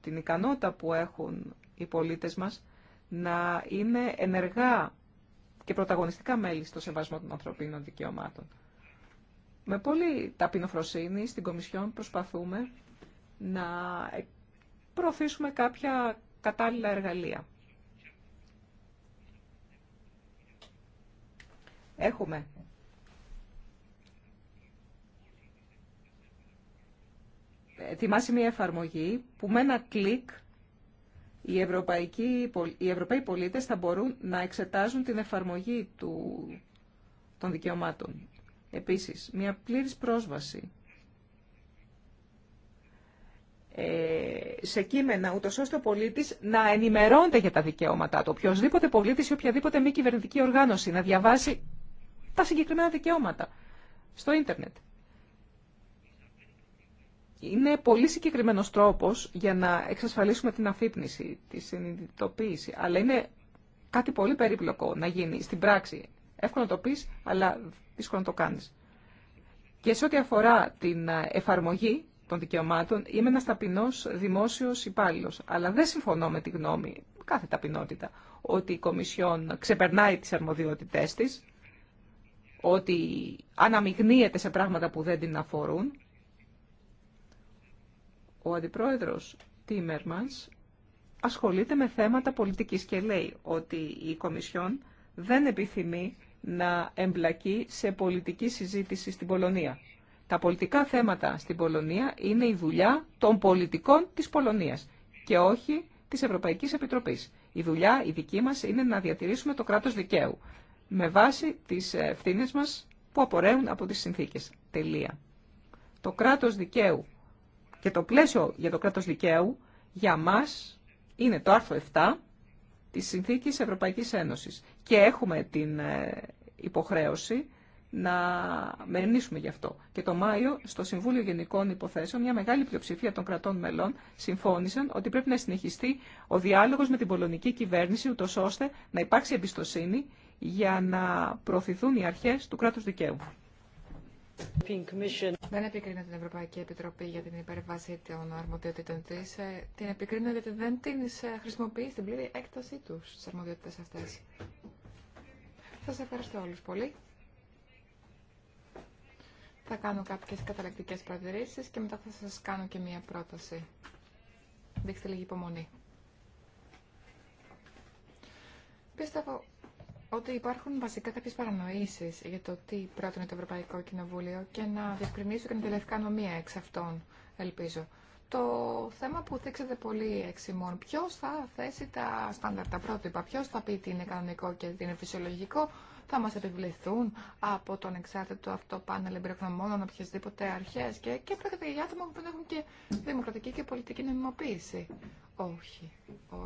την ικανότητα που έχουν οι πολίτες μας να είναι ενεργά και πρωταγωνιστικά μέλη στο σεβασμό των ανθρωπίνων δικαιωμάτων. Με πολύ ταπεινοφροσύνη στην Κομισιόν προσπαθούμε να προωθήσουμε κάποια κατάλληλα εργαλεία. Έχουμε ετοιμάσει μια εφαρμογή που με ένα κλικ οι, ευρωπαϊκοί, οι ευρωπαίοι πολίτες θα μπορούν να εξετάζουν την εφαρμογή του, των δικαιωμάτων. Επίσης, μια πλήρης πρόσβαση ε, σε κείμενα, ούτως ώστε ο πολίτης να ενημερώνεται για τα δικαιώματά του. Οποιοςδήποτε πολίτης ή οποιαδήποτε μη κυβερνητική οργάνωση να διαβάσει τα συγκεκριμένα δικαιώματα στο ίντερνετ είναι πολύ συγκεκριμένο τρόπο για να εξασφαλίσουμε την αφύπνιση, τη συνειδητοποίηση. Αλλά είναι κάτι πολύ περίπλοκο να γίνει στην πράξη. Εύκολο να το πει, αλλά δύσκολο να το κάνει. Και σε ό,τι αφορά την ε, εφαρμογή των δικαιωμάτων, είμαι ένα ταπεινό δημόσιο υπάλληλο. Αλλά δεν συμφωνώ με τη γνώμη, κάθε ταπεινότητα, ότι η Κομισιόν ξεπερνάει τι αρμοδιότητέ τη, ότι αναμειγνύεται σε πράγματα που δεν την αφορούν ο αντιπρόεδρος Τίμερμανς ασχολείται με θέματα πολιτικής και λέει ότι η Κομισιόν δεν επιθυμεί να εμπλακεί σε πολιτική συζήτηση στην Πολωνία. Τα πολιτικά θέματα στην Πολωνία είναι η δουλειά των πολιτικών της Πολωνίας και όχι της Ευρωπαϊκής Επιτροπής. Η δουλειά η δική μας είναι να διατηρήσουμε το κράτος δικαίου με βάση τις ευθύνε μας που απορρέουν από τις συνθήκες. Τελεία. Το κράτος δικαίου και το πλαίσιο για το κράτος δικαίου για μας είναι το άρθρο 7 της Συνθήκης Ευρωπαϊκής Ένωσης και έχουμε την ε, υποχρέωση να μερνήσουμε γι' αυτό. Και το Μάιο, στο Συμβούλιο Γενικών Υποθέσεων, μια μεγάλη πλειοψηφία των κρατών μελών συμφώνησαν ότι πρέπει να συνεχιστεί ο διάλογος με την πολωνική κυβέρνηση, ούτως ώστε να υπάρξει εμπιστοσύνη για να προωθηθούν οι αρχές του κράτου δικαίου. Δεν επικρίνω την Ευρωπαϊκή Επιτροπή για την υπερβάση των αρμοδιότητων τη. Ε, την επικρίνω γιατί δεν την ε, χρησιμοποιεί στην πλήρη έκτασή του στι αρμοδιότητε αυτέ. Σα ευχαριστώ όλου πολύ. Θα κάνω κάποιε καταλεκτικέ παρατηρήσει και μετά θα σα κάνω και μία πρόταση. Δείξτε λίγη υπομονή. Πιστεύω ότι υπάρχουν βασικά κάποιε παρανοήσει για το τι πρότεινε το Ευρωπαϊκό Κοινοβούλιο και να διευκρινίσω και την τελευταία νομία εξ αυτών, ελπίζω. Το θέμα που δείξατε πολύ ημών, ποιο θα θέσει τα στάνταρτα πρότυπα, ποιο θα πει τι είναι κανονικό και τι είναι φυσιολογικό, θα μα επιβληθούν από τον εξάρτητο αυτό πάνελ εμπειροχνομόνων οποιασδήποτε αρχέ και, και πρόκειται για άτομα που δεν έχουν και δημοκρατική και πολιτική νομιμοποίηση. Όχι,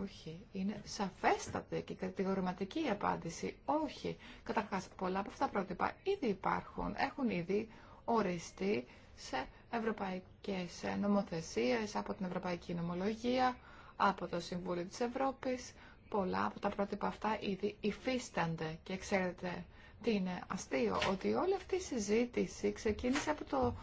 όχι. Είναι σαφέστατη και κατηγορηματική η απάντηση. Όχι. Καταρχά, πολλά από αυτά τα πρότυπα ήδη υπάρχουν, έχουν ήδη οριστεί σε ευρωπαϊκέ νομοθεσίε, από την Ευρωπαϊκή Νομολογία, από το Συμβούλιο της Ευρώπης. Πολλά από τα πρότυπα αυτά ήδη υφίστανται και ξέρετε τι είναι αστείο, ότι όλη αυτή η συζήτηση ξεκίνησε από το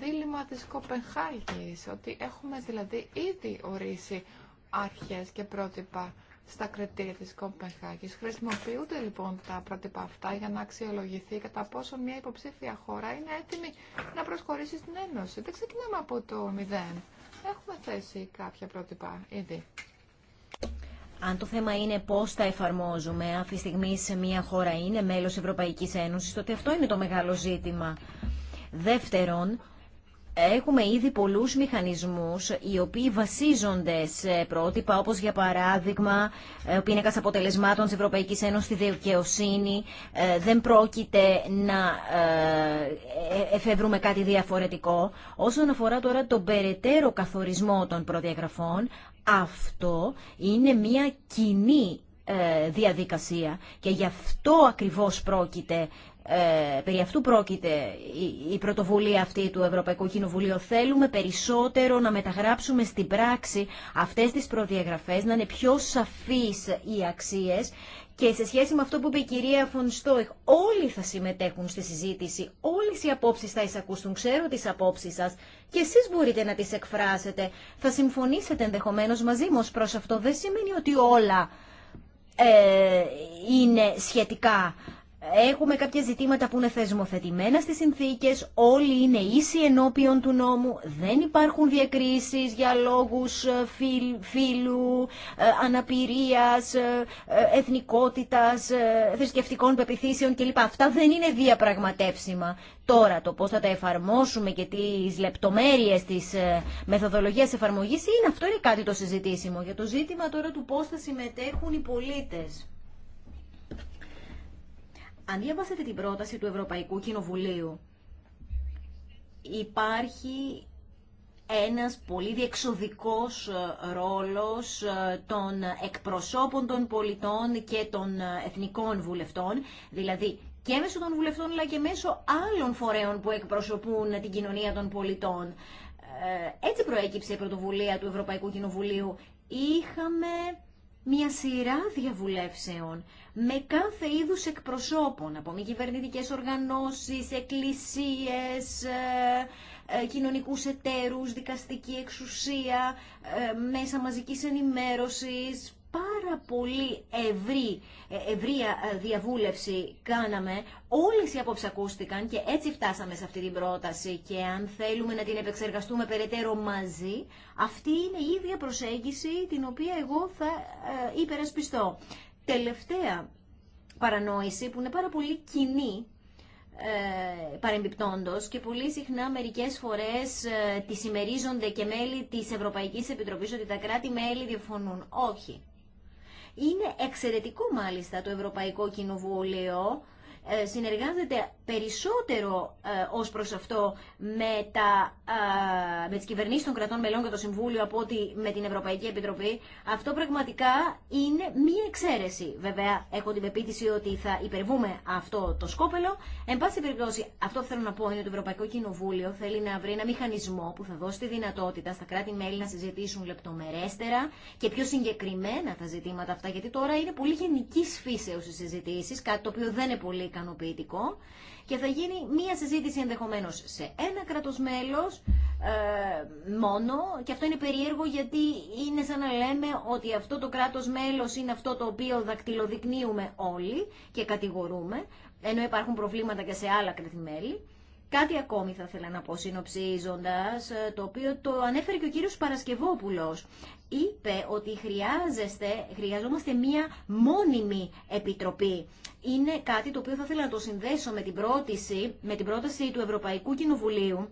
δίλημα της Κοπενχάγης, ότι έχουμε δηλαδή ήδη ορίσει άρχες και πρότυπα στα κριτήρια της Κοπενχάγης. Χρησιμοποιούνται λοιπόν τα πρότυπα αυτά για να αξιολογηθεί κατά πόσο μια υποψήφια χώρα είναι έτοιμη να προσχωρήσει στην Ένωση. Δεν ξεκινάμε από το μηδέν. Έχουμε θέσει κάποια πρότυπα ήδη. Αν το θέμα είναι πώ τα εφαρμόζουμε, αυτή τη στιγμή σε μια χώρα είναι μέλο Ευρωπαϊκή Ένωση, τότε αυτό είναι το μεγάλο ζήτημα. Δεύτερον, Έχουμε ήδη πολλούς μηχανισμούς οι οποίοι βασίζονται σε πρότυπα όπως για παράδειγμα ο ε, πίνακας αποτελεσμάτων της Ευρωπαϊκής Ένωσης στη δικαιοσύνη. Ε, δεν πρόκειται να ε, εφεύρουμε κάτι διαφορετικό. Όσον αφορά τώρα τον περαιτέρω καθορισμό των προδιαγραφών, αυτό είναι μια κοινή διαδικασία και γι' αυτό ακριβώς πρόκειται ε, περί αυτού πρόκειται η, πρωτοβουλία αυτή του Ευρωπαϊκού Κοινοβουλίου. Θέλουμε περισσότερο να μεταγράψουμε στην πράξη αυτές τις προδιαγραφές, να είναι πιο σαφείς οι αξίες και σε σχέση με αυτό που είπε η κυρία Φωνστόιχ, όλοι θα συμμετέχουν στη συζήτηση, όλες οι απόψεις θα εισακούσουν ξέρω τις απόψεις σας και εσείς μπορείτε να τις εκφράσετε. Θα συμφωνήσετε ενδεχομένως μαζί μας προς αυτό. Δεν σημαίνει ότι όλα ε, είναι σχετικά. Έχουμε κάποια ζητήματα που είναι θεσμοθετημένα στις συνθήκες, όλοι είναι ίσοι ενώπιον του νόμου, δεν υπάρχουν διακρίσεις για λόγους ε, φίλου, ε, αναπηρίας, ε, εθνικότητας, θρησκευτικών πεπιθήσεων κλπ. Αυτά δεν είναι διαπραγματεύσιμα. Τώρα το πώς θα τα εφαρμόσουμε και τις λεπτομέρειες της μεθοδολογίας εφαρμογής είναι αυτό είναι κάτι το συζητήσιμο για το ζήτημα τώρα του πώς θα συμμετέχουν οι πολίτες. Αν διαβάσετε την πρόταση του Ευρωπαϊκού Κοινοβουλίου, υπάρχει ένας πολύ διεξοδικός ε, ρόλος ε, των εκπροσώπων των πολιτών και των ε, εθνικών βουλευτών, δηλαδή και μέσω των βουλευτών αλλά και μέσω άλλων φορέων που εκπροσωπούν την κοινωνία των πολιτών. Έτσι προέκυψε η πρωτοβουλία του Ευρωπαϊκού Κοινοβουλίου. Είχαμε μια σειρά διαβουλεύσεων με κάθε είδους εκπροσώπων, από μη κυβερνητικές οργανώσεις, εκκλησίες, ε, ε, κοινωνικούς εταίρους, δικαστική εξουσία, ε, μέσα μαζικής ενημέρωσης, πάρα πολύ ευρύ, ε, ευρία ε, διαβούλευση κάναμε. Όλες οι απόψεις ακούστηκαν και έτσι φτάσαμε σε αυτή την πρόταση και αν θέλουμε να την επεξεργαστούμε περαιτέρω μαζί, αυτή είναι η ίδια προσέγγιση την οποία εγώ θα ε, υπερασπιστώ. Τελευταία παρανόηση που είναι πάρα πολύ κοινή παρεμπιπτόντος και πολύ συχνά μερικές φορές τη τις και μέλη της Ευρωπαϊκής Επιτροπής ότι τα κράτη-μέλη διαφωνούν. Όχι. Είναι εξαιρετικό μάλιστα το Ευρωπαϊκό Κοινοβούλιο ε, συνεργάζεται περισσότερο ε, ως προς αυτό με, τα, ε, με τις κυβερνήσεις των κρατών μελών και το Συμβούλιο από ότι με την Ευρωπαϊκή Επιτροπή. Αυτό πραγματικά είναι μία εξαίρεση. Βέβαια, έχω την πεποίθηση ότι θα υπερβούμε αυτό το σκόπελο. Εν πάση περιπτώσει, αυτό που θέλω να πω είναι ότι το Ευρωπαϊκό Κοινοβούλιο θέλει να βρει ένα μηχανισμό που θα δώσει τη δυνατότητα στα κράτη-μέλη να συζητήσουν λεπτομερέστερα και πιο συγκεκριμένα τα ζητήματα αυτά, γιατί τώρα είναι πολύ γενική φύσεω οι συζητήσει, κάτι το οποίο δεν είναι πολύ ικανοποιητικό και θα γίνει μία συζήτηση ενδεχομένως σε ένα κράτος μέλος ε, μόνο και αυτό είναι περίεργο γιατί είναι σαν να λέμε ότι αυτό το κράτος μέλος είναι αυτό το οποίο δακτυλοδεικνύουμε όλοι και κατηγορούμε ενώ υπάρχουν προβλήματα και σε άλλα κράτη-μέλη. Κάτι ακόμη θα ήθελα να πω συνοψίζοντας, ε, το οποίο το ανέφερε και ο κύριος Παρασκευόπουλος. Είπε ότι χρειάζεστε, χρειαζόμαστε μία μόνιμη επιτροπή. Είναι κάτι το οποίο θα ήθελα να το συνδέσω με την πρόταση, με την πρόταση του Ευρωπαϊκού Κοινοβουλίου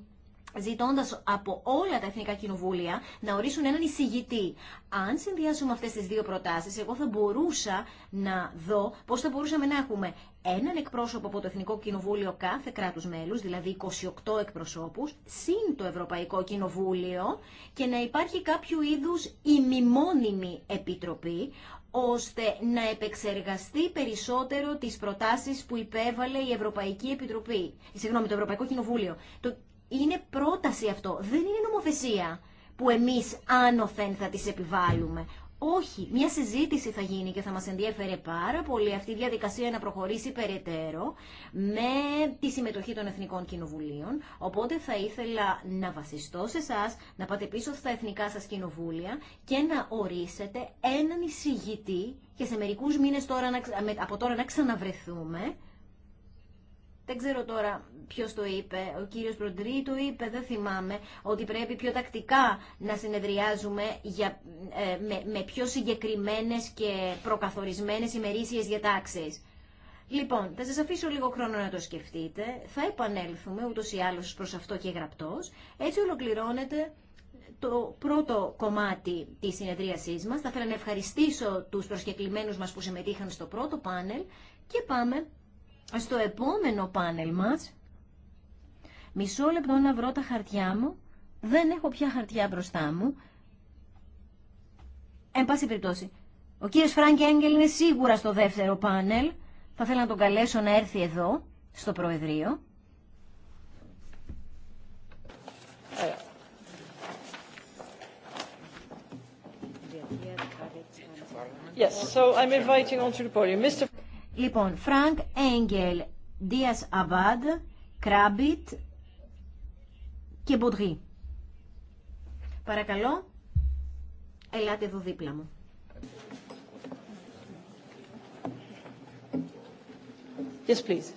Ζητώντα από όλα τα εθνικά κοινοβούλια να ορίσουν έναν εισηγητή. Αν συνδυάσουμε αυτές τις δύο προτάσεις, εγώ θα μπορούσα να δω πώ θα μπορούσαμε να έχουμε έναν εκπρόσωπο από το Εθνικό Κοινοβούλιο κάθε κράτους μέλους, δηλαδή 28 εκπροσώπους, συν το Ευρωπαϊκό Κοινοβούλιο και να υπάρχει κάποιο είδου ημιμόνιμη επιτροπή, ώστε να επεξεργαστεί περισσότερο τις προτάσεις που υπέβαλε η Ευρωπαϊκή Επιτροπή, συγγνώμη, το Ευρωπαϊκό Κοινοβούλιο. Το είναι πρόταση αυτό, δεν είναι νομοθεσία που εμείς άνωθεν θα τις επιβάλλουμε. Όχι, μια συζήτηση θα γίνει και θα μας ενδιαφέρει πάρα πολύ αυτή η διαδικασία να προχωρήσει περαιτέρω με τη συμμετοχή των Εθνικών Κοινοβουλίων. Οπότε θα ήθελα να βασιστώ σε εσά, να πάτε πίσω στα Εθνικά σας Κοινοβούλια και να ορίσετε έναν εισηγητή και σε μερικούς μήνες από τώρα να ξαναβρεθούμε δεν ξέρω τώρα ποιο το είπε, ο κύριο Προντρί το είπε, δεν θυμάμαι, ότι πρέπει πιο τακτικά να συνεδριάζουμε για, ε, με, πιο συγκεκριμένε και προκαθορισμένες ημερήσιε διατάξει. Λοιπόν, θα σα αφήσω λίγο χρόνο να το σκεφτείτε. Θα επανέλθουμε ούτω ή άλλω προ αυτό και γραπτό. Έτσι ολοκληρώνεται το πρώτο κομμάτι τη συνεδρίασή μα. Θα ήθελα να ευχαριστήσω του προσκεκλημένου μα που συμμετείχαν στο πρώτο πάνελ και πάμε στο επόμενο πάνελ μας. Μισό λεπτό να βρω τα χαρτιά μου. Δεν έχω πια χαρτιά μπροστά μου. Εν πάση περιπτώσει, ο κύριος Φράνκ Έγγελ είναι σίγουρα στο δεύτερο πάνελ. Θα ήθελα να τον καλέσω να έρθει εδώ, στο Προεδρείο. Yes, so I'm inviting onto the podium. Mr. Λοιπόν, Φρανκ Έγγελ, Δίας Κράμπιτ και Μποντρί. Παρακαλώ, ελάτε εδώ δίπλα μου. Yes, please.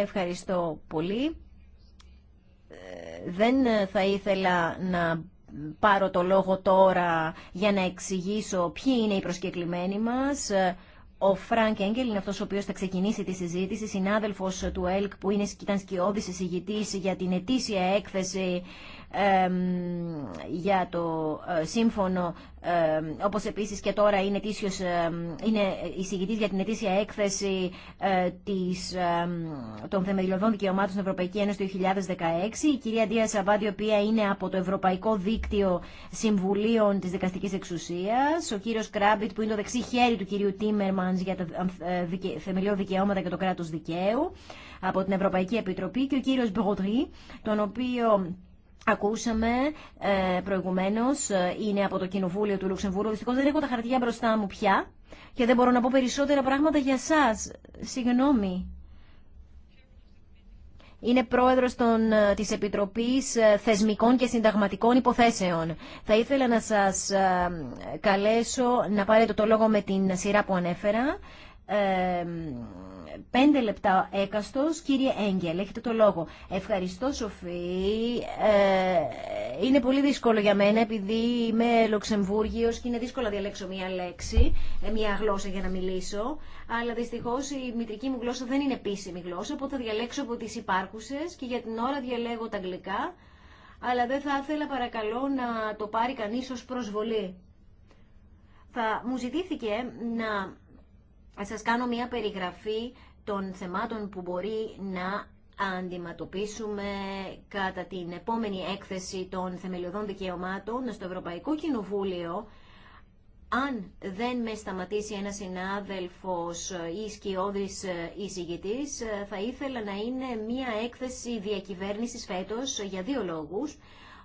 Ευχαριστώ πολύ. Ε, δεν ε, θα ήθελα να πάρω το λόγο τώρα για να εξηγήσω ποιοι είναι οι προσκεκλημένοι μας. Ε, ο Φρανκ Έγκελ είναι αυτός ο οποίος θα ξεκινήσει τη συζήτηση, συνάδελφος του ΕΛΚ που είναι, ήταν σκιώδης εισηγητής για την ετήσια έκθεση για το ε, σύμφωνο, όπως επίσης και τώρα είναι, τίσιος, είναι εισηγητής για την ετήσια έκθεση ε, της, των θεμελιωδών δικαιωμάτων στην Ευρωπαϊκή Ένωση του 2016. Η κυρία Ντία Σαββάδη η οποία είναι από το Ευρωπαϊκό Δίκτυο Συμβουλίων της Δικαστικής Εξουσίας. Ο κύριος Κράμπιτ, που είναι το δεξί χέρι του κυρίου Τίμερμανς για τα ε, θεμελιώδη δικαιώματα και το κράτος δικαίου από την Ευρωπαϊκή Επιτροπή και ο κύριος Μπροδρή τον οποίο Ακούσαμε ε, προηγουμένω, ε, είναι από το Κοινοβούλιο του Λουξεμβούργου. Δυστυχώ δεν έχω τα χαρτιά μπροστά μου πια και δεν μπορώ να πω περισσότερα πράγματα για εσά. Συγγνώμη. Είναι πρόεδρος των, ε, της Επιτροπής ε, Θεσμικών και Συνταγματικών Υποθέσεων. Θα ήθελα να σας καλέσω να πάρετε το λόγο με την σειρά που ανέφερα πέντε λεπτά έκαστο, κύριε Έγγελ, έχετε το λόγο. Ευχαριστώ, Σοφή. Ε, είναι πολύ δύσκολο για μένα, επειδή είμαι Λοξεμβούργιος και είναι δύσκολο να διαλέξω μία λέξη, ε, μία γλώσσα για να μιλήσω, αλλά δυστυχώς η μητρική μου γλώσσα δεν είναι επίσημη γλώσσα, οπότε θα διαλέξω από τις υπάρχουσες και για την ώρα διαλέγω τα αγγλικά, αλλά δεν θα ήθελα παρακαλώ να το πάρει κανείς ως προσβολή. Θα μου ζητήθηκε να σας κάνω μια περιγραφή των θεμάτων που μπορεί να αντιμετωπίσουμε κατά την επόμενη έκθεση των θεμελιωδών δικαιωμάτων στο Ευρωπαϊκό Κοινοβούλιο. Αν δεν με σταματήσει ένας συνάδελφος ή σκιώδης εισηγητής, θα ήθελα να είναι μία έκθεση διακυβέρνησης φέτος για δύο λόγους.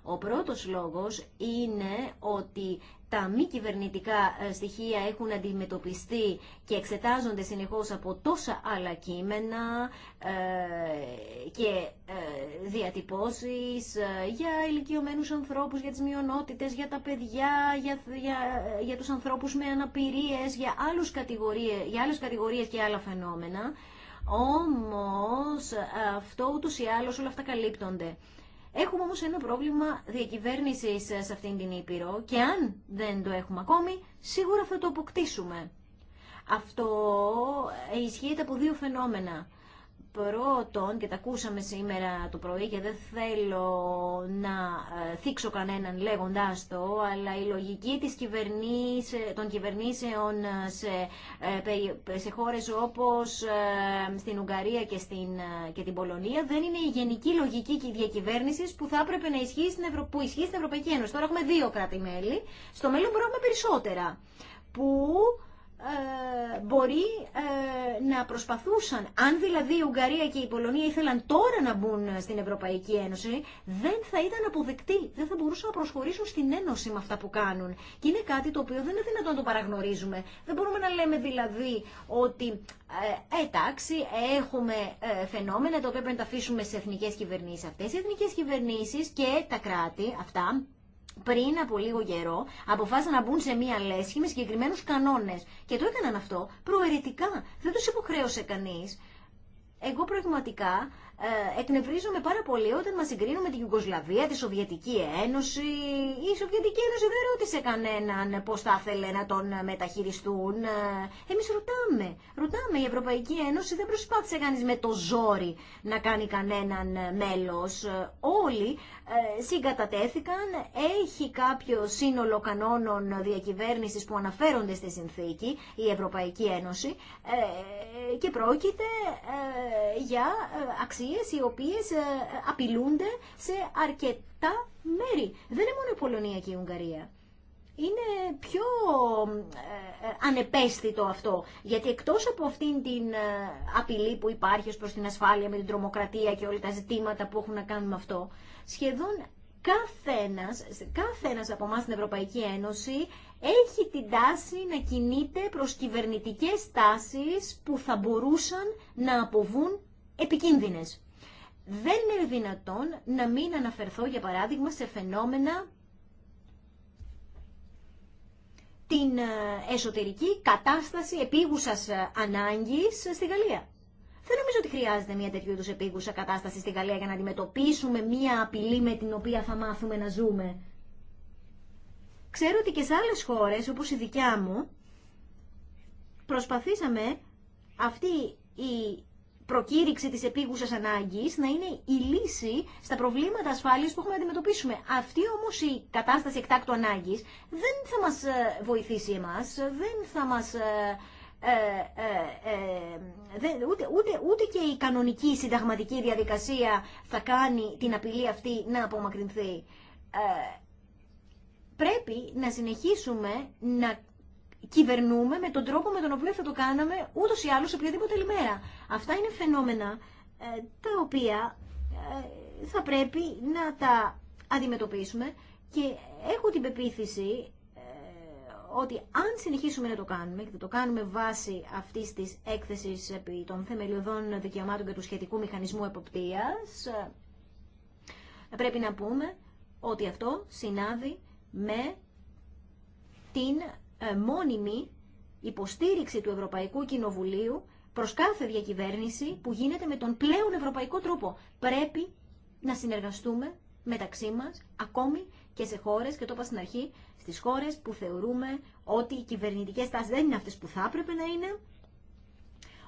Ο πρώτος λόγος είναι ότι τα μη κυβερνητικά ε, στοιχεία έχουν αντιμετωπιστεί και εξετάζονται συνεχώς από τόσα άλλα κείμενα ε, και ε, διατυπώσεις για ηλικιωμένους ανθρώπους, για τις μειονότητες, για τα παιδιά, για, για, για τους ανθρώπους με αναπηρίες, για, άλλους κατηγορίες, για άλλες κατηγορίες και άλλα φαινόμενα. Όμως αυτό ούτως ή άλλως όλα αυτά καλύπτονται. Έχουμε όμως ένα πρόβλημα διακυβέρνησης ε, σε αυτήν την Ήπειρο και αν δεν το έχουμε ακόμη, σίγουρα θα το αποκτήσουμε. Αυτό ε, ισχύεται από δύο φαινόμενα. Πρώτον, και τα ακούσαμε σήμερα το πρωί και δεν θέλω να ε, θίξω κανέναν λέγοντάς το, αλλά η λογική της ε, των κυβερνήσεων σε, ε, σε χώρες όπως στην Ουγγαρία και, στην, και την Πολωνία δεν είναι η γενική λογική διακυβέρνησης που θα έπρεπε να ισχύει στην, Ευρω... που ισχύει στην Ευρωπαϊκή Ένωση. Τώρα έχουμε δύο κράτη-μέλη, στο μέλλον μπορούμε περισσότερα. Που ε, μπορεί ε, να προσπαθούσαν. Αν δηλαδή η Ουγγαρία και η Πολωνία ήθελαν τώρα να μπουν στην Ευρωπαϊκή Ένωση, δεν θα ήταν αποδεκτοί. Δεν θα μπορούσαν να προσχωρήσουν στην Ένωση με αυτά που κάνουν. Και είναι κάτι το οποίο δεν είναι δυνατόν να το παραγνωρίζουμε. Δεν μπορούμε να λέμε δηλαδή ότι ε, εντάξει, έχουμε φαινόμενα τα οποία πρέπει να τα αφήσουμε σε εθνικέ κυβερνήσει. Αυτέ οι εθνικέ κυβερνήσει και τα κράτη αυτά πριν από λίγο καιρό αποφάσισαν να μπουν σε μία λέσχη με συγκεκριμένου κανόνες. Και το έκαναν αυτό προαιρετικά. Δεν του υποχρέωσε κανείς. Εγώ πραγματικά ε, εκνευρίζομαι πάρα πολύ όταν μα συγκρίνουμε την Ιουγκοσλαβία, τη Σοβιετική Ένωση. Η Σοβιετική Ένωση δεν ρώτησε κανέναν πώ θα ήθελε να τον μεταχειριστούν. Ε, Εμεί ρωτάμε. Ρωτάμε. Η Ευρωπαϊκή Ένωση δεν προσπάθησε κανεί με το ζόρι να κάνει κανέναν μέλος. Ε, όλοι ε, συγκατατέθηκαν. Έχει κάποιο σύνολο κανόνων διακυβέρνησης που αναφέρονται στη συνθήκη, η Ευρωπαϊκή Ένωση, ε, και πρόκειται ε, για αξίες οι οποίες απειλούνται σε αρκετά μέρη. Δεν είναι μόνο η Πολωνία και η Ουγγαρία είναι πιο ανεπαίσθητο αυτό. Γιατί εκτός από αυτήν την απειλή που υπάρχει ως προς την ασφάλεια με την τρομοκρατία και όλα τα ζητήματα που έχουν να κάνουν με αυτό, σχεδόν καθένας, καθένας από εμά στην Ευρωπαϊκή Ένωση έχει την τάση να κινείται προς κυβερνητικές τάσεις που θα μπορούσαν να αποβούν επικίνδυνες. Δεν είναι δυνατόν να μην αναφερθώ, για παράδειγμα, σε φαινόμενα την ε, εσωτερική κατάσταση επίγουσας ε, ανάγκης ε, στη Γαλλία. Δεν νομίζω ότι χρειάζεται μια τέτοιου είδου επίγουσα κατάσταση στην Γαλλία για να αντιμετωπίσουμε μια απειλή με την οποία θα μάθουμε να ζούμε. Ξέρω ότι και σε άλλες χώρες, όπως η δικιά μου, προσπαθήσαμε αυτή η προκήρυξη της επίγουσας ανάγκης να είναι η λύση στα προβλήματα ασφάλειας που έχουμε να αντιμετωπίσουμε. Αυτή όμως η κατάσταση εκτάκτου ανάγκης δεν θα μας ε, βοηθήσει εμάς, δεν θα μας ε, ε, ε, ε ούτε, ούτε, ούτε και η κανονική συνταγματική διαδικασία θα κάνει την απειλή αυτή να απομακρυνθεί. Ε, πρέπει να συνεχίσουμε να κυβερνούμε με τον τρόπο με τον οποίο θα το κάναμε ούτως ή άλλως οποιαδήποτε άλλη μέρα. Αυτά είναι φαινόμενα ε, τα οποία ε, θα πρέπει να τα αντιμετωπίσουμε και έχω την πεποίθηση ότι αν συνεχίσουμε να το κάνουμε και το κάνουμε βάσει αυτής της έκθεσης επί των θεμελιωδών δικαιωμάτων και του σχετικού μηχανισμού εποπτείας, ε, πρέπει να πούμε ότι αυτό συνάδει με την ε, μόνιμη υποστήριξη του Ευρωπαϊκού Κοινοβουλίου προς κάθε διακυβέρνηση που γίνεται με τον πλέον ευρωπαϊκό τρόπο. Πρέπει να συνεργαστούμε μεταξύ μας, ακόμη και σε χώρες, και το είπα στην αρχή, στις χώρες που θεωρούμε ότι οι κυβερνητικές τάσεις δεν είναι αυτές που θα έπρεπε να είναι.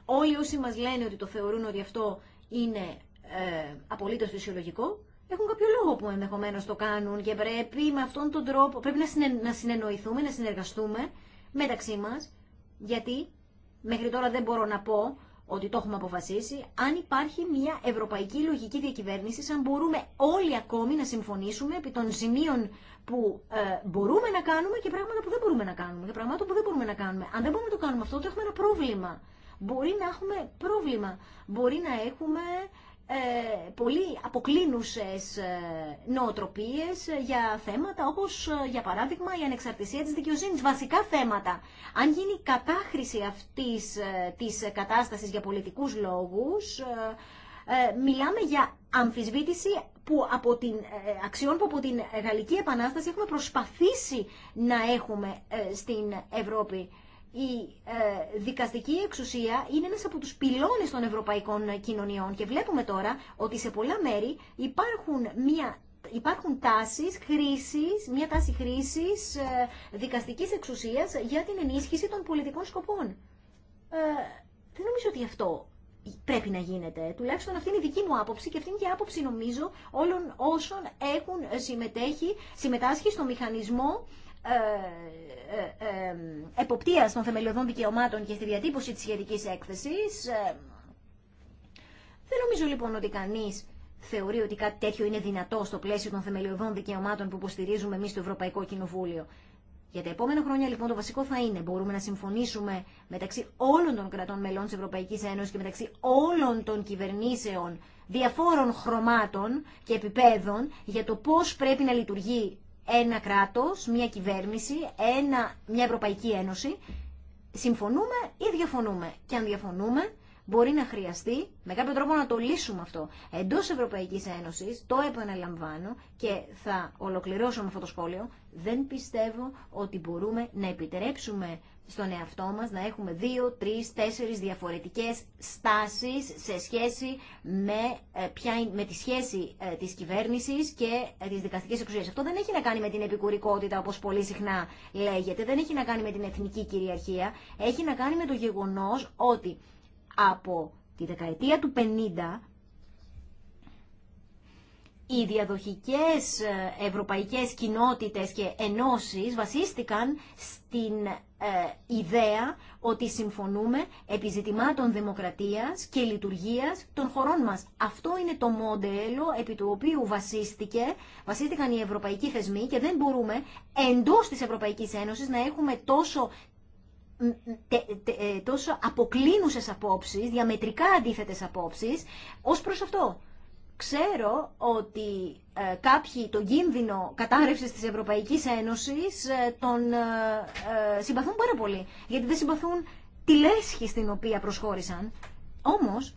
Όλοι όσοι μας λένε ότι το θεωρούν ότι αυτό είναι ε, απολύτως φυσιολογικό, έχουν κάποιο λόγο που ενδεχομένως το κάνουν και πρέπει με αυτόν τον τρόπο, πρέπει να, συνε, να συνεννοηθούμε, να συνεργαστούμε μεταξύ μας, γιατί μέχρι τώρα δεν μπορώ να πω ότι το έχουμε αποφασίσει, αν υπάρχει μια ευρωπαϊκή λογική διακυβέρνηση, αν μπορούμε όλοι ακόμη να συμφωνήσουμε επί των σημείων που ε, μπορούμε να κάνουμε και πράγματα που δεν μπορούμε να κάνουμε. Και πράγματα που δεν μπορούμε να κάνουμε. Αν δεν μπορούμε να το κάνουμε αυτό, τότε έχουμε ένα πρόβλημα. Μπορεί να έχουμε πρόβλημα. Μπορεί να έχουμε ε, πολύ αποκλίνουσες ε, νοοτροπίες ε, για θέματα όπως ε, για παράδειγμα η ανεξαρτησία της δικαιοσύνης, βασικά θέματα. Αν γίνει κατάχρηση αυτής της κατάστασης για πολιτικούς λόγους, ε, μιλάμε για αμφισβήτηση που από την, αξιών που από την Γαλλική Επανάσταση έχουμε προσπαθήσει να έχουμε στην Ευρώπη η ε, δικαστική εξουσία είναι ένας από τους πυλώνες των ευρωπαϊκών κοινωνιών και βλέπουμε τώρα ότι σε πολλά μέρη υπάρχουν μια υπάρχουν τάσεις χρήσης, μια τάση χρήσης ε, δικαστικής εξουσίας για την ενίσχυση των πολιτικών σκοπών. Ε, δεν νομίζω ότι αυτό πρέπει να γίνεται. Τουλάχιστον αυτή είναι η δική μου άποψη και αυτή είναι και η άποψη νομίζω όλων όσων έχουν συμμετέχει, συμμετάσχει στο μηχανισμό ε, ε, ε, εποπτείας των θεμελιωδών δικαιωμάτων και στη διατύπωση της σχετικής έκθεσης. Δεν νομίζω λοιπόν ότι κανείς θεωρεί ότι κάτι τέτοιο είναι δυνατό στο πλαίσιο των θεμελιωδών δικαιωμάτων που υποστηρίζουμε εμείς στο Ευρωπαϊκό Κοινοβούλιο. Για τα επόμενα χρόνια λοιπόν το βασικό θα είναι μπορούμε να συμφωνήσουμε μεταξύ όλων των κρατών μελών της Ευρωπαϊκής Ένωσης και μεταξύ όλων των κυβερνήσεων διαφόρων χρωμάτων και επιπέδων για το πώς πρέπει να λειτουργεί ένα κράτος, μια κυβέρνηση, ένα, μια Ευρωπαϊκή Ένωση, συμφωνούμε ή διαφωνούμε. Και αν διαφωνούμε, μπορεί να χρειαστεί με κάποιο τρόπο να το λύσουμε αυτό. Εντό Ευρωπαϊκή Ένωση, το επαναλαμβάνω και θα ολοκληρώσω με αυτό το σχόλιο, δεν πιστεύω ότι μπορούμε να επιτρέψουμε στον εαυτό μας να έχουμε δύο, τρεις, τέσσερις διαφορετικές στάσεις σε σχέση με, ε, ποια, με τη σχέση ε, της κυβέρνησης και ε, της δικαστικής εξουσίας. Αυτό δεν έχει να κάνει με την επικουρικότητα όπως πολύ συχνά λέγεται, δεν έχει να κάνει με την εθνική κυριαρχία, έχει να κάνει με το γεγονός ότι από τη δεκαετία του 50 οι διαδοχικές ε, ευρωπαϊκές κοινότητες και ενώσεις βασίστηκαν στην ε, ιδέα ότι συμφωνούμε επί ζητημάτων δημοκρατίας και λειτουργίας των χωρών μας. Αυτό είναι το μοντέλο επί του οποίου βασίστηκε, βασίστηκαν οι ευρωπαϊκοί θεσμοί και δεν μπορούμε εντός της Ευρωπαϊκής Ένωσης να έχουμε τόσο ε, τόσο αποκλίνουσες απόψεις, διαμετρικά αντίθετες απόψεις, ως προς αυτό. Ξέρω ότι ε, κάποιοι τον κίνδυνο κατάρρευσης της Ευρωπαϊκής Ένωσης ε, τον ε, συμπαθούν πάρα πολύ, γιατί δεν συμπαθούν τη λέσχη στην οποία προσχώρησαν. Όμως,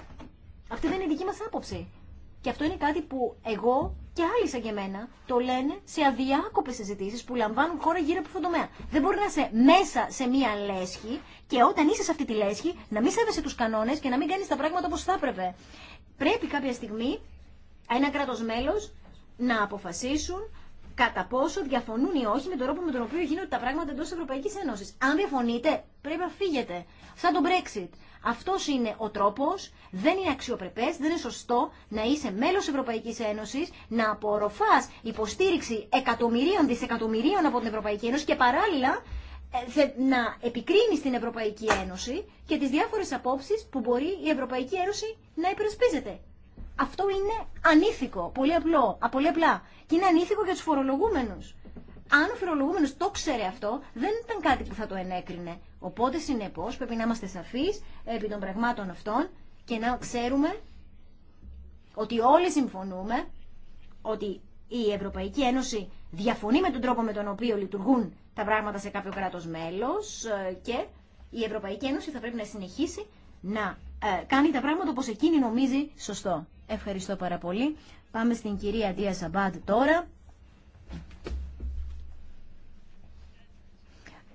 αυτή δεν είναι η δική μας άποψη. Και αυτό είναι κάτι που εγώ και άλλοι σαν και εμένα το λένε σε αδιάκοπες συζητήσει που λαμβάνουν χώρα γύρω από αυτό το τομέα. Δεν μπορεί να είσαι μέσα σε μία λέσχη και όταν είσαι σε αυτή τη λέσχη να μην σέβεσαι του κανόνε και να μην κάνει τα πράγματα όπως θα έπρεπε. Πρέπει κάποια στιγμή ένα κράτος μέλος να αποφασίσουν κατά πόσο διαφωνούν ή όχι με τον τρόπο με τον οποίο γίνονται τα πράγματα εντό Ευρωπαϊκή Ένωση. Αν διαφωνείτε, πρέπει να φύγετε. Σαν το Brexit. Αυτό είναι ο τρόπο, δεν είναι αξιοπρεπέ, δεν είναι σωστό να είσαι μέλο Ευρωπαϊκή Ένωση, να απορροφά υποστήριξη εκατομμυρίων δισεκατομμυρίων από την Ευρωπαϊκή Ένωση και παράλληλα ε, να επικρίνει την Ευρωπαϊκή Ένωση και τι διάφορε απόψει που μπορεί η Ευρωπαϊκή Ένωση να υπερασπίζεται. Αυτό είναι ανήθικο, πολύ απλό, πολύ απλά. Και είναι ανήθικο για τους φορολογούμενους. Αν ο φορολογούμενο το ξέρει αυτό, δεν ήταν κάτι που θα το ενέκρινε. Οπότε, συνεπώ, πρέπει να είμαστε σαφεί επί των πραγμάτων αυτών και να ξέρουμε ότι όλοι συμφωνούμε ότι η Ευρωπαϊκή Ένωση διαφωνεί με τον τρόπο με τον οποίο λειτουργούν τα πράγματα σε κάποιο κράτος μέλος ε, και η Ευρωπαϊκή Ένωση θα πρέπει να συνεχίσει να ε, κάνει τα πράγματα όπως εκείνη νομίζει σωστό. Ευχαριστώ πάρα πολύ. Πάμε στην κυρία Δία Σαμπάντ τώρα.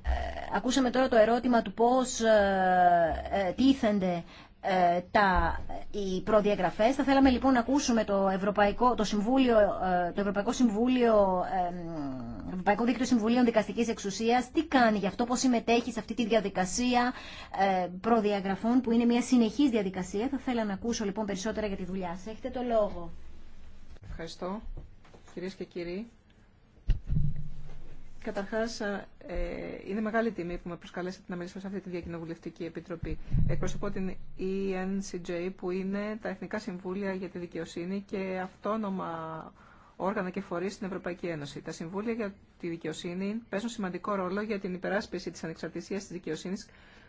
Ε, ακούσαμε τώρα το ερώτημα του πώς ε, ε τίθενται ε, τα, οι προδιαγραφές. Θα θέλαμε λοιπόν να ακούσουμε το Ευρωπαϊκό, το Συμβούλιο, ε, το Ευρωπαϊκό Συμβούλιο, Ευρωπαϊκό Δίκτυο Συμβουλίων Δικαστική Εξουσία. τι κάνει γι' αυτό, πώ συμμετέχει σε αυτή τη διαδικασία ε, προδιαγραφών που είναι μια συνεχή διαδικασία. Θα θέλαμε να ακούσω λοιπόν περισσότερα για τη δουλειά σας. Έχετε το λόγο. Ευχαριστώ. κυρίε και κύριοι. Καταρχάς, ε, είναι μεγάλη τιμή που με προσκαλέσατε να μιλήσω σε αυτή τη Διακοινοβουλευτική Επιτροπή. Εκπροσωπώ την ENCJ, που είναι τα Εθνικά Συμβούλια για τη Δικαιοσύνη και αυτόνομα όργανα και φορεί στην Ευρωπαϊκή Ένωση. Τα Συμβούλια για τη Δικαιοσύνη παίζουν σημαντικό ρόλο για την υπεράσπιση τη ανεξαρτησία τη δικαιοσύνη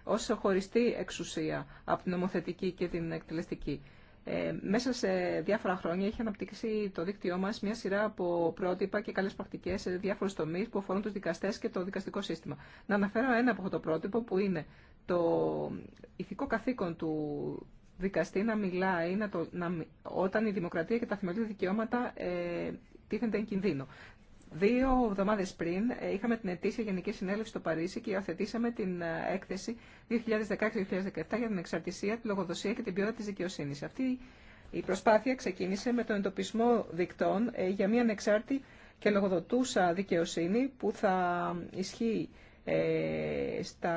ω χωριστή εξουσία από την νομοθετική και την εκτελεστική. Ε, μέσα σε διάφορα χρόνια έχει αναπτύξει το δίκτυό μα μια σειρά από πρότυπα και καλέ πρακτικέ σε διάφορου τομεί που αφορούν του δικαστέ και το δικαστικό σύστημα. Να αναφέρω ένα από αυτό το πρότυπο που είναι το ηθικό καθήκον του δικαστή να μιλάει να το, να, όταν η δημοκρατία και τα θεμελιώδη δικαιώματα ε, τίθενται εν κινδύνο. Δύο εβδομάδες πριν ε, είχαμε την ετήσια Γενική Συνέλευση στο Παρίσι και υιοθετήσαμε την ε, έκθεση 2016-2017 για την εξαρτησία, τη λογοδοσία και την ποιότητα της δικαιοσύνης. Αυτή η προσπάθεια ξεκίνησε με τον εντοπισμό δικτών ε, για μια ανεξάρτητη και λογοδοτούσα δικαιοσύνη που θα ισχύει στα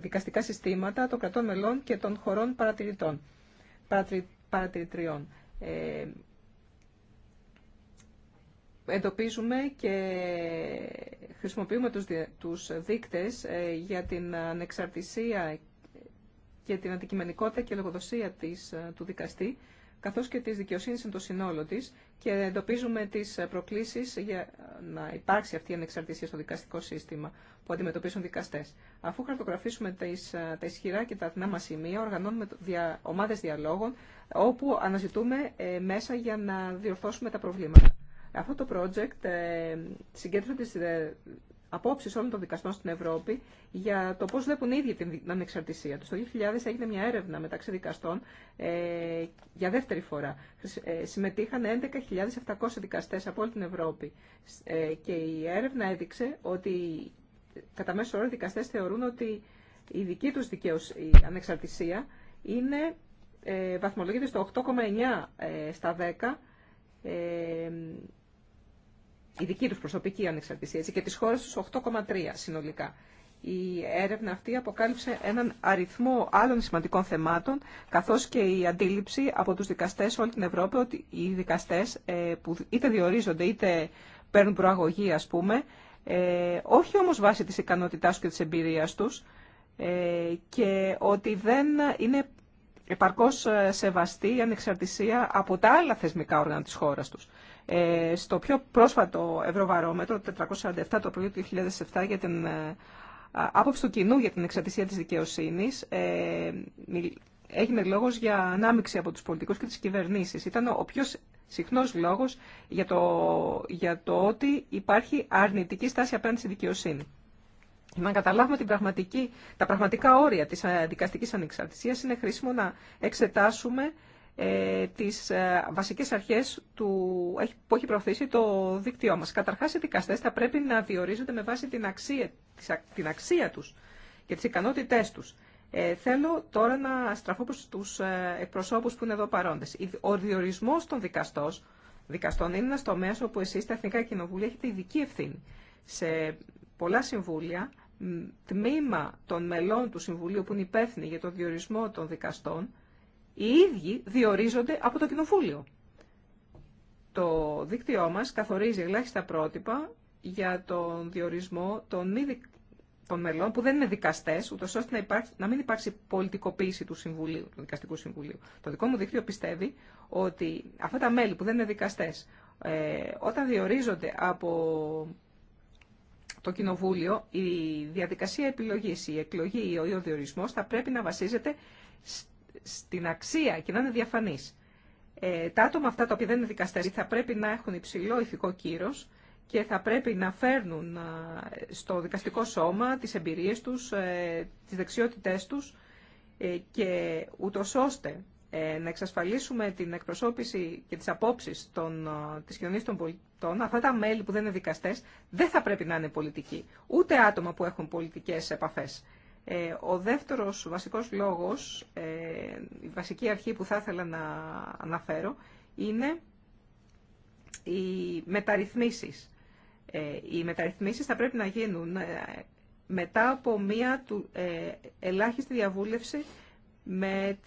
δικαστικά συστήματα των κρατών μελών και των χωρών παρατηρητών, παρατηρητριών εντοπίζουμε και χρησιμοποιούμε τους, τους δείκτες ε, για την ανεξαρτησία και την αντικειμενικότητα και λογοδοσία της, ε, του δικαστή, καθώς και της δικαιοσύνης εν το της και εντοπίζουμε τις προκλήσεις για να υπάρξει αυτή η ανεξαρτησία στο δικαστικό σύστημα που αντιμετωπίζουν δικαστές. Αφού χαρτογραφήσουμε ε, τα ισχυρά και τα δυνάμα σημεία, οργανώνουμε ομάδες διαλόγων όπου αναζητούμε μέσα για να διορθώσουμε τα προβλήματα. Αυτό το project ε, συγκέντρωσε τις ε, απόψεις όλων των δικαστών στην Ευρώπη για το πώς βλέπουν οι ίδιοι την ανεξαρτησία τους. Το 2000 έγινε μια έρευνα μεταξύ δικαστών ε, για δεύτερη φορά. συμμετείχαν 11.700 δικαστές από όλη την Ευρώπη και η έρευνα έδειξε ότι κατά μέσο όρο οι δικαστές θεωρούν ότι η δική τους δικαίωση η ανεξαρτησία είναι βαθμολογείται στο 8,9 στα 10 η δική τους προσωπική ανεξαρτησία έτσι, και τις χώρες τους 8,3 συνολικά. Η έρευνα αυτή αποκάλυψε έναν αριθμό άλλων σημαντικών θεμάτων, καθώς και η αντίληψη από τους δικαστές όλη την Ευρώπη ότι οι δικαστές ε, που είτε διορίζονται είτε παίρνουν προαγωγή, ας πούμε, ε, όχι όμως βάσει της ικανότητάς και της εμπειρίας τους ε, και ότι δεν είναι επαρκώς σεβαστή η ανεξαρτησία από τα άλλα θεσμικά όργανα της χώρας τους. Ε, στο πιο πρόσφατο ευρωβαρόμετρο, το 447 το πρωί του 2007, για την ε, άποψη του κοινού για την εξαρτησία της δικαιοσύνης, ε, έγινε λόγος για ανάμειξη από τους πολιτικούς και τις κυβερνήσεις. Ήταν ο πιο συχνός λόγος για το, για το ότι υπάρχει αρνητική στάση απέναντι στη δικαιοσύνη. Να καταλάβουμε την πραγματική, τα πραγματικά όρια της δικαστικής ανεξαρτησίας είναι χρήσιμο να εξετάσουμε ε, τις ε, βασικές αρχές του, που έχει προωθήσει το δίκτυό μας. Καταρχάς, οι δικαστές θα πρέπει να διορίζονται με βάση την αξία, την αξία τους και τις ικανότητές τους. Ε, θέλω τώρα να στραφώ προς τους ε, εκπροσώπους που είναι εδώ παρόντες. Ο διορισμός των δικαστών, δικαστών είναι ένας τομέας όπου εσείς τα Εθνικά Κοινοβούλια έχετε ειδική ευθύνη. Σε πολλά συμβούλια, τμήμα των μελών του Συμβουλίου που είναι υπεύθυνοι για το διορισμό των δικαστών, οι ίδιοι διορίζονται από το Κοινοβούλιο. Το δίκτυό μας καθορίζει ελάχιστα πρότυπα για τον διορισμό των, μελών που δεν είναι δικαστές, ούτως ώστε να, υπάρχει να μην υπάρξει πολιτικοποίηση του, συμβουλίου, του Δικαστικού Συμβουλίου. Το δικό μου δίκτυο πιστεύει ότι αυτά τα μέλη που δεν είναι δικαστές, ε, όταν διορίζονται από το Κοινοβούλιο, η διαδικασία επιλογής, η εκλογή ή ο διορισμός θα πρέπει να βασίζεται στην αξία και να είναι διαφανής. Ε, τα άτομα αυτά τα οποία δεν είναι δικαστές θα πρέπει να έχουν υψηλό ηθικό κύρος και θα πρέπει να φέρνουν στο δικαστικό σώμα τις εμπειρίες τους, ε, τις δεξιότητές τους ε, και ούτω ώστε ε, να εξασφαλίσουμε την εκπροσώπηση και τις απόψεις των, της των πολιτών, αυτά τα μέλη που δεν είναι δικαστές δεν θα πρέπει να είναι πολιτικοί, ούτε άτομα που έχουν πολιτικές επαφές. Ε, ο δεύτερος βασικός λόγος, ε, η βασική αρχή που θα ήθελα να αναφέρω, είναι οι μεταρρυθμίσεις. Ε, οι μεταρρυθμίσεις θα πρέπει να γίνουν μετά από μία του, ελάχιστη διαβούλευση με,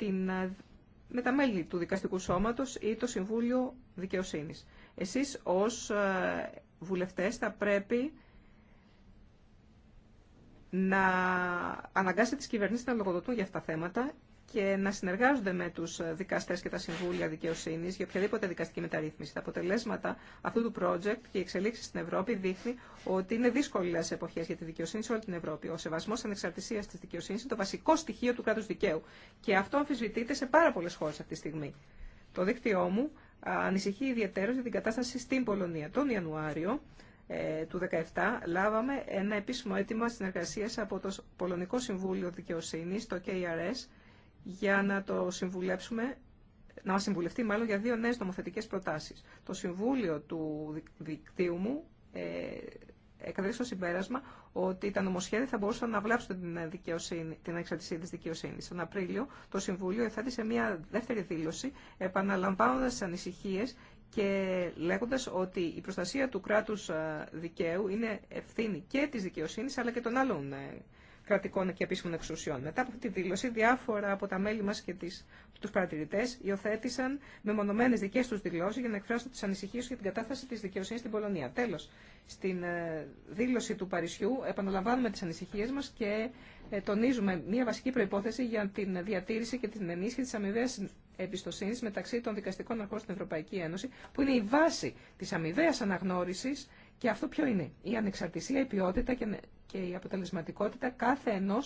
με τα μέλη του Δικαστικού Σώματος ή το Συμβούλιο Δικαιοσύνης. Εσείς ως βουλευτές θα πρέπει να αναγκάσει τις κυβερνήσεις να λογοδοτούν για αυτά τα θέματα και να συνεργάζονται με τους δικαστές και τα συμβούλια δικαιοσύνης για οποιαδήποτε δικαστική μεταρρύθμιση. Τα αποτελέσματα αυτού του project και οι εξελίξεις στην Ευρώπη δείχνει ότι είναι δύσκολες εποχές για τη δικαιοσύνη σε όλη την Ευρώπη. Ο σεβασμός ανεξαρτησίας της δικαιοσύνης είναι το βασικό στοιχείο του κράτους δικαίου και αυτό αμφισβητείται σε πάρα πολλές χώρες αυτή τη στιγμή. Το δίκτυό μου ανησυχεί ιδιαίτερω για την κατάσταση στην Πολωνία. Τον Ιανουάριο ε, του 2017 λάβαμε ένα επίσημο αίτημα συνεργασίας από το Πολωνικό Συμβούλιο Δικαιοσύνης, το KRS, για να το συμβουλέψουμε να μας συμβουλευτεί μάλλον για δύο νέες νομοθετικές προτάσεις. Το Συμβούλιο του Δικτύου μου ε, εκδέχει το συμπέρασμα ότι τα νομοσχέδια θα μπορούσαν να βλάψουν την, δικαιοσύνη, την εξαρτησία της δικαιοσύνης. Τον Απρίλιο το Συμβούλιο εθέτησε μια δεύτερη δήλωση επαναλαμβάνοντας τις ανησυχίες και λέγοντα ότι η προστασία του κράτου ε, δικαίου είναι ευθύνη και τη δικαιοσύνη, αλλά και των άλλων ε, κρατικών και επίσημων εξουσιών. Μετά από αυτή τη δήλωση, διάφορα από τα μέλη μα και του παρατηρητέ, υιοθέτησαν μεμονωμένε δικέ του δηλώσει για να εκφράσουν τις ανησυχίες για την κατάσταση τη δικαιοσύνη στην Πολωνία. Τέλο, στην ε, δήλωση του Παρισιού επαναλαμβάνουμε τι ανησυχίε μα και τονίζουμε μια βασική προπόθεση για την διατήρηση και την ενίσχυση τη αμοιβαία εμπιστοσύνη μεταξύ των δικαστικών αρχών στην Ευρωπαϊκή Ένωση, που είναι η βάση τη αμοιβαία αναγνώριση και αυτό ποιο είναι. Η ανεξαρτησία, η ποιότητα και η αποτελεσματικότητα κάθε ενό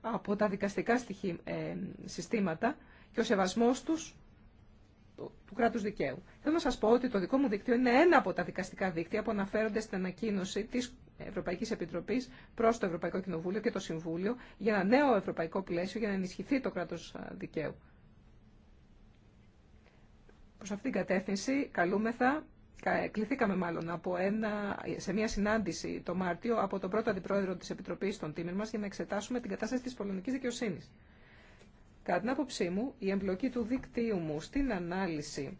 από τα δικαστικά ε, συστήματα και ο σεβασμό του του κράτου δικαίου. Θέλω να σα πω ότι το δικό μου δίκτυο είναι ένα από τα δικαστικά δίκτυα που αναφέρονται στην ανακοίνωση τη Ευρωπαϊκή Επιτροπή προ το Ευρωπαϊκό Κοινοβούλιο και το Συμβούλιο για ένα νέο ευρωπαϊκό πλαίσιο για να ενισχυθεί το κράτο ε, δικαίου. Προς αυτήν την κατεύθυνση καλούμεθα, κληθήκαμε μάλλον από ένα, σε μια συνάντηση το Μάρτιο από τον πρώτο αντιπρόεδρο της Επιτροπής των Τίμων μας για να εξετάσουμε την κατάσταση της πολωνικής δικαιοσύνης. Κατά την άποψή μου, η εμπλοκή του δικτύου μου στην ανάλυση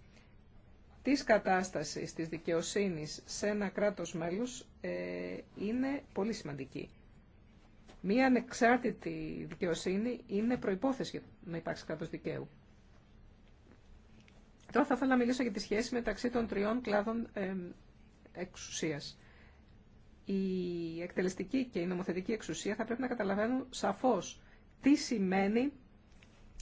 της κατάστασης της δικαιοσύνης σε ένα κράτος μέλος ε, είναι πολύ σημαντική. Μία ανεξάρτητη δικαιοσύνη είναι προϋπόθεση να υπάρξει κράτος δικαίου. Τώρα θα ήθελα να μιλήσω για τη σχέση μεταξύ των τριών κλάδων ε, εξουσίας. Η εκτελεστική και η νομοθετική εξουσία θα πρέπει να καταλαβαίνουν σαφώς τι σημαίνει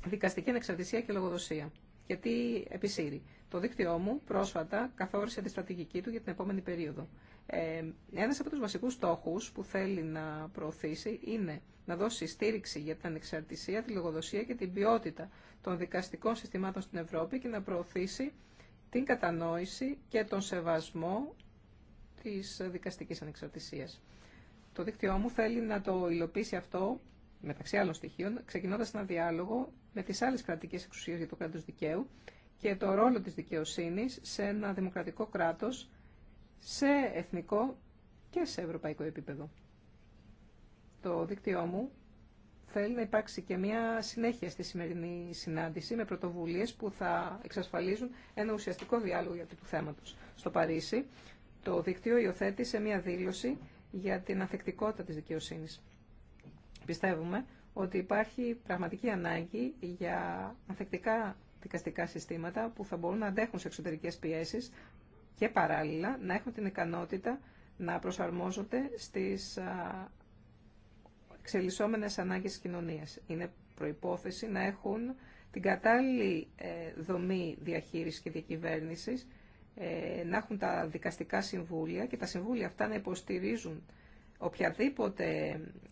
δικαστική ανεξαρτησία και λογοδοσία και τι επισύρει. Το δίκτυό μου πρόσφατα καθόρισε τη στρατηγική του για την επόμενη περίοδο. Ε, ένας από τους βασικούς στόχους που θέλει να προωθήσει είναι να δώσει στήριξη για την ανεξαρτησία, τη λογοδοσία και την ποιότητα των δικαστικών συστημάτων στην Ευρώπη και να προωθήσει την κατανόηση και τον σεβασμό της δικαστικής ανεξαρτησίας. Το δίκτυό μου θέλει να το υλοποιήσει αυτό, μεταξύ άλλων στοιχείων, ξεκινώντας ένα διάλογο με τις άλλες κρατικές εξουσίες για το κράτος δικαίου και το ρόλο της δικαιοσύνης σε ένα δημοκρατικό κράτος σε εθνικό και σε ευρωπαϊκό επίπεδο. Το δίκτυό μου θέλει να υπάρξει και μια συνέχεια στη σημερινή συνάντηση με πρωτοβουλίες που θα εξασφαλίζουν ένα ουσιαστικό διάλογο για του θέματος. Στο Παρίσι, το δίκτυο υιοθέτησε μια δήλωση για την ανθεκτικότητα της δικαιοσύνης. Πιστεύουμε ότι υπάρχει πραγματική ανάγκη για ανθεκτικά δικαστικά συστήματα που θα μπορούν να αντέχουν σε εξωτερικές πιέσεις και παράλληλα να έχουν την ικανότητα να προσαρμόζονται στις ξελισσόμενες ανάγκες της κοινωνίας. Είναι προϋπόθεση να έχουν την κατάλληλη ε, δομή διαχείρισης και διακυβέρνησης, ε, να έχουν τα δικαστικά συμβούλια και τα συμβούλια αυτά να υποστηρίζουν οποιαδήποτε,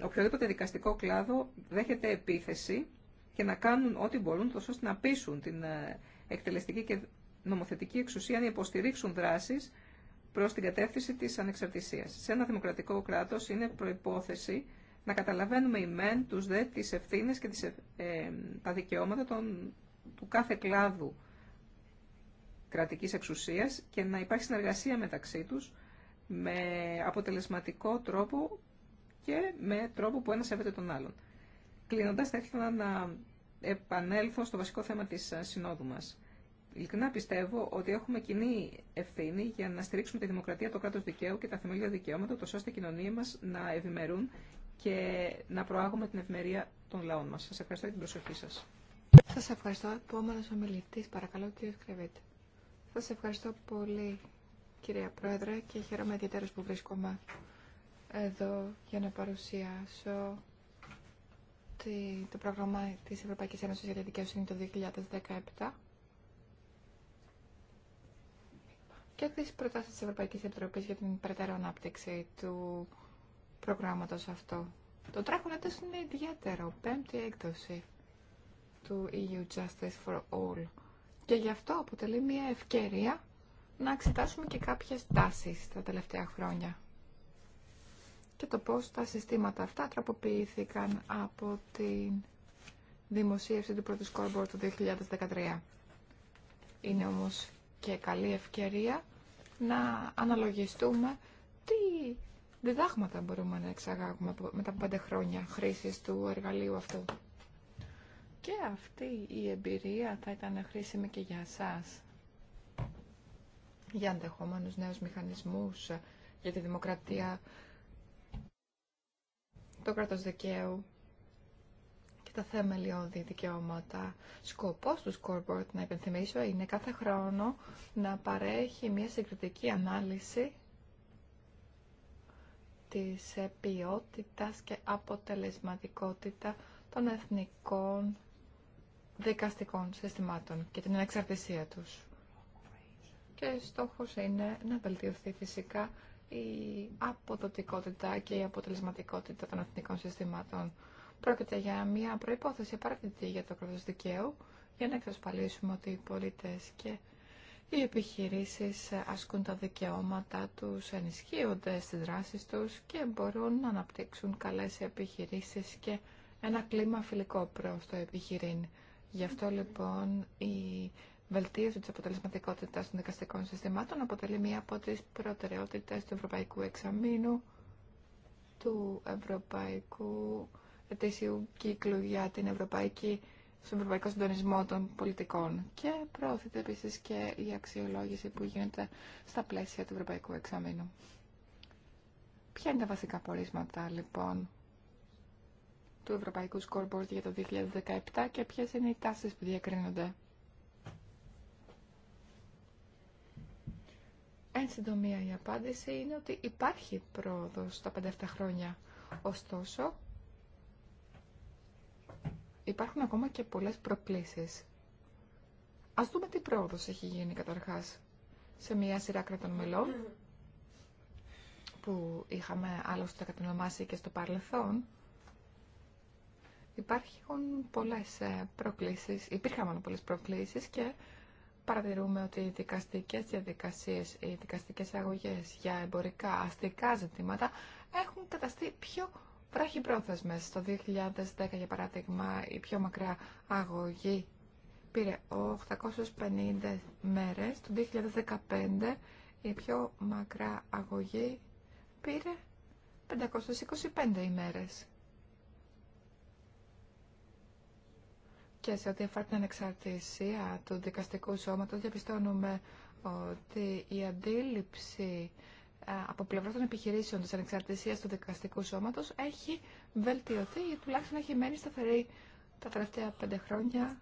οποιοδήποτε δικαστικό κλάδο δέχεται επίθεση και να κάνουν ό,τι μπορούν τόσο ώστε να πείσουν την ε, εκτελεστική και νομοθετική εξουσία να υποστηρίξουν δράσεις προς την κατεύθυνση της ανεξαρτησίας. Σε ένα δημοκρατικό κράτος είναι προϋπόθεση να καταλαβαίνουμε οι μεν, τους δε, τις ευθύνες και τις, ε, ε, τα δικαιώματα των, του κάθε κλάδου κρατικής εξουσίας και να υπάρχει συνεργασία μεταξύ τους με αποτελεσματικό τρόπο και με τρόπο που ένα σέβεται τον άλλον. Κλείνοντας, θα ήθελα να επανέλθω στο βασικό θέμα της ε, συνόδου μας. Ειλικρινά πιστεύω ότι έχουμε κοινή ευθύνη για να στηρίξουμε τη δημοκρατία, το κράτο δικαίου και τα θεμελιώδη δικαιώματα, ώστε οι κοινωνίε μα να ευημερούν και να προάγουμε την ευμερία των λαών μας. Σας ευχαριστώ για την προσοχή σας. Σας ευχαριστώ. Επόμενος ομιλητής, παρακαλώ, κύριε Σκρεβίτη. Σας ευχαριστώ πολύ, κυρία Πρόεδρε, και χαίρομαι ιδιαίτερα που βρίσκομαι εδώ για να παρουσιάσω το πρόγραμμα της Ευρωπαϊκής Ένωσης για τη Δικαιοσύνη το 2017 και τις προτάσεις της Ευρωπαϊκής Επιτροπής για την περαιτέρω ανάπτυξη του προγράμματος αυτό. Το τρέχον έτος είναι ιδιαίτερο, πέμπτη έκδοση του EU Justice for All. Και γι' αυτό αποτελεί μια ευκαιρία να εξετάσουμε και κάποιες τάσεις τα τελευταία χρόνια και το πώς τα συστήματα αυτά τραποποιήθηκαν από την δημοσίευση του πρώτου scoreboard του 2013. Είναι όμως και καλή ευκαιρία να αναλογιστούμε τι διδάγματα μπορούμε να εξαγάγουμε μετά από πέντε χρόνια χρήσης του εργαλείου αυτού. Και αυτή η εμπειρία θα ήταν χρήσιμη και για σας, για ενδεχόμενου νέους μηχανισμούς, για τη δημοκρατία, το κράτος δικαίου και τα θεμελιώδη δικαιώματα. Σκοπός του scoreboard, να υπενθυμίσω, είναι κάθε χρόνο να παρέχει μια συγκριτική ανάλυση της ποιότητας και αποτελεσματικότητα των εθνικών δικαστικών συστημάτων και την εξαρτησία τους. Και στόχος είναι να βελτιωθεί φυσικά η αποδοτικότητα και η αποτελεσματικότητα των εθνικών συστημάτων. Πρόκειται για μια προϋπόθεση απαραίτητη για το κράτος δικαίου για να εξασφαλίσουμε ότι οι πολίτες και οι επιχειρήσεις ασκούν τα δικαιώματα τους, ενισχύονται στις δράσεις τους και μπορούν να αναπτύξουν καλές επιχειρήσεις και ένα κλίμα φιλικό προς το επιχειρήν. Γι' αυτό λοιπόν η βελτίωση της αποτελεσματικότητας των δικαστικών συστημάτων αποτελεί μία από τις προτεραιότητες του Ευρωπαϊκού Εξαμήνου, του Ευρωπαϊκού Ετήσιου Κύκλου για την Ευρωπαϊκή στον Ευρωπαϊκό Συντονισμό των Πολιτικών και προωθείται επίση και η αξιολόγηση που γίνεται στα πλαίσια του Ευρωπαϊκού Εξαμήνου. Ποια είναι τα βασικά πορίσματα λοιπόν του Ευρωπαϊκού Scoreboard για το 2017 και ποιες είναι οι τάσεις που διακρίνονται. Εν συντομία η απάντηση είναι ότι υπάρχει πρόοδος τα 5 χρόνια. Ωστόσο, υπάρχουν ακόμα και πολλές προκλήσεις. Ας δούμε τι πρόοδος έχει γίνει καταρχάς σε μια σειρά κρατών μελών που είχαμε άλλωστε κατανομάσει και στο παρελθόν. Υπάρχουν πολλές ε, προκλήσεις, υπήρχαν μόνο πολλές προκλήσεις και παρατηρούμε ότι οι δικαστικές διαδικασίες, οι δικαστικές αγωγές για εμπορικά αστικά ζητήματα έχουν καταστεί πιο Βράχυπρόθεσμες. Το 2010, για παράδειγμα, η πιο μακρά αγωγή πήρε 850 μέρες. Το 2015 η πιο μακρά αγωγή πήρε 525 ημέρες. Και σε ό,τι αφορά την ανεξαρτησία του δικαστικού σώματος διαπιστώνουμε ότι η αντίληψη ε, από πλευρά των επιχειρήσεων της ανεξαρτησίας του δικαστικού σώματος έχει βελτιωθεί ή τουλάχιστον έχει μένει σταθερή τα τελευταία πέντε χρόνια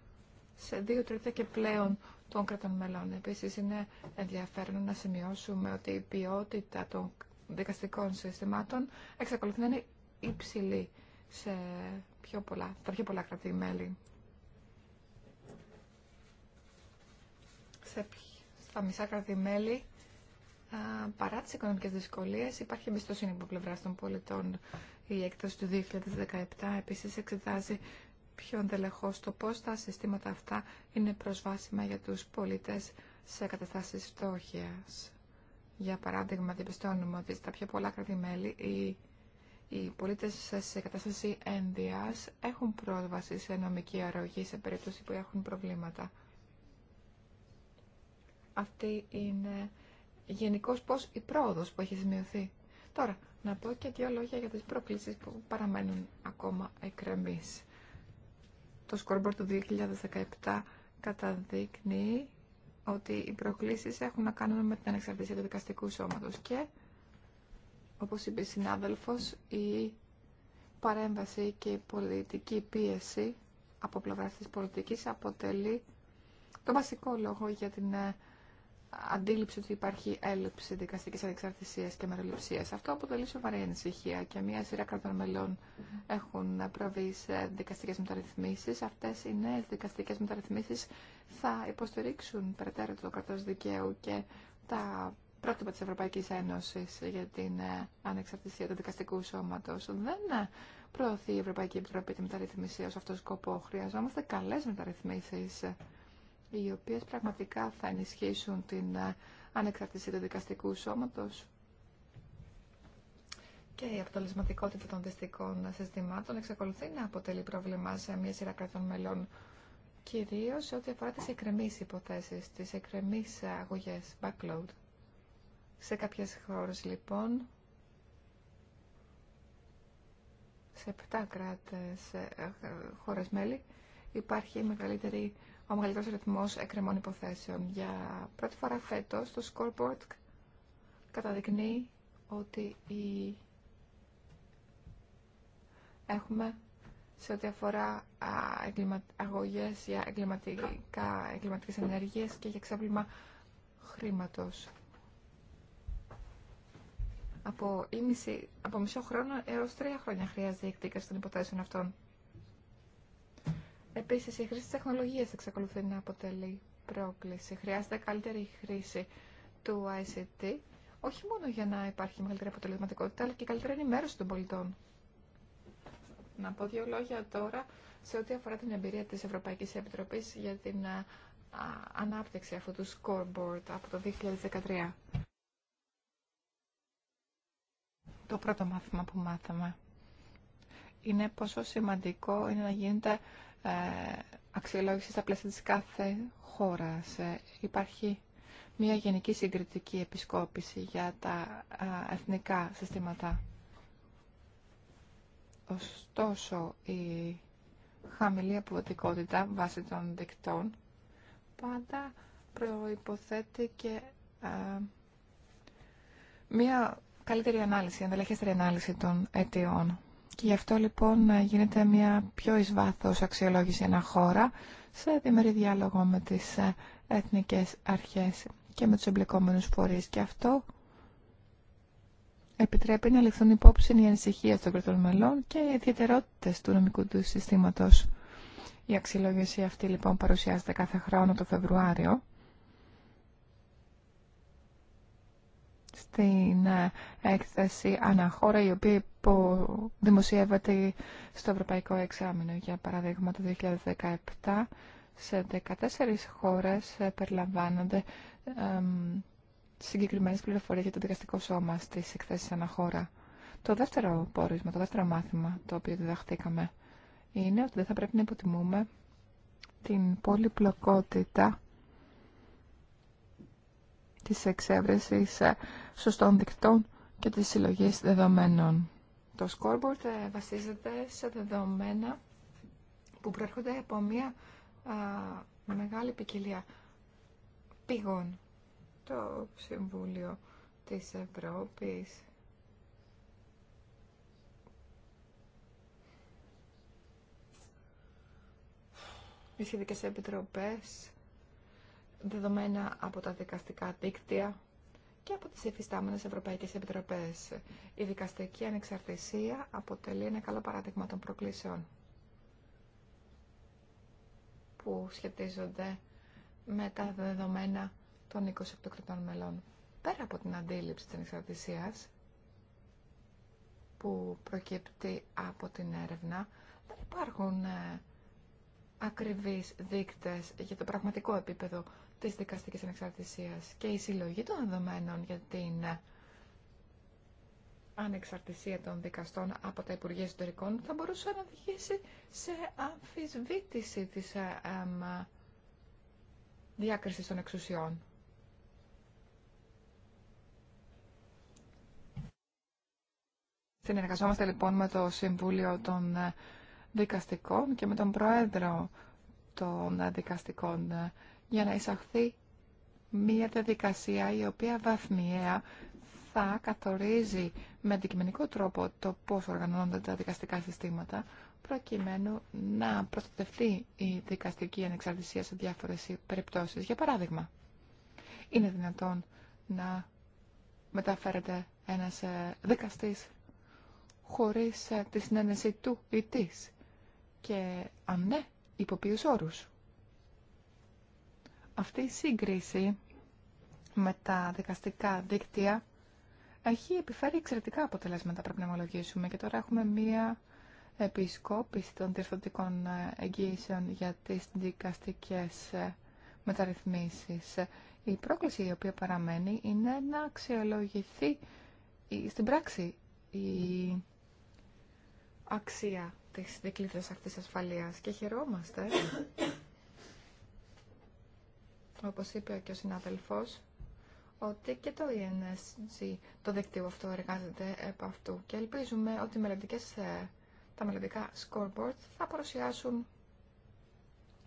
σε δύο τρίτα και πλέον των κρατών μελών. Επίσης είναι ενδιαφέρον να σημειώσουμε ότι η ποιότητα των δικαστικών συστημάτων εξακολουθεί να είναι υψηλή σε πιο πολλά, στα πιο πολλά κρατή-μέλη. στα μισά κρατή-μέλη παρά τις οικονομικές δυσκολίες υπάρχει εμπιστοσύνη από πλευρά των πολιτών. Η έκταση του 2017 επίσης εξετάζει πιο εντελεχώς το πώς τα συστήματα αυτά είναι προσβάσιμα για τους πολίτες σε καταστάσεις φτώχειας. Για παράδειγμα, διαπιστώνουμε ότι στα πιο πολλά κρατημέλη οι, οι πολίτες σε κατάσταση ένδυας έχουν πρόσβαση σε νομική αρρωγή σε περίπτωση που έχουν προβλήματα. Αυτή είναι γενικώ πώς η πρόοδος που έχει σημειωθεί. Τώρα, να πω και δύο λόγια για τι προκλήσεις που παραμένουν ακόμα εκκρεμείς. Το σκορμπορ του 2017 καταδείκνει ότι οι προκλήσεις έχουν να κάνουν με την ανεξαρτησία του δικαστικού σώματος και, όπως είπε η συνάδελφος, η παρέμβαση και η πολιτική πίεση από πλευρά της πολιτικής αποτελεί το βασικό λόγο για την ε, αντίληψη ότι υπάρχει έλλειψη δικαστική ανεξαρτησία και μεροληψία. Αυτό αποτελεί σοβαρή ανησυχία και μια σειρά κρατών μελών έχουν προβεί σε δικαστικέ μεταρρυθμίσει. Αυτέ οι νέε δικαστικέ μεταρρυθμίσει θα υποστηρίξουν περαιτέρω το κρατό δικαίου και τα πρότυπα τη Ευρωπαϊκή Ένωση για την ε, ανεξαρτησία του δικαστικού σώματο. Δεν ε, προωθεί η Ευρωπαϊκή Επιτροπή τη μεταρρύθμιση ω αυτό σκοπό. Χρειαζόμαστε καλέ μεταρρυθμίσει οι οποίες πραγματικά θα ενισχύσουν την ε, ανεξαρτησία του δικαστικού σώματος και η αποτελεσματικότητα των δυστικών συστημάτων εξακολουθεί να αποτελεί πρόβλημα σε μια σειρά κρατών μελών, κυρίως ό,τι αφορά τις εκκρεμείς υποθέσεις, τις εκκρεμείς αγωγές, backload. Σε κάποιες χώρες λοιπόν, σε 7 κράτες, ε, χώρες μέλη, υπάρχει μεγαλύτερη ο μεγαλύτερος αριθμός εκκρεμών υποθέσεων. Για πρώτη φορά φέτος το scoreboard καταδεικνύει ότι η... έχουμε σε ό,τι αφορά αγωγές για εγκληματικά, εγκληματικές ενέργειες και για ξέπλυμα χρήματος. Από, μισό χρόνο έως τρία χρόνια χρειάζεται η εκδίκαση των υποθέσεων αυτών. Επίση η χρήση της τεχνολογίας εξακολουθεί να αποτελεί πρόκληση. Χρειάζεται καλύτερη χρήση του ICT, όχι μόνο για να υπάρχει μεγαλύτερη αποτελεσματικότητα, αλλά και καλύτερη ενημέρωση των πολιτών. Να πω δύο λόγια τώρα σε ό,τι αφορά την εμπειρία της Ευρωπαϊκής Επιτροπής για την ανάπτυξη αυτού του scoreboard από το 2013. Το πρώτο μάθημα που μάθαμε είναι πόσο σημαντικό είναι να γίνεται ε, αξιολόγηση στα πλαίσια της κάθε χώρας. Ε, υπάρχει μια γενική συγκριτική επισκόπηση για τα εθνικά συστήματα. Ωστόσο, η χαμηλή αποδοτικότητα βάσει των δικτών πάντα προϋποθέτει και μια καλύτερη ανάλυση, ανταλλαχέστερη ανάλυση των αιτιών. Και γι' αυτό λοιπόν γίνεται μια πιο εις βάθος αξιολόγηση ένα χώρα σε διμερή διάλογο με τις ε, εθνικές αρχές και με τους εμπλεκόμενους φορείς. Και αυτό επιτρέπει να ληφθούν υπόψη οι ανησυχίε των κρατών μελών και οι ιδιαιτερότητες του νομικού του συστήματος. Η αξιολόγηση αυτή λοιπόν παρουσιάζεται κάθε χρόνο το Φεβρουάριο στην ε, έκθεση αναχώρα η οποία δημοσιεύεται στο Ευρωπαϊκό Εξάμεινο. Για παράδειγμα, το 2017 σε 14 χώρες ε, περιλαμβάνονται συγκεκριμένες πληροφορίες για το δικαστικό σώμα στις εκθέσεις αναχώρα. Το δεύτερο πόρισμα, το δεύτερο μάθημα το οποίο διδαχθήκαμε είναι ότι δεν θα πρέπει να υποτιμούμε την πολυπλοκότητα της εξέβρεσης ε, σωστών δικτών και της συλλογής δεδομένων. Το scoreboard ε, βασίζεται σε δεδομένα που προέρχονται από μια μεγάλη ποικιλία πηγών. Το Συμβούλιο της Ευρώπης, οι σχετικές επιτροπές, δεδομένα από τα δικαστικά δίκτυα και από τις εφιστάμενες Ευρωπαϊκές Επιτροπές. Η δικαστική ανεξαρτησία αποτελεί ένα καλό παράδειγμα των προκλήσεων που σχετίζονται με τα δεδομένα των 28 κρατών μελών. Πέρα από την αντίληψη της ανεξαρτησίας που προκύπτει από την έρευνα, δεν υπάρχουν ε, ακριβείς δείκτες για το πραγματικό επίπεδο της δικαστικής ανεξαρτησίας και η συλλογή των δεδομένων για την ανεξαρτησία των δικαστών από τα Υπουργεία Εσωτερικών θα μπορούσε να οδηγήσει σε αμφισβήτηση της ε, διάκρισης των εξουσιών. Συνεργαζόμαστε λοιπόν με το Συμβούλιο των ε, Δικαστικών και με τον Πρόεδρο των ε, Δικαστικών για να εισαχθεί μια διαδικασία η οποία βαθμιαία θα καθορίζει με αντικειμενικό τρόπο το πώς οργανώνονται τα δικαστικά συστήματα προκειμένου να προστατευτεί η δικαστική ανεξαρτησία σε διάφορες περιπτώσεις. Για παράδειγμα, είναι δυνατόν να μεταφέρεται ένας ε, δικαστής χωρίς ε, τη συνένεση του ή της και αν ναι, υπό όρους. Αυτή η σύγκριση με τα δικαστικά δίκτυα έχει επιφέρει εξαιρετικά αποτελέσματα, πρέπει να ομολογήσουμε. Και τώρα έχουμε μία επισκόπηση των διευθυντικών εγγύσεων για τις δικαστικές μεταρρυθμίσεις. Η πρόκληση η οποία παραμένει είναι να αξιολογηθεί στην πράξη η αξία της δικλείδας αυτής ασφαλείας και χαιρόμαστε όπως είπε και ο συνάδελφος, ότι και το ENSG, το δίκτυο αυτό, εργάζεται επ' αυτού και ελπίζουμε ότι ε, τα μελλοντικά scoreboard θα παρουσιάσουν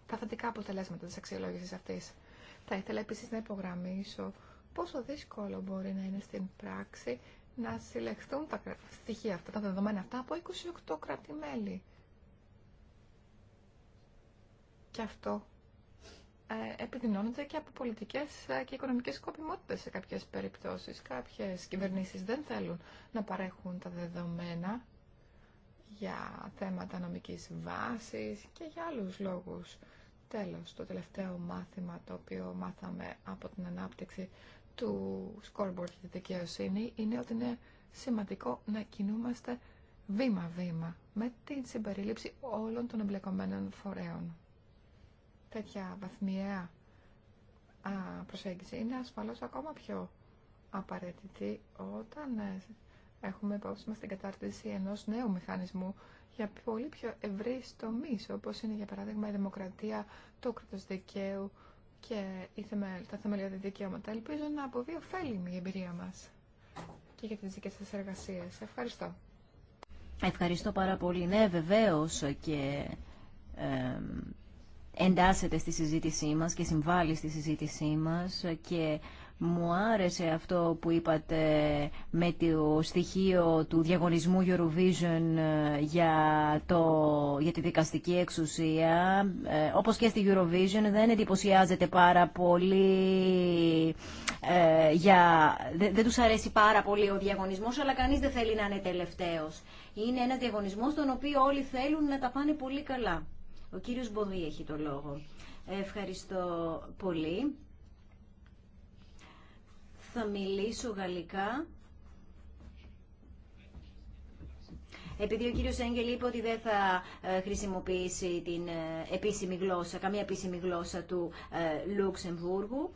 τα θετικά αποτελέσματα της αξιολόγησης αυτής. Θα ήθελα επίσης να υπογραμμίσω πόσο δύσκολο μπορεί να είναι στην πράξη να συλλεχθούν τα στοιχεία αυτά, τα δεδομένα αυτά από 28 κράτη-μέλη. Και αυτό ε, επιδεινώνονται και από πολιτικές ε, και οικονομικές σκοπιμότητες σε κάποιες περιπτώσεις. Κάποιες κυβερνήσεις δεν θέλουν να παρέχουν τα δεδομένα για θέματα νομική βάσης και για άλλους λόγους. Τέλος, το τελευταίο μάθημα το οποίο μάθαμε από την ανάπτυξη του scoreboard για τη δικαιοσύνη είναι ότι είναι σημαντικό να κινούμαστε βήμα-βήμα με την συμπερίληψη όλων των εμπλεκομένων φορέων τέτοια βαθμιαία προσέγγιση είναι ασφαλώς ακόμα πιο απαραίτητη όταν ε, έχουμε υπόψη μας την κατάρτιση ενός νέου μηχανισμού για πολύ πιο ευρύ τομεί, όπως είναι για παράδειγμα η δημοκρατία, το κράτος δικαίου και τα θεμελιώδη δικαιώματα. Ελπίζω να αποβεί ωφέλιμη η εμπειρία μας και για τις δικές σας εργασίες. Ευχαριστώ. Ευχαριστώ πάρα πολύ. Ναι, βεβαίως και... Ε, εντάσσεται στη συζήτησή μας και συμβάλλει στη συζήτησή μας και μου άρεσε αυτό που είπατε με το στοιχείο του διαγωνισμού Eurovision ε, για, το, για τη δικαστική εξουσία. Ε, όπως και στη Eurovision δεν εντυπωσιάζεται πάρα πολύ ε, για... Δεν, δεν τους αρέσει πάρα πολύ ο διαγωνισμός, αλλά κανείς δεν θέλει να είναι τελευταίος. Είναι ένα διαγωνισμό στον οποίο όλοι θέλουν να τα πάνε πολύ καλά. Ο κύριος Μποδί έχει το λόγο. Ευχαριστώ πολύ. Θα μιλήσω γαλλικά. Επειδή ο κύριος Έγγελ είπε ότι δεν θα ε, χρησιμοποιήσει την ε, επίσημη γλώσσα, καμία επίσημη γλώσσα του ε, Λουξεμβούργου,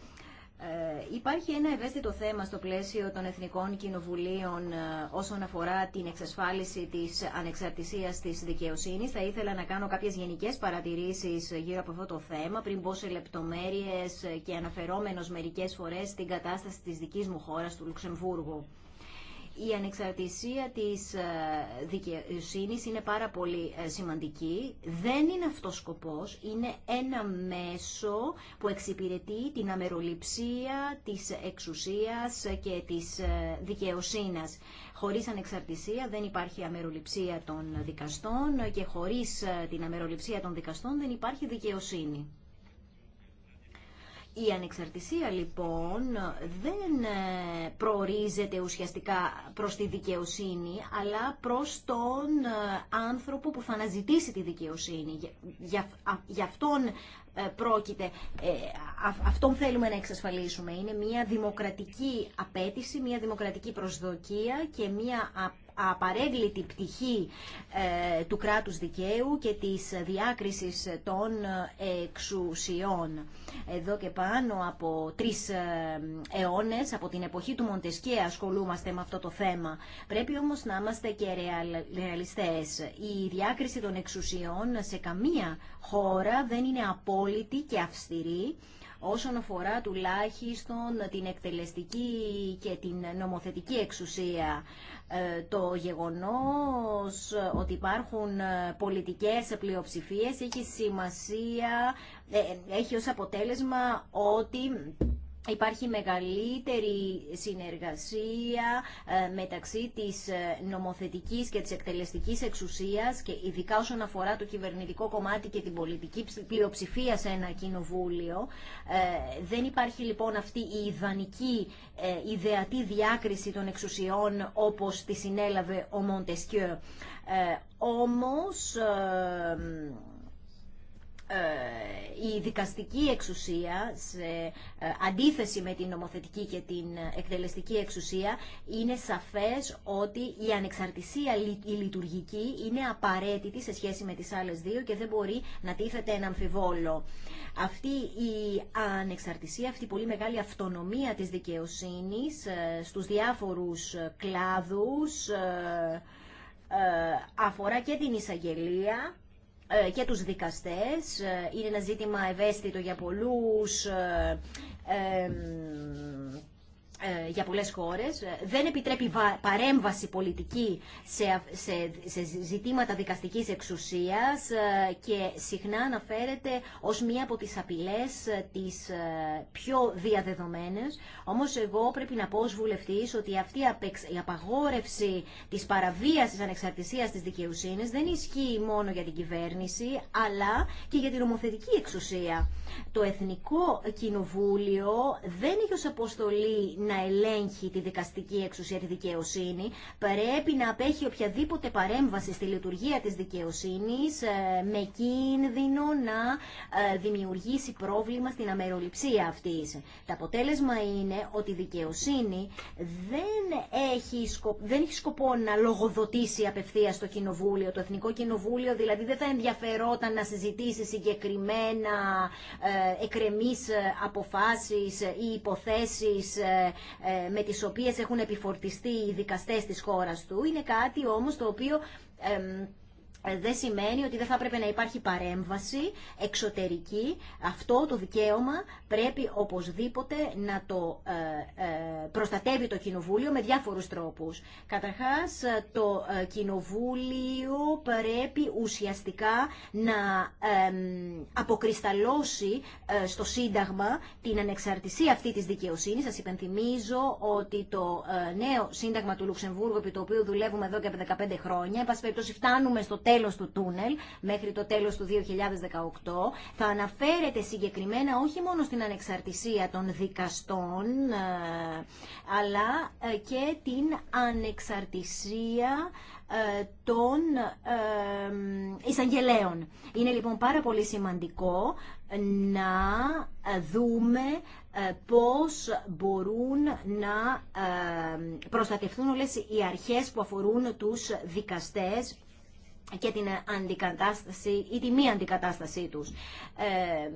ε, υπάρχει ένα ευαίσθητο θέμα στο πλαίσιο των Εθνικών Κοινοβουλίων ε, όσον αφορά την εξασφάλιση της ανεξαρτησίας της δικαιοσύνης. Θα ήθελα να κάνω κάποιες γενικές παρατηρήσεις γύρω από αυτό το θέμα πριν πω σε λεπτομέρειες και αναφερόμενος μερικές φορές στην κατάσταση της δικής μου χώρας του Λουξεμβούργου η ανεξαρτησία της ε, δικαιοσύνης είναι πάρα πολύ ε, σημαντική. Δεν είναι αυτός σκοπός, είναι ένα μέσο που εξυπηρετεί την αμεροληψία της εξουσίας και της ε, δικαιοσύνας. Χωρίς ανεξαρτησία δεν υπάρχει αμεροληψία των δικαστών και χωρίς την αμεροληψία των δικαστών δεν υπάρχει δικαιοσύνη. Η ανεξαρτησία λοιπόν δεν ε, προορίζεται ουσιαστικά προς τη δικαιοσύνη, αλλά προς τον ε, άνθρωπο που θα αναζητήσει τη δικαιοσύνη. Γι' αυτόν ε, πρόκειται, αυτόν θέλουμε να εξασφαλίσουμε. Είναι μια δημοκρατική απέτηση, μια δημοκρατική προσδοκία και μια απαρέγκλητη πτυχή ε, του κράτους δικαίου και της διάκρισης των ε, εξουσιών. Εδώ και πάνω από τρεις ε, αιώνες, από την εποχή του Μοντεσκέ ασχολούμαστε με αυτό το θέμα. Πρέπει όμως να είμαστε και ρεαλιστές. Η διάκριση των εξουσιών σε καμία χώρα δεν είναι απόλυτη και αυστηρή όσον αφορά τουλάχιστον την εκτελεστική και την νομοθετική εξουσία. Ε, το γεγονός ότι υπάρχουν ε, πολιτικές πλειοψηφίες έχει σημασία, ε, έχει ως αποτέλεσμα ότι Υπάρχει μεγαλύτερη συνεργασία ε, μεταξύ της ε, νομοθετικής και της εκτελεστικής εξουσίας και ειδικά όσον αφορά το κυβερνητικό κομμάτι και την πολιτική πλειοψηφία σε ένα κοινοβούλιο. Ε, δεν υπάρχει λοιπόν αυτή η ιδανική, ιδεατή διάκριση των εξουσιών όπως τη συνέλαβε ο Μοντεσκιό. Όμως ε, η δικαστική εξουσία σε ε, αντίθεση με την νομοθετική και την ε, εκτελεστική εξουσία είναι σαφές ότι η ανεξαρτησία η λειτουργική είναι απαραίτητη σε σχέση με τις άλλες δύο και δεν μπορεί να τίθεται ένα αμφιβόλο. Αυτή η ανεξαρτησία, αυτή η πολύ μεγάλη αυτονομία της δικαιοσύνης στους διάφορους κλάδους αφορά και την εισαγγελία ε, και τους δικαστές. Ε, είναι ένα ζήτημα ευαίσθητο για πολλούς ε, ε, για πολλές χώρες, ε, δεν επιτρέπει παρέμβαση πολιτική σε, σε, σε ζητήματα δικαστικής εξουσίας ε, και συχνά αναφέρεται ως μία από τις απειλές τις πιο διαδεδομένες. Όμως εγώ πρέπει να πω ως βουλευτής ότι αυτή η απαγόρευση της παραβίασης ανεξαρτησίας της δικαιοσύνης δεν ισχύει μόνο για την κυβέρνηση, αλλά και για την νομοθετική εξουσία. Το Εθνικό Κοινοβούλιο δεν έχει ως αποστολή να ελέγχει τη δικαστική εξουσία, τη δικαιοσύνη. Πρέπει να απέχει οποιαδήποτε παρέμβαση στη λειτουργία της δικαιοσύνης ε, με κίνδυνο να ε, δημιουργήσει πρόβλημα στην αμεροληψία αυτής. Το αποτέλεσμα είναι ότι η δικαιοσύνη δεν έχει, σκοπό, δεν έχει σκοπό να λογοδοτήσει απευθεία στο κοινοβούλιο. Το Εθνικό Κοινοβούλιο δηλαδή δεν θα ενδιαφερόταν να συζητήσει συγκεκριμένα ε, εκρεμείς αποφάσεις ή υποθέσεις ε, με τις οποίες έχουν επιφορτιστεί οι δικαστές της χώρας του. Είναι κάτι όμως το οποίο ε, δεν σημαίνει ότι δεν θα πρέπει να υπάρχει παρέμβαση εξωτερική. Αυτό το δικαίωμα πρέπει οπωσδήποτε να το ε, ε, προστατεύει το Κοινοβούλιο με διάφορους τρόπους. Καταρχάς, το Κοινοβούλιο πρέπει ουσιαστικά να αποκρισταλώσει στο Σύνταγμα την ανεξαρτησία αυτή της δικαιοσύνης. Σας υπενθυμίζω ότι το νέο Σύνταγμα του Λουξεμβούργου, επί το οποίο δουλεύουμε εδώ και 15 χρόνια, εν πάση περιπτώσει φτάνουμε στο τέλος τέλος του τούνελ, μέχρι το τέλος του 2018, θα αναφέρεται συγκεκριμένα όχι μόνο στην ανεξαρτησία των δικαστών, ε, αλλά ε, και την ανεξαρτησία ε, των εισαγγελέων. Είναι λοιπόν πάρα πολύ σημαντικό να δούμε πώς μπορούν να προστατευτούν όλες οι αρχές που αφορούν τους δικαστές και την αντικατάσταση ή τη μη αντικατάστασή τους. Ε,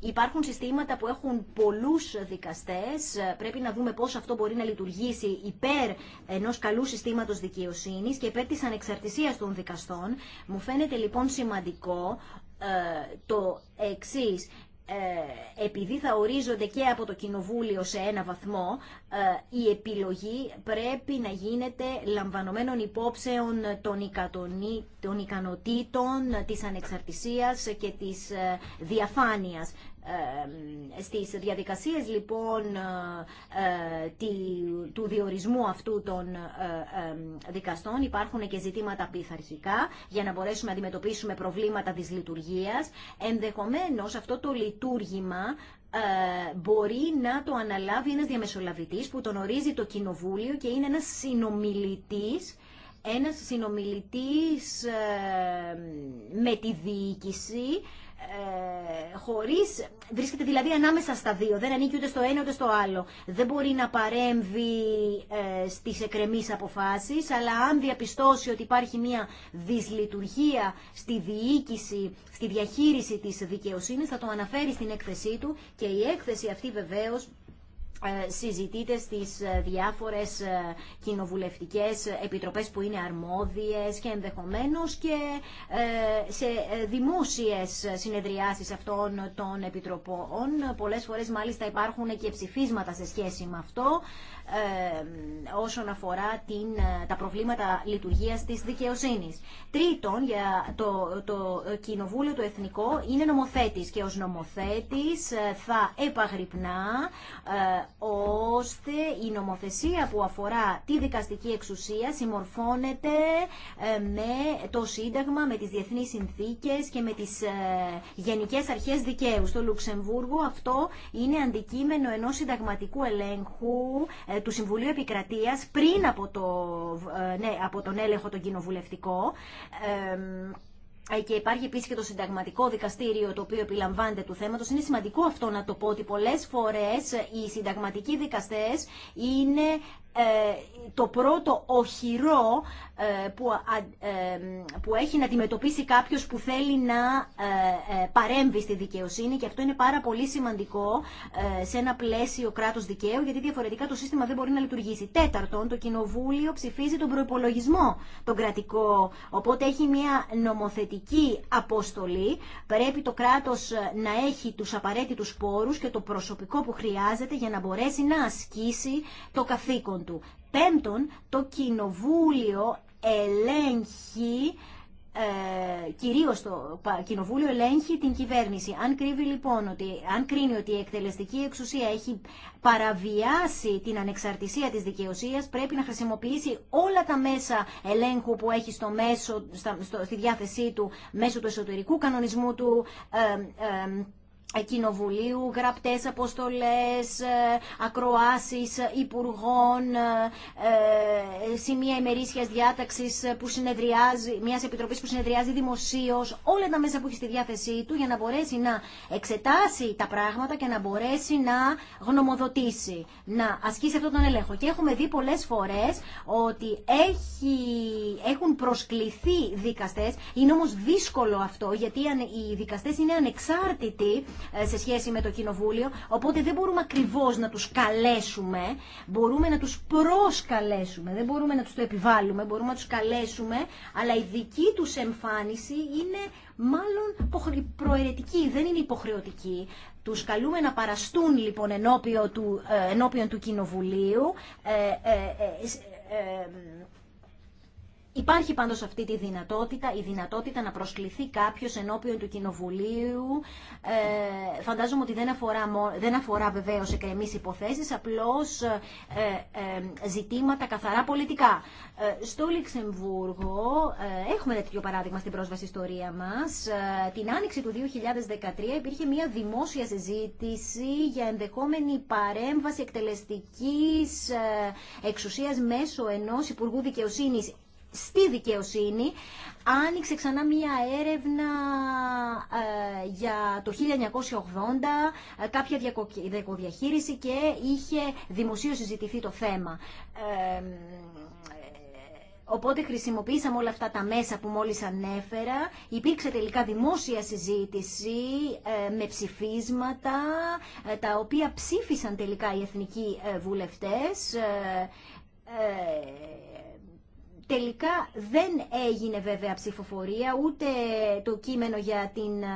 υπάρχουν συστήματα που έχουν πολλούς δικαστές. Πρέπει να δούμε πώς αυτό μπορεί να λειτουργήσει υπέρ ενός καλού συστήματος δικαιοσύνης και υπέρ της ανεξαρτησίας των δικαστών. Μου φαίνεται λοιπόν σημαντικό ε, το εξής ε, επειδή θα ορίζονται και από το Κοινοβούλιο σε ένα βαθμό, ε, η επιλογή πρέπει να γίνεται λαμβανομένων υπόψεων των ικανοτήτων, της ανεξαρτησίας και της ε, διαφάνειας. Ε, στις διαδικασίες λοιπόν ε, ε, του διορισμού αυτού των δικαστών υπάρχουν και ζητήματα πειθαρχικά για να μπορέσουμε να αντιμετωπίσουμε προβλήματα της λειτουργίας. Ενδεχομένως αυτό το λειτουργήμα μπορεί να το αναλάβει ένας διαμεσολαβητής που τον ορίζει το κοινοβούλιο και είναι ένας συνομιλητής ένας συνομιλητής με τη διοίκηση ε, χωρίς, βρίσκεται δηλαδή ανάμεσα στα δύο, δεν ανήκει ούτε στο ένα ούτε στο άλλο. Δεν μπορεί να παρέμβει ε, στις εκρεμείς αποφάσεις, αλλά αν διαπιστώσει ότι υπάρχει μια δυσλειτουργία στη διοίκηση, στη διαχείριση της δικαιοσύνης, θα το αναφέρει στην έκθεσή του και η έκθεση αυτή βεβαίως ε, συζητείται στις ε, διάφορες ε, κοινοβουλευτικές επιτροπές που είναι αρμόδιες και ενδεχομένως και σε δημόσιες συνεδριάσεις αυτών των επιτροπών. Πολλές φορές μάλιστα υπάρχουν και ψηφίσματα σε σχέση με αυτό όσον αφορά την, τα προβλήματα λειτουργίας της δικαιοσύνης. Τρίτον, για το, το Κοινοβούλιο το Εθνικό είναι νομοθέτης και ως νομοθέτης θα επαγρυπνά ώστε η νομοθεσία που αφορά τη δικαστική εξουσία συμμορφώνεται ε, με το Σύνταγμα, με τις διεθνείς συνθήκες και με τις ε, γενικές αρχές δικαίου. Στο Λουξεμβούργο αυτό είναι αντικείμενο ενός συνταγματικού ελέγχου ε, του Συμβουλίου Επικρατείας πριν από, το, ναι, από τον έλεγχο τον κοινοβουλευτικό ε, και υπάρχει επίση και το συνταγματικό δικαστήριο το οποίο επιλαμβάνεται του θέματο. Είναι σημαντικό αυτό να το πω ότι πολλέ φορέ οι συνταγματικοί δικαστέ είναι ε, το πρώτο οχυρό ε, ε, που έχει να αντιμετωπίσει κάποιος που θέλει να παρέμβει στη δικαιοσύνη και αυτό είναι πάρα πολύ σημαντικό σε ένα πλαίσιο κράτος δικαίου γιατί διαφορετικά το σύστημα δεν μπορεί να λειτουργήσει. Τέταρτον, το Κοινοβούλιο ψηφίζει τον προϋπολογισμό τον κρατικό, οπότε έχει μια νομοθετική αποστολή. Πρέπει το κράτος να έχει τους απαραίτητους πόρους και το προσωπικό που χρειάζεται για να μπορέσει να ασκήσει το καθήκον του. Πέμπτον, το Κοινοβούλιο ελέγχει ε, κυρίως το Κοινοβούλιο ελέγχει την κυβέρνηση. Αν, κρύβει, λοιπόν, ότι, αν κρίνει ότι η εκτελεστική εξουσία έχει παραβιάσει την ανεξαρτησία της δικαιοσύνης, πρέπει να χρησιμοποιήσει όλα τα μέσα ελέγχου που έχει στο μέσο, στη διάθεσή του μέσω του εσωτερικού κανονισμού του, ε, ε, Κοινοβουλίου, γραπτές αποστολές, ε, ακροάσεις υπουργών, ε, ε, σημεία ημερήσιας διάταξης που συνεδριάζει, μιας επιτροπής που συνεδριάζει δημοσίως, όλα τα μέσα που έχει στη διάθεσή του για να μπορέσει να εξετάσει τα πράγματα και να μπορέσει να γνωμοδοτήσει, να ασκήσει αυτόν τον έλεγχο. Και έχουμε δει πολλές φορές ότι έχει, έχουν προσκληθεί δικαστές, είναι όμως δύσκολο αυτό γιατί οι δικαστές είναι ανεξάρτητοι ε, σε σχέση με το Κοινοβούλιο, οπότε δεν μπορούμε ακριβώς να τους καλέσουμε, μπορούμε να τους προσκαλέσουμε, δεν μπορούμε να του το επιβάλλουμε, μπορούμε να του καλέσουμε, αλλά η δική τους εμφάνιση είναι μάλλον προαιρετική, δεν είναι υποχρεωτική. Τους καλούμε να παραστούν λοιπόν ενώπιον του, ε, ενώπιον του Κοινοβουλίου, ε, Υπάρχει πάντως αυτή τη δυνατότητα, η δυνατότητα να προσκληθεί κάποιος ενώπιον του Κοινοβουλίου. Ε, φαντάζομαι ότι δεν αφορά, δεν αφορά βεβαίως εκκρεμείς υποθέσεις, απλώς ε, ε, ε, ζητήματα καθαρά πολιτικά. στο Λιξεμβούργο έχουμε τέτοιο παράδειγμα στην πρόσβαση ιστορία μας. την άνοιξη του 2013 υπήρχε μια δημόσια συζήτηση για ενδεχόμενη παρέμβαση εκτελεστικής εξουσίας μέσω ενός Υπουργού Δικαιοσύνης στη δικαιοσύνη. Άνοιξε ξανά μία έρευνα ε, για το 1980, ε, κάποια διακοδιαχείριση και είχε δημοσίως συζητηθεί το θέμα. Ε, Οπότε χρησιμοποίησαμε όλα αυτά τα μέσα που μόλις ανέφερα. Υπήρξε τελικά δημόσια συζήτηση ε, με ψηφίσματα, ε, τα οποία ψήφισαν τελικά οι εθνικοί βουλευτές Τελικά δεν έγινε βέβαια ψηφοφορία ούτε το κείμενο για την ε,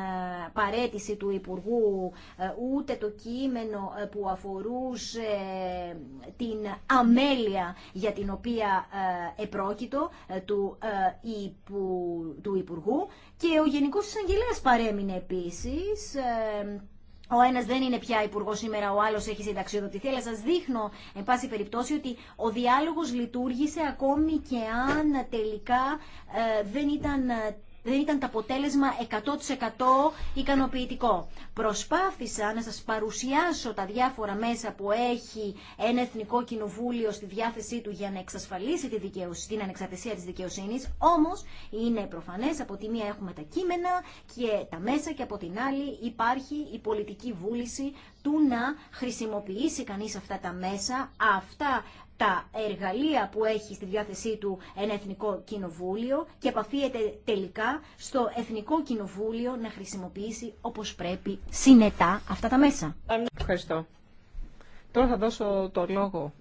παρέτηση του Υπουργού ε, ούτε το κείμενο ε, που αφορούσε την αμέλεια για την οποία επρόκειτο του, Υπουργού και ο Γενικός Εισαγγελέας παρέμεινε επίσης ο ένα δεν είναι πια υπουργό σήμερα, ο άλλο έχει συνταξιοδοτηθεί, αλλά σα δείχνω, εν πάση περιπτώσει, ότι ο διάλογο λειτουργήσε ακόμη και αν τελικά ε, δεν ήταν ε, δεν ήταν το αποτέλεσμα 100% ικανοποιητικό. Προσπάθησα να σας παρουσιάσω τα διάφορα μέσα που έχει ένα εθνικό κοινοβούλιο στη διάθεσή του για να εξασφαλίσει τη δικαιοσύνη, την ανεξαρτησία της δικαιοσύνης, όμως είναι προφανές από τη μία έχουμε τα κείμενα και τα μέσα και από την άλλη υπάρχει η πολιτική βούληση του να χρησιμοποιήσει κανείς αυτά τα μέσα, αυτά τα εργαλεία που έχει στη διάθεσή του ένα Εθνικό Κοινοβούλιο και επαφίεται τελικά στο Εθνικό Κοινοβούλιο να χρησιμοποιήσει όπως πρέπει συνετά αυτά τα μέσα. Ευχαριστώ. Τώρα θα δώσω το λόγο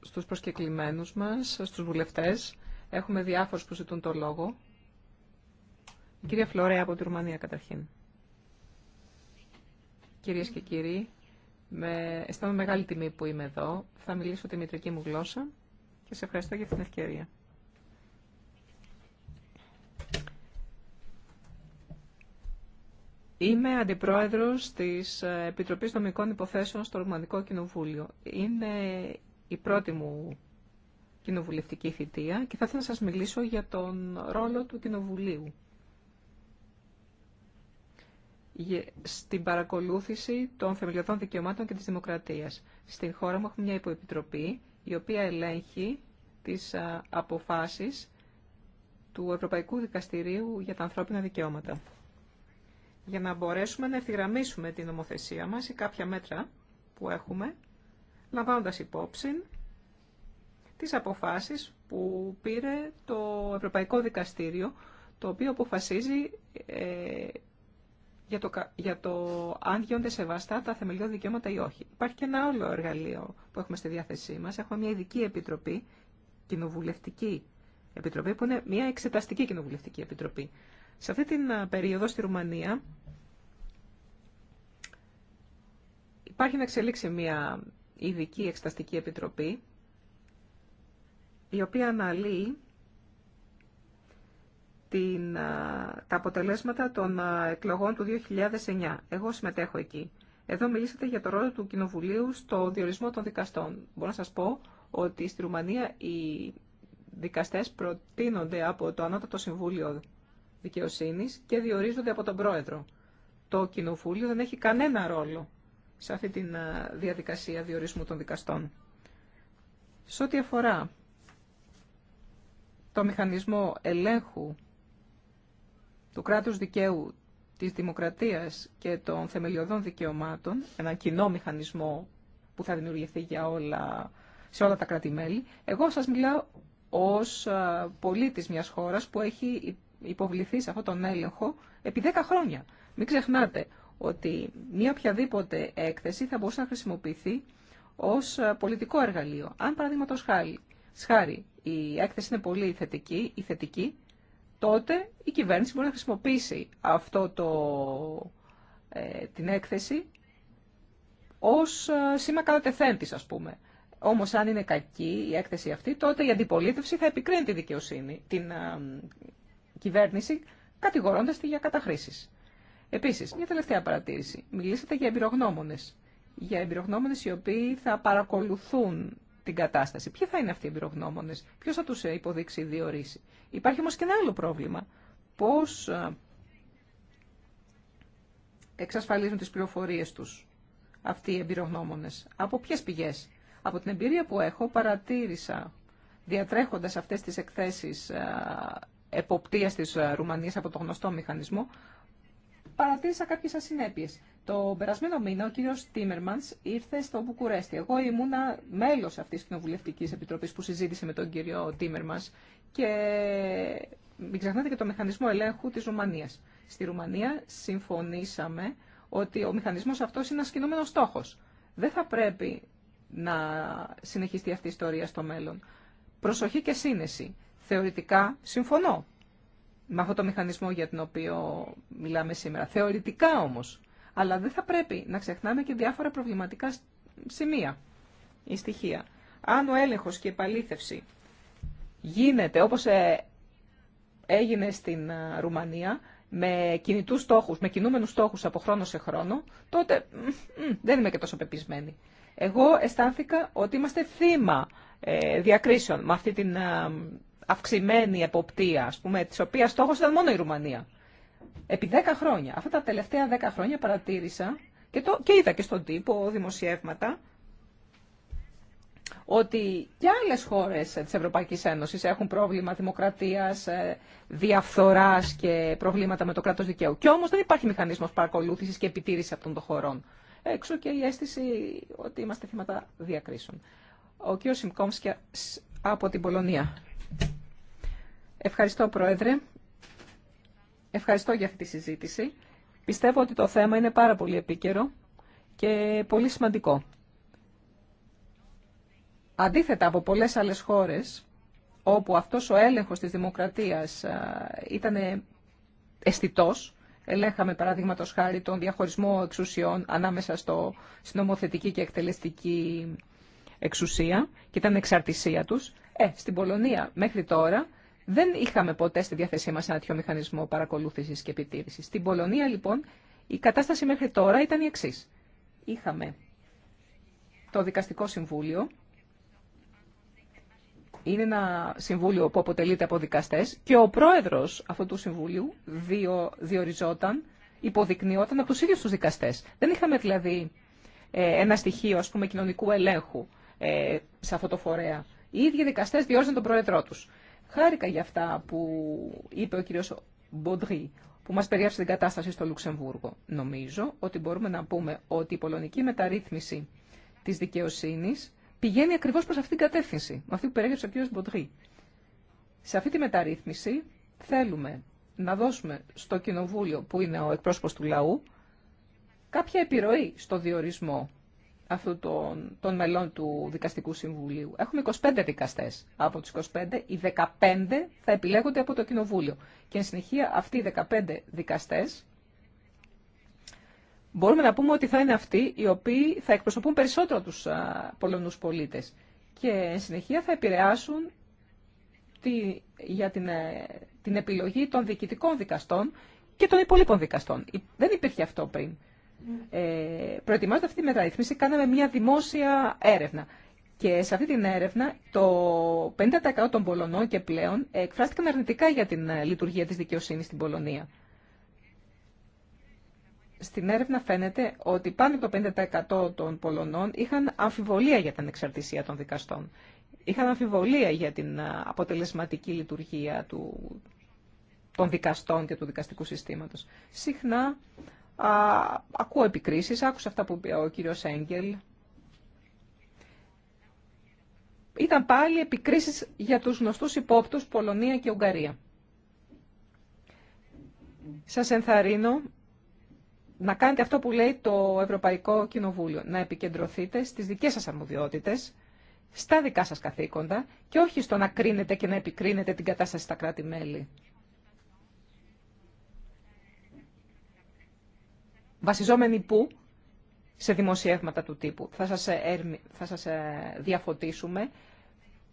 στους προσκεκλημένους μας, στους βουλευτές. Έχουμε διάφορους που ζητούν το λόγο. Η κυρία Φλωρέα από τη Ρουμανία καταρχήν. Κυρίες και κύριοι, με, αισθάνομαι μεγάλη τιμή που είμαι εδώ. Θα μιλήσω τη μητρική μου γλώσσα και σε ευχαριστώ για την ευκαιρία. Είμαι αντιπρόεδρος της ε, Επιτροπής Νομικών Υποθέσεων στο Ρουμανικό Κοινοβούλιο. Είναι η πρώτη μου κοινοβουλευτική θητεία και θα ήθελα να σας μιλήσω για τον ρόλο του Κοινοβουλίου στην παρακολούθηση των θεμελιωδών δικαιωμάτων και της δημοκρατίας. Στην χώρα μου έχουμε μια υποεπιτροπή η οποία ελέγχει τις αποφάσεις του Ευρωπαϊκού Δικαστηρίου για τα ανθρώπινα δικαιώματα. Για να μπορέσουμε να ευθυγραμμίσουμε την νομοθεσία μας ή κάποια μέτρα που έχουμε, λαμβάνοντας υπόψη τις αποφάσεις που πήρε το Ευρωπαϊκό Δικαστήριο, το οποίο αποφασίζει ε, για το, για το αν γίνονται σεβαστά τα θεμελιώδη δικαιώματα ή όχι. Υπάρχει και ένα άλλο εργαλείο που έχουμε στη διάθεσή μας. Έχουμε μια ειδική επιτροπή, κοινοβουλευτική επιτροπή, που είναι μια εξεταστική κοινοβουλευτική επιτροπή. Σε αυτή την περίοδο στη Ρουμανία υπάρχει να εξελίξει μια ειδική εξεταστική επιτροπή, η οποία αναλύει την, τα αποτελέσματα των εκλογών του 2009. Εγώ συμμετέχω εκεί. Εδώ μιλήσατε για το ρόλο του Κοινοβουλίου στο διορισμό των δικαστών. Μπορώ να σας πω ότι στη Ρουμανία οι δικαστές προτείνονται από το Ανώτατο Συμβούλιο Δικαιοσύνης και διορίζονται από τον Πρόεδρο. Το Κοινοβούλιο δεν έχει κανένα ρόλο σε αυτή τη διαδικασία διορισμού των δικαστών. Σε ό,τι αφορά το μηχανισμό ελέγχου του κράτους δικαίου, της δημοκρατίας και των θεμελιωδών δικαιωμάτων, έναν κοινό μηχανισμό που θα δημιουργηθεί για όλα, σε όλα τα κράτη-μέλη. Εγώ σας μιλάω ως πολίτης μιας χώρας που έχει υποβληθεί σε αυτόν τον έλεγχο επί 10 χρόνια. Μην ξεχνάτε ότι μια οποιαδήποτε έκθεση θα μπορούσε να χρησιμοποιηθεί ως πολιτικό εργαλείο. Αν παραδείγματο χάρη η έκθεση είναι πολύ θετική, η θετική τότε η κυβέρνηση μπορεί να χρησιμοποιήσει αυτό το, ε, την έκθεση ως ε, σήμα κατατεθέντης, ας πούμε. Όμως αν είναι κακή η έκθεση αυτή, τότε η αντιπολίτευση θα επικρίνει τη δικαιοσύνη, την ε, κυβέρνηση, κατηγορώντας τη για καταχρήσεις. Επίσης, μια τελευταία παρατήρηση. Μιλήσατε για εμπειρογνώμονες. Για εμπειρογνώμονες οι οποίοι θα παρακολουθούν την κατάσταση. Ποιοι θα είναι αυτοί οι εμπειρογνώμονε, ποιο θα του ε, υποδείξει διορίσει. Υπάρχει όμω και ένα άλλο πρόβλημα. Πώ ε, εξασφαλίζουν τι πληροφορίε του αυτοί οι εμπειρογνώμονε, από ποιε πηγέ. Από την εμπειρία που έχω παρατήρησα διατρέχοντας αυτές τις εκθέσεις ε, εποπτείας της Ρουμανίας από το γνωστό μηχανισμό, παρατήρησα κάποιες ασυνέπειες. Το περασμένο μήνα ο κύριος Τίμερμανς ήρθε στο Μπουκουρέστι. Εγώ ήμουνα μέλος αυτής της κοινοβουλευτικής επιτροπής που συζήτησε με τον κύριο Τίμερμανς και μην ξεχνάτε και το μηχανισμό ελέγχου της Ρουμανίας. Στη Ρουμανία συμφωνήσαμε ότι ο μηχανισμός αυτός είναι ασκηνόμενο στόχος. Δεν θα πρέπει να συνεχιστεί αυτή η ιστορία στο μέλλον. Προσοχή και σύνεση. Θεωρητικά συμφωνώ με αυτό το μηχανισμό για τον οποίο μιλάμε σήμερα. Θεωρητικά όμως αλλά δεν θα πρέπει να ξεχνάμε και διάφορα προβληματικά σημεία ή στοιχεία. Αν ο έλεγχος και η επαλήθευση γίνεται όπως ε, έγινε στην ε, Ρουμανία, με κινητούς στόχους, με κινούμενους στόχους από χρόνο σε χρόνο, τότε δεν είμαι και τόσο πεπισμένη. Εγώ αισθάνθηκα ότι είμαστε θύμα ε, διακρίσεων με αυτή την αυξημένη εποπτεία, ας πούμε, της οποίας στόχος ήταν μόνο η Ρουμανία. Επί 10 χρόνια, αυτά τα τελευταία 10 χρόνια παρατήρησα και, το, και είδα και στον τύπο δημοσιεύματα ότι και άλλες χώρες της Ευρωπαϊκής Ένωσης έχουν πρόβλημα δημοκρατίας, ε, διαφθοράς και προβλήματα με το κράτος δικαίου. Και όμως δεν υπάρχει μηχανισμός παρακολούθησης και επιτήρησης αυτών των χωρών. Έξω και η αίσθηση ότι είμαστε θύματα διακρίσεων. Ο κ. Σιμκόμσκια από την Πολωνία. Ευχαριστώ, Πρόεδρε. Ευχαριστώ για αυτή τη συζήτηση. Πιστεύω ότι το θέμα είναι πάρα πολύ επίκαιρο και πολύ σημαντικό. Αντίθετα από πολλές άλλες χώρες, όπου αυτός ο έλεγχος της δημοκρατίας ήταν αισθητό. Ελέγχαμε παραδείγματο χάρη τον διαχωρισμό εξουσιών ανάμεσα στο συνομοθετική και εκτελεστική εξουσία και ήταν εξαρτησία τους. Ε, στην Πολωνία μέχρι τώρα δεν είχαμε ποτέ στη διάθεσή μα ένα τέτοιο μηχανισμό παρακολούθηση και επιτήρηση. Στην Πολωνία, λοιπόν, η κατάσταση μέχρι τώρα ήταν η εξή. Είχαμε το Δικαστικό Συμβούλιο. Είναι ένα συμβούλιο που αποτελείται από δικαστέ και ο πρόεδρο αυτού του συμβουλίου διο, διοριζόταν, υποδεικνύονταν από του ίδιου του δικαστέ. Δεν είχαμε δηλαδή ε, ένα στοιχείο κοινωνικού ελέγχου ε, σε αυτό το φορέα. Οι ίδιοι δικαστέ διόριζαν τον πρόεδρό του. Χάρηκα για αυτά που είπε ο κύριος Μποντρί, που μας περιέφερσε την κατάσταση στο Λουξεμβούργο. Νομίζω ότι μπορούμε να πούμε ότι η πολωνική μεταρρύθμιση της δικαιοσύνης πηγαίνει ακριβώς προς αυτήν την κατεύθυνση, με αυτή που περιέγραψε ο κύριος Μποντρί. Σε αυτή τη μεταρρύθμιση θέλουμε να δώσουμε στο Κοινοβούλιο, που είναι ο εκπρόσωπος του λαού, κάποια επιρροή στο διορισμό αυτού των, των μελών του Δικαστικού Συμβουλίου. Έχουμε 25 δικαστές. Από τους 25, οι 15 θα επιλέγονται από το Κοινοβούλιο. Και εν συνεχεία αυτοί οι 15 δικαστές μπορούμε να πούμε ότι θα είναι αυτοί οι οποίοι θα εκπροσωπούν περισσότερο τους α, Πολωνούς πολίτες και εν συνεχεία θα επηρεάσουν τη, για την, ε, την επιλογή των διοικητικών δικαστών και των υπολείπων δικαστών. Δεν υπήρχε αυτό πριν. Ε, προετοιμάζοντα αυτή τη μεταρρύθμιση, κάναμε μια δημόσια έρευνα. Και σε αυτή την έρευνα, το 50% των Πολωνών και πλέον εκφράστηκαν αρνητικά για την ε, λειτουργία της δικαιοσύνης στην Πολωνία. Στην έρευνα φαίνεται ότι πάνω από το 50% των Πολωνών είχαν αμφιβολία για την εξαρτησία των δικαστών. Είχαν αμφιβολία για την ε, αποτελεσματική λειτουργία του, των δικαστών και του δικαστικού συστήματος. Συχνά Α, ακούω επικρίσεις, άκουσα αυτά που είπε ο κύριος Έγγελ. Ήταν πάλι επικρίσεις για τους γνωστούς υπόπτους Πολωνία και Ουγγαρία. Σας ενθαρρύνω να κάνετε αυτό που λέει το Ευρωπαϊκό Κοινοβούλιο, να επικεντρωθείτε στις δικές σας αρμοδιότητες, στα δικά σας καθήκοντα και όχι στο να κρίνετε και να επικρίνετε την κατάσταση στα κράτη-μέλη. βασιζόμενοι πού σε δημοσιεύματα του τύπου. Θα σας, ε, θα σας ε, διαφωτίσουμε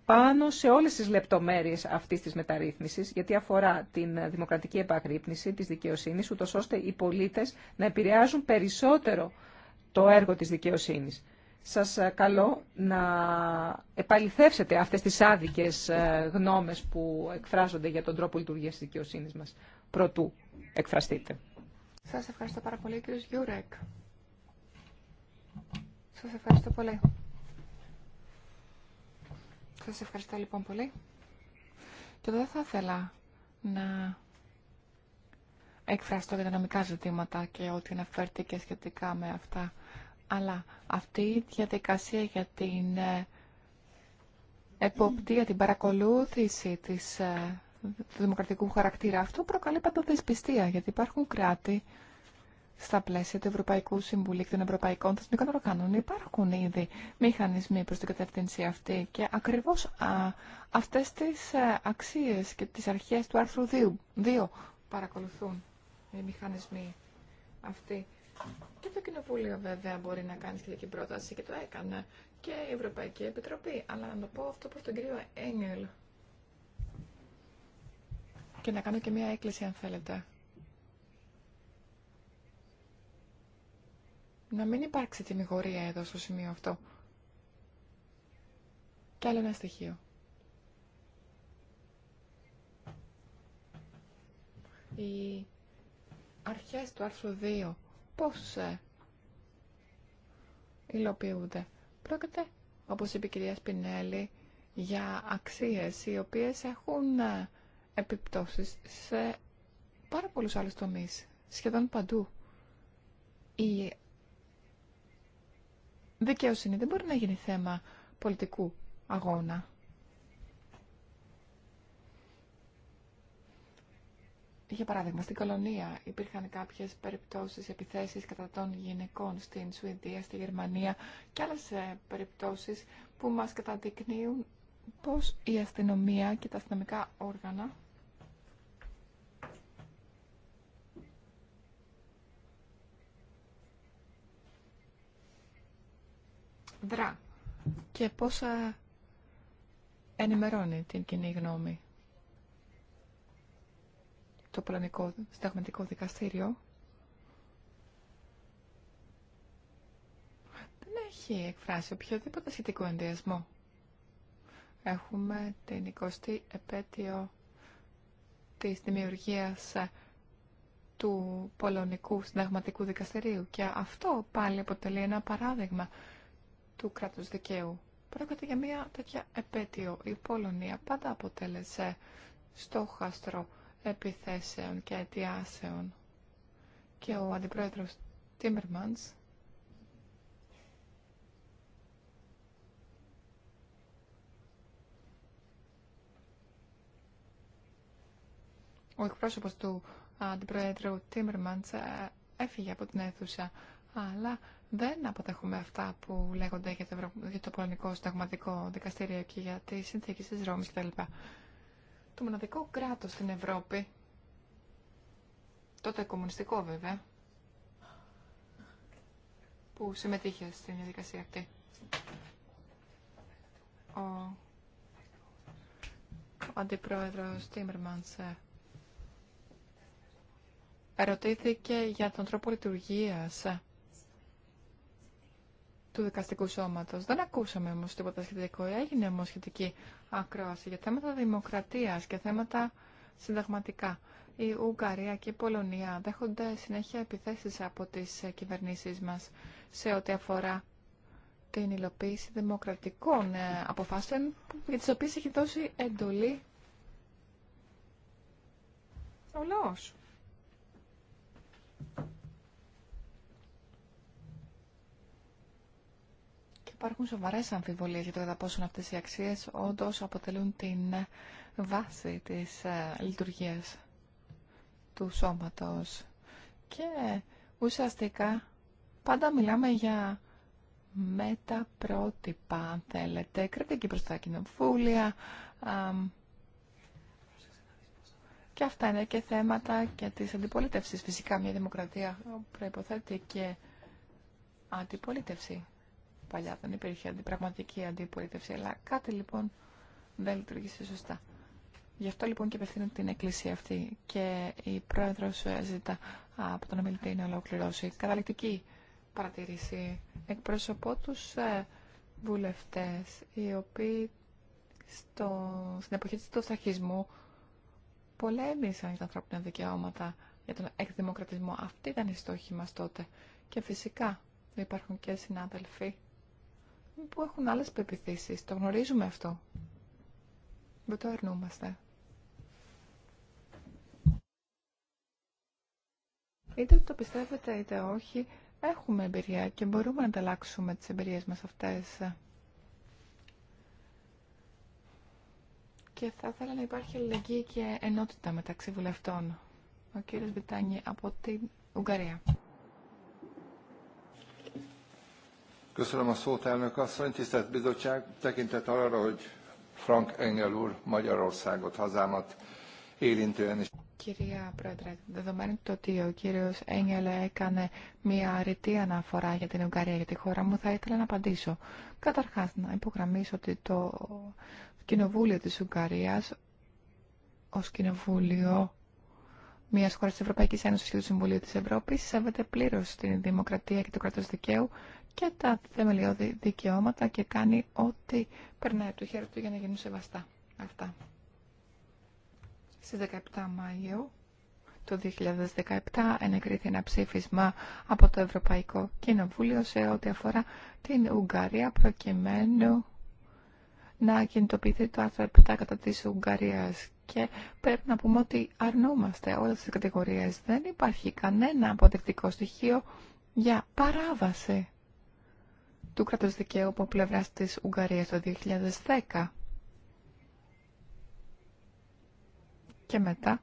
πάνω σε όλες τις λεπτομέρειες αυτής της μεταρρύθμισης, γιατί αφορά την δημοκρατική επαγρύπνηση της δικαιοσύνης, ούτως ώστε οι πολίτες να επηρεάζουν περισσότερο το έργο της δικαιοσύνης. Σας ε, καλώ να επαληθεύσετε αυτές τις άδικες γνώμες που εκφράζονται για τον τρόπο λειτουργίας της δικαιοσύνης μας. Προτού εκφραστείτε. Σας ευχαριστώ πάρα πολύ, κύριος Γιούρεκ. Σας ευχαριστώ πολύ. Σας ευχαριστώ λοιπόν πολύ. Και δεν θα ήθελα να εκφραστώ για τα νομικά ζητήματα και ό,τι αναφέρθηκε σχετικά με αυτά. Αλλά αυτή η διαδικασία για την ε, εποπτεία, την παρακολούθηση της ε, του δημοκρατικού χαρακτήρα αυτό προκαλεί πάντα δυσπιστία, γιατί υπάρχουν κράτη στα πλαίσια του Ευρωπαϊκού Συμβουλίου και των Ευρωπαϊκών Θεσμικών Οργάνων. Υπάρχουν ήδη μηχανισμοί προ την κατεύθυνση αυτή και ακριβώ αυτέ τι ε, αξίε και τι αρχές του άρθρου 2, παρακολουθούν οι μηχανισμοί αυτοί. Και το Κοινοβούλιο βέβαια μπορεί να κάνει σχετική πρόταση και το έκανε και η Ευρωπαϊκή Επιτροπή. Αλλά να το πω αυτό προ τον κύριο Έγγελ και να κάνω και μία έκκληση αν θέλετε. Να μην υπάρξει τιμιγορία εδώ στο σημείο αυτό. Και άλλο ένα στοιχείο. Οι αρχές του άρθρου 2 πώς ε, υλοποιούνται. Πρόκειται, όπως είπε η κυρία Σπινέλη, για αξίες οι οποίες έχουν ε, επιπτώσεις σε πάρα πολλούς άλλους τομείς, σχεδόν παντού. Η δικαιοσύνη δεν μπορεί να γίνει θέμα πολιτικού αγώνα. Για παράδειγμα, στην Κολονία υπήρχαν κάποιες περιπτώσεις επιθέσεις κατά των γυναικών στην Σουηδία, στη Γερμανία και άλλες ε, περιπτώσεις που μας καταδεικνύουν πώς η αστυνομία και τα αστυνομικά όργανα δρά και πόσα ε, ενημερώνει την κοινή γνώμη. Το Πολωνικό Συνταγματικό Δικαστήριο δεν έχει εκφράσει οποιοδήποτε σχετικό ενδιασμό. Έχουμε την 20η επέτειο της δημιουργίας ε, του Πολωνικού Συνταγματικού Δικαστηρίου και αυτό πάλι αποτελεί ένα παράδειγμα του κράτους δικαίου. Πρόκειται για μια τέτοια επέτειο. Η Πολωνία πάντα αποτέλεσε στόχαστρο επιθέσεων και αιτιάσεων. Και ο αντιπρόεδρος Τίμερμαντς ο εκπρόσωπος του αντιπρόεδρου Τίμερμαντς ε, έφυγε από την αίθουσα, αλλά δεν αποτέχουμε αυτά που λέγονται για το, για το Πολωνικό Συνταγματικό Δικαστήριο και για τη συνθήκε τη Ρώμη κτλ. Το μοναδικό κράτο στην Ευρώπη, τότε κομμουνιστικό βέβαια, που συμμετείχε στην διαδικασία αυτή. Ο αντιπρόεδρος Τίμερμανς. Ε, ερωτήθηκε για τον τρόπο λειτουργίας ε, του δικαστικού σώματος. Δεν ακούσαμε όμως τίποτα σχετικό. Έγινε όμως σχετική ακρόαση για θέματα δημοκρατίας και θέματα συνταγματικά. Η Ουγγαρία και η Πολωνία δέχονται συνέχεια επιθέσεις από τις κυβερνήσεις μας σε ό,τι αφορά την υλοποίηση δημοκρατικών ε, αποφάσεων για τις οποίες έχει δώσει εντολή ο λαός. υπάρχουν σοβαρέ αμφιβολίε για το κατά πόσον αυτές οι αξίες όντω αποτελούν την βάση της ε, λειτουργίας του σώματος. Και ουσιαστικά πάντα μιλάμε για μεταπρότυπα, αν θέλετε, κριτική προς τα κοινοβούλια. Και αυτά είναι και θέματα και της αντιπολίτευσης. Φυσικά μια δημοκρατία προϋποθέτει και αντιπολίτευση παλιά δεν υπήρχε πραγματική αντιπολίτευση, αλλά κάτι λοιπόν δεν λειτουργήσε σωστά. Γι' αυτό λοιπόν και απευθύνω την εκκλησία αυτή και η πρόεδρος ε, ζητά από τον ομιλητή να ολοκληρώσει. Καταληκτική παρατηρήση. Εκπροσωπώ του ε, βουλευτές οι οποίοι στο, στην εποχή του σταχισμού πολέμησαν για τα ανθρώπινα δικαιώματα, για τον εκδημοκρατισμό. Αυτή ήταν η στόχη μας τότε. Και φυσικά υπάρχουν και συνάδελφοι που έχουν άλλες πεπιθήσεις. Το γνωρίζουμε αυτό. Δεν το αρνούμαστε. Είτε το πιστεύετε είτε όχι, έχουμε εμπειρία και μπορούμε να ανταλλάξουμε τις εμπειρίες μας αυτές. Και θα ήθελα να υπάρχει αλληλεγγύη και ενότητα μεταξύ βουλευτών. Ο κύριος Βιτάνη από την Ουγγαρία. Köszönöm a szót, elnök asszony. Tisztelt bizottság, tekintet arra, hogy Frank Engel úr Magyarországot, hazámat érintően is. Κυρία Πρόεδρε, δεδομένου το ότι ο κύριο Έγγελε έκανε μια ρητή αναφορά για την Ουγγαρία για τη χώρα μου, θα ήθελα να απαντήσω. Καταρχά, να υπογραμμίσω ότι το Κοινοβούλιο τη Ουγγαρία ω Κοινοβούλιο μια χώρα τη Ευρωπαϊκή Ένωση και του Συμβουλίου τη Ευρώπη σέβεται πλήρω την δημοκρατία και το κράτο δικαίου και τα θεμελιώδη δικαιώματα και κάνει ό,τι περνάει από το χέρι του για να γίνουν σεβαστά αυτά. Στις 17 Μαΐου το 2017 ενεκρίθη ένα ψήφισμα από το Ευρωπαϊκό Κοινοβούλιο σε ό,τι αφορά την Ουγγαρία προκειμένου να κινητοποιηθεί το άρθρο 7 κατά της Ουγγαρίας και πρέπει να πούμε ότι αρνούμαστε όλες τις κατηγορίες. Δεν υπάρχει κανένα αποδεκτικό στοιχείο για παράβαση του κρατούς δικαίου από πλευρά της Ουγγαρίας το 2010. Και μετά,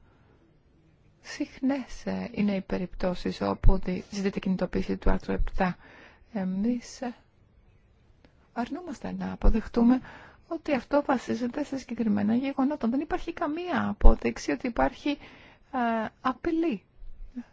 συχνές ε, είναι οι περιπτώσεις όπου ζητείται κινητοποίηση του άρθρου 7. Εμείς ε, αρνούμαστε να αποδεχτούμε ότι αυτό βασίζεται σε συγκεκριμένα γεγονότα. Δεν υπάρχει καμία απόδειξη ότι υπάρχει ε, απειλή,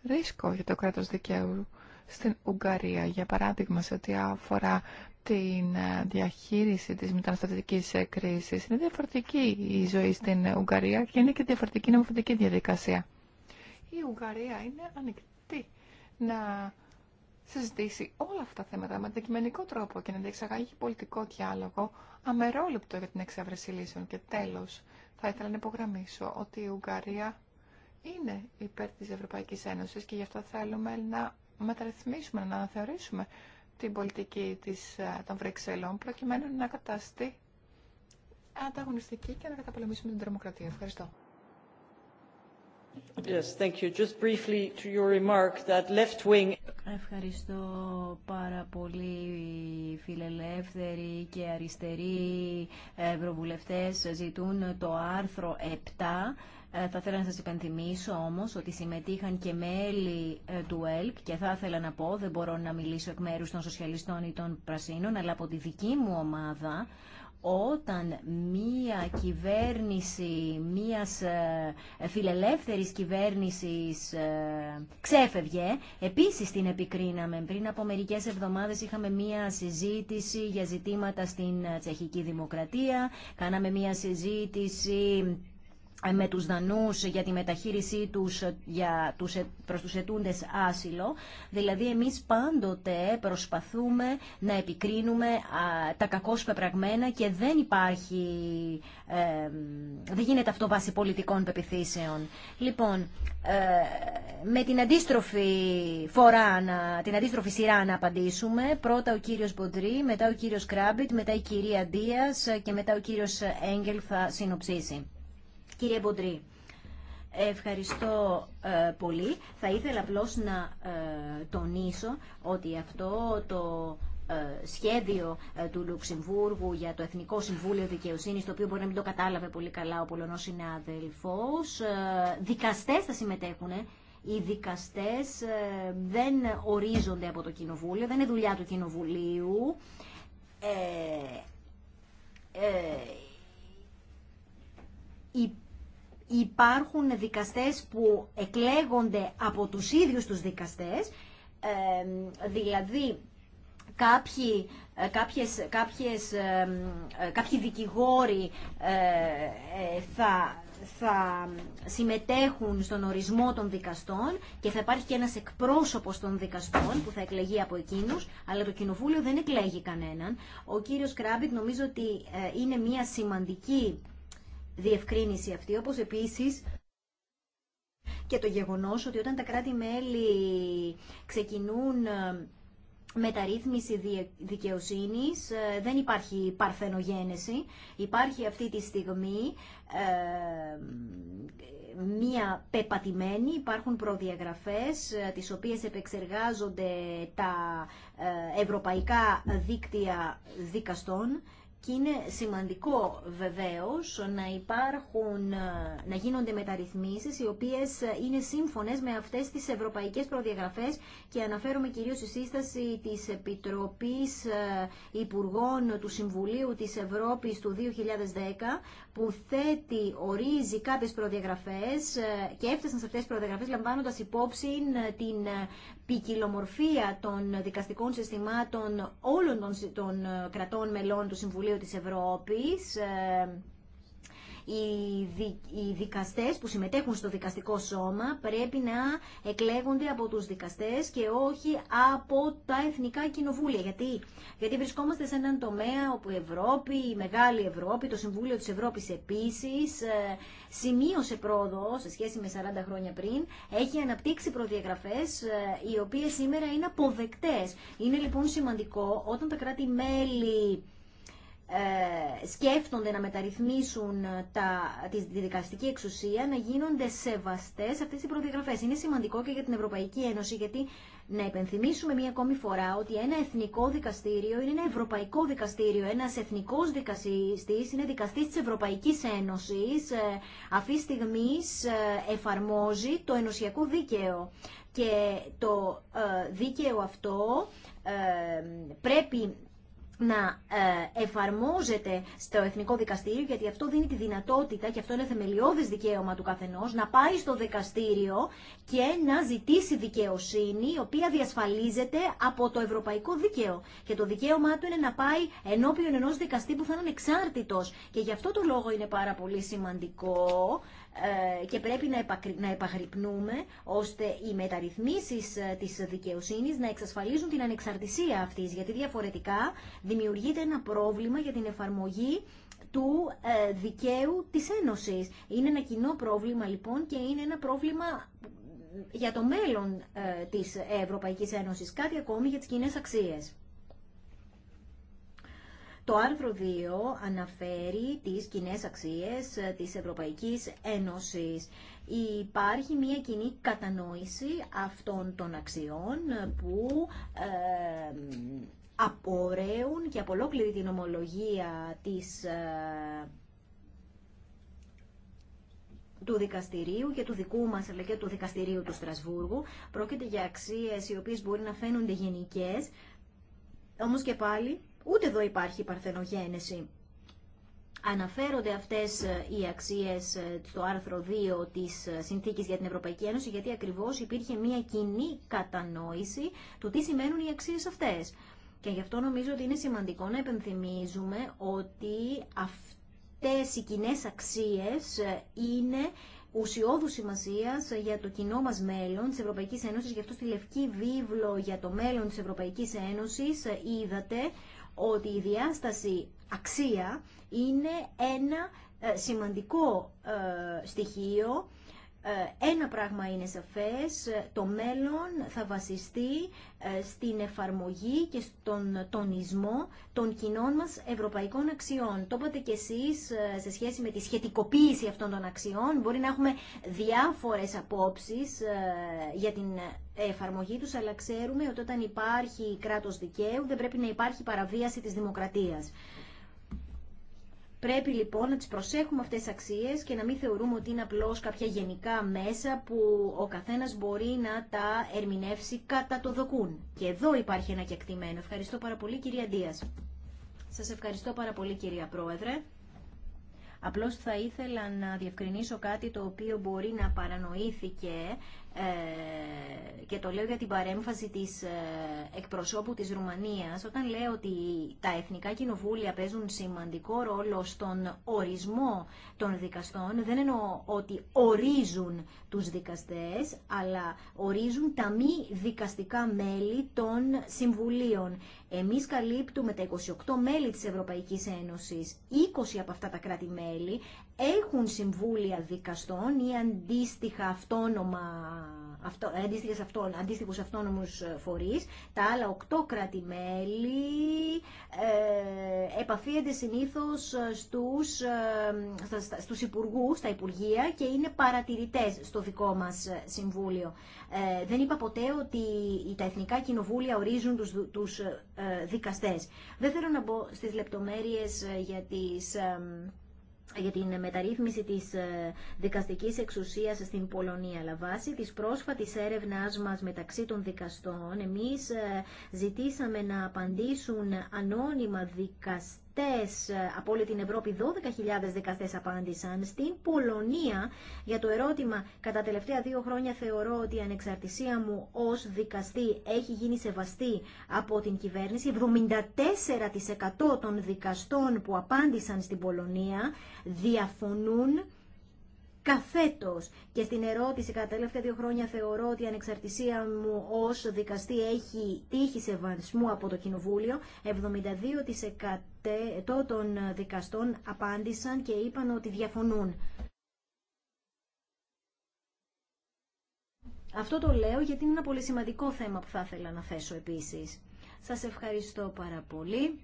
ρίσκο για το κράτος δικαίου στην Ουγγαρία, για παράδειγμα, σε ό,τι αφορά την ε, διαχείριση της μεταναστευτικής ε, κρίσης. Είναι διαφορετική η ζωή στην Ουγγαρία και είναι και διαφορετική νομοθετική διαδικασία. Η Ουγγαρία είναι ανοιχτή να συζητήσει όλα αυτά τα θέματα με αντικειμενικό τρόπο και να διεξαγάγει πολιτικό διάλογο αμερόληπτο για την εξέβρεση λύσεων. Και τέλος, θα ήθελα να υπογραμμίσω ότι η Ουγγαρία είναι υπέρ της Ευρωπαϊκής Ένωσης και γι' αυτό θέλουμε να μεταρρυθμίσουμε, να αναθεωρήσουμε την πολιτική της, ε, των Βρυξελών προκειμένου να καταστεί ανταγωνιστική και να καταπολεμήσουμε την τρομοκρατία. Ευχαριστώ. Yes, thank you. Just briefly to your remark that left wing... Ευχαριστώ πάρα πολύ φιλελεύθεροι και αριστεροί ε, ευρωβουλευτές ζητούν το άρθρο 7 ε, θα ήθελα να σας υπενθυμίσω όμως ότι συμμετείχαν και μέλη ε, του ΕΛΚ και θα ήθελα να πω, δεν μπορώ να μιλήσω εκ μέρους των σοσιαλιστών ή των πρασίνων, αλλά από τη δική μου ομάδα, όταν μία κυβέρνηση, μίας ε, φιλελεύθερης κυβέρνησης ξέφευγε, επίσης την επικρίναμε. Πριν από μερικές εβδομάδες είχαμε μία συζήτηση για ζητήματα στην τσεχική δημοκρατία, κάναμε μία συζήτηση ε, με τους Δανούς για τη μεταχείρισή τους ε, για τους, ε, προς τους ετούντες άσυλο. Δηλαδή εμείς πάντοτε προσπαθούμε να επικρίνουμε τα κακώς πεπραγμένα και δεν υπάρχει, δεν γίνεται αυτό βάσει πολιτικών πεπιθήσεων. Λοιπόν, με την αντίστροφη φορά, να, την αντίστροφη σειρά να απαντήσουμε. Πρώτα ο κύριος Μποντρή, μετά ο κύριος Κράμπιτ, μετά η κυρία Δίας και μετά ο κύριος Έγγελ θα συνοψίσει. Κύριε Μποντρή, ευχαριστώ ε, πολύ. Θα ήθελα απλώς να ε, τονίσω ότι αυτό το ε, σχέδιο του Λουξεμβούργου για το Εθνικό Συμβούλιο Δικαιοσύνης, το οποίο μπορεί να μην το κατάλαβε πολύ καλά ο Πολωνός συνάδελφος. Δικαστές θα συμμετέχουν. Οι δικαστές δεν ορίζονται από το Κοινοβούλιο, δεν είναι δουλειά του Κοινοβουλίου. Ε, ε, υπάρχουν δικαστές που εκλέγονται από τους ίδιους τους δικαστές, δηλαδή κάποιοι, ε, κάποιες, κάποιες, ε, κάποιοι δικηγόροι ε, θα, θα συμμετέχουν στον ορισμό των δικαστών και θα υπάρχει και ένας εκπρόσωπος των δικαστών που θα εκλεγεί από εκείνους, αλλά το Κοινοβούλιο δεν εκλέγει κανέναν. Ο κύριος Κράμπιτ νομίζω ότι είναι μια σημαντική διευκρίνηση αυτή, όπως επίσης και το γεγονός ότι όταν τα κράτη-μέλη ξεκινούν ε, μεταρρύθμιση δικαιοσύνης, ε, δεν υπάρχει παρθενογένεση, υπάρχει αυτή τη στιγμή ε, μία πεπατημένη, υπάρχουν προδιαγραφές τις οποίες επεξεργάζονται τα ευρωπαϊκά δίκτυα δικαστών και είναι σημαντικό βεβαίως να υπάρχουν, ε, να γίνονται μεταρρυθμίσεις οι οποίες ε, είναι σύμφωνες με αυτές τις ευρωπαϊκές προδιαγραφές και αναφέρομαι κυρίως στη σύσταση της Επιτροπής ε, Υπουργών του Συμβουλίου της Ευρώπης του 2010 που θέτει, ορίζει κάποιες προδιαγραφές και έφτασαν σε αυτές τις προδιαγραφές λαμβάνοντας υπόψη την ποικιλομορφία των δικαστικών συστημάτων όλων των κρατών μελών του Συμβουλίου της Ευρώπης ε, οι δικαστές που συμμετέχουν στο δικαστικό σώμα πρέπει να εκλέγονται από τους δικαστές και όχι από τα εθνικά κοινοβούλια. Γιατί, Γιατί βρισκόμαστε σε έναν τομέα όπου η Ευρώπη, η Μεγάλη Ευρώπη, το Συμβούλιο της Ευρώπης επίσης ε, σημείωσε πρόοδο σε σχέση με 40 χρόνια πριν, έχει αναπτύξει προδιαγραφές ε, οι οποίες σήμερα είναι αποδεκτές. Είναι λοιπόν σημαντικό όταν τα κράτη-μέλη ε, σκέφτονται να μεταρρυθμίσουν τα, τη δικαστική εξουσία να γίνονται σεβαστές αυτές οι προδιαγραφέ. Είναι σημαντικό και για την Ευρωπαϊκή Ένωση γιατί να υπενθυμίσουμε μία ακόμη φορά ότι ένα εθνικό δικαστήριο είναι ένα ευρωπαϊκό δικαστήριο. Ένας εθνικός δικαστής είναι δικαστής της Ευρωπαϊκής Ένωσης. Ε, αυτή τη στιγμή ε, εφαρμόζει το ενωσιακό δίκαιο. Και το δίκαιο αυτό πρέπει να ε, εφαρμόζεται στο Εθνικό Δικαστήριο, γιατί αυτό δίνει τη δυνατότητα, και αυτό είναι θεμελιώδης δικαίωμα του καθενός, να πάει στο δικαστήριο και να ζητήσει δικαιοσύνη, η οποία διασφαλίζεται από το ευρωπαϊκό δίκαιο. Και το δικαίωμά του είναι να πάει ενώπιον ενός δικαστή που θα είναι εξάρτητος. Και γι' αυτό το λόγο είναι πάρα πολύ σημαντικό ε, και πρέπει να επαγρυπνούμε ώστε οι μεταρρυθμίσεις ε, της δικαιοσύνης να εξασφαλίζουν την ανεξαρτησία αυτής, γιατί διαφορετικά δημιουργείται ένα πρόβλημα για την εφαρμογή του ε, δικαίου της Ένωσης. Είναι ένα κοινό πρόβλημα λοιπόν και είναι ένα πρόβλημα για το μέλλον της Ευρωπαϊκής Ένωσης. Κάτι ακόμη για τις κοινέ αξίες. Το άρθρο 2 αναφέρει τις κοινέ αξίες ε, της Ευρωπαϊκής Ένωσης. Υπάρχει μια κοινή κατανόηση αυτών των αξιών που ε, απορρέουν και από την ομολογία της ε, του δικαστηρίου και του δικού μας αλλά και του δικαστηρίου του Στρασβούργου. Πρόκειται για αξίες οι οποίες μπορεί να φαίνονται γενικές, όμως και πάλι Ούτε εδώ υπάρχει παρθενογένεση. Αναφέρονται αυτές ε, οι αξίες ε, στο άρθρο 2 της ε, Συνθήκης για την Ευρωπαϊκή Ένωση γιατί ακριβώς υπήρχε μια κοινή κατανόηση του τι σημαίνουν οι αξίες αυτές. Και γι' αυτό νομίζω ότι είναι σημαντικό να επενθυμίζουμε ότι αυτές οι κοινέ αξίες είναι ουσιώδου σημασία για το κοινό μα μέλλον τη Ευρωπαϊκή Ένωση. Γι' αυτό στη Λευκή Βίβλο για το μέλλον τη Ευρωπαϊκή Ένωση είδατε ότι η διάσταση αξία είναι ένα ε, σημαντικό ε, στοιχείο ε, ένα πράγμα είναι σαφές, το μέλλον θα βασιστεί ε, στην εφαρμογή και στον τονισμό των κοινών μας ευρωπαϊκών αξιών. Το είπατε και εσείς ε, σε σχέση με τη σχετικοποίηση αυτών των αξιών. Μπορεί να έχουμε διάφορες απόψεις για την εφαρμογή τους, αλλά ξέρουμε ότι όταν υπάρχει κράτος δικαίου δεν πρέπει να υπάρχει παραβίαση της δημοκρατίας. Πρέπει λοιπόν να τις προσέχουμε αυτές τις αξίες και να μην θεωρούμε ότι είναι απλώς κάποια γενικά μέσα που ο καθένας μπορεί να τα ερμηνεύσει κατά το δοκούν. Και εδώ υπάρχει ένα κεκτημένο. Ευχαριστώ πάρα πολύ κυρία Ντίας. Σας ευχαριστώ πάρα πολύ κυρία Πρόεδρε. Απλώς θα ήθελα να διευκρινίσω κάτι το οποίο μπορεί να παρανοήθηκε ε, και το λέω για την παρέμφαση της ε, εκπροσώπου της Ρουμανίας, όταν λέω ότι τα εθνικά κοινοβούλια παίζουν σημαντικό ρόλο στον ορισμό των δικαστών, δεν εννοώ ότι ορίζουν τους δικαστές, αλλά ορίζουν τα μη δικαστικά μέλη των συμβουλίων. Εμείς καλύπτουμε τα 28 μέλη της Ευρωπαϊκής Ένωσης, 20 από αυτά τα κράτη-μέλη, έχουν συμβούλια δικαστών ή αντίστοιχα αυτόνομα αυτό, αντίστοιχους αυτόνομους ε, φορείς. Τα άλλα οκτώ ε, επαφίεται συνήθως ε, στους, ε, στα, στους υπουργούς, στα υπουργεία και είναι παρατηρητές στο δικό μας συμβούλιο. δεν είπα ποτέ ότι τα εθνικά κοινοβούλια ορίζουν τους, τους δικαστές. Δεν θέλω να μπω στις λεπτομέρειες για τις για την μεταρρύθμιση της ε, δικαστικής εξουσίας στην Πολωνία. Αλλά βάσει της πρόσφατης έρευνάς μας μεταξύ των δικαστών, εμείς ε, ζητήσαμε να απαντήσουν ανώνυμα δικαστές ε, από όλη την Ευρώπη, 12.000 δικαστές απάντησαν. Στην Πολωνία για το ερώτημα «Κατά τελευταία δύο χρόνια θεωρώ ότι η ανεξαρτησία μου ως δικαστή έχει γίνει σεβαστή από την κυβέρνηση». 74% των δικαστών που απάντησαν στην Πολωνία διαφωνούν καθέτος. Και στην ερώτηση κατά τελευταία δύο χρόνια θεωρώ ότι η ανεξαρτησία μου ως δικαστή έχει σε σεβασμού από το Κοινοβούλιο. 72% των δικαστών απάντησαν και είπαν ότι διαφωνούν. Αυτό το λέω γιατί είναι ένα πολύ σημαντικό θέμα που θα ήθελα να θέσω επίσης. Σας ευχαριστώ πάρα πολύ.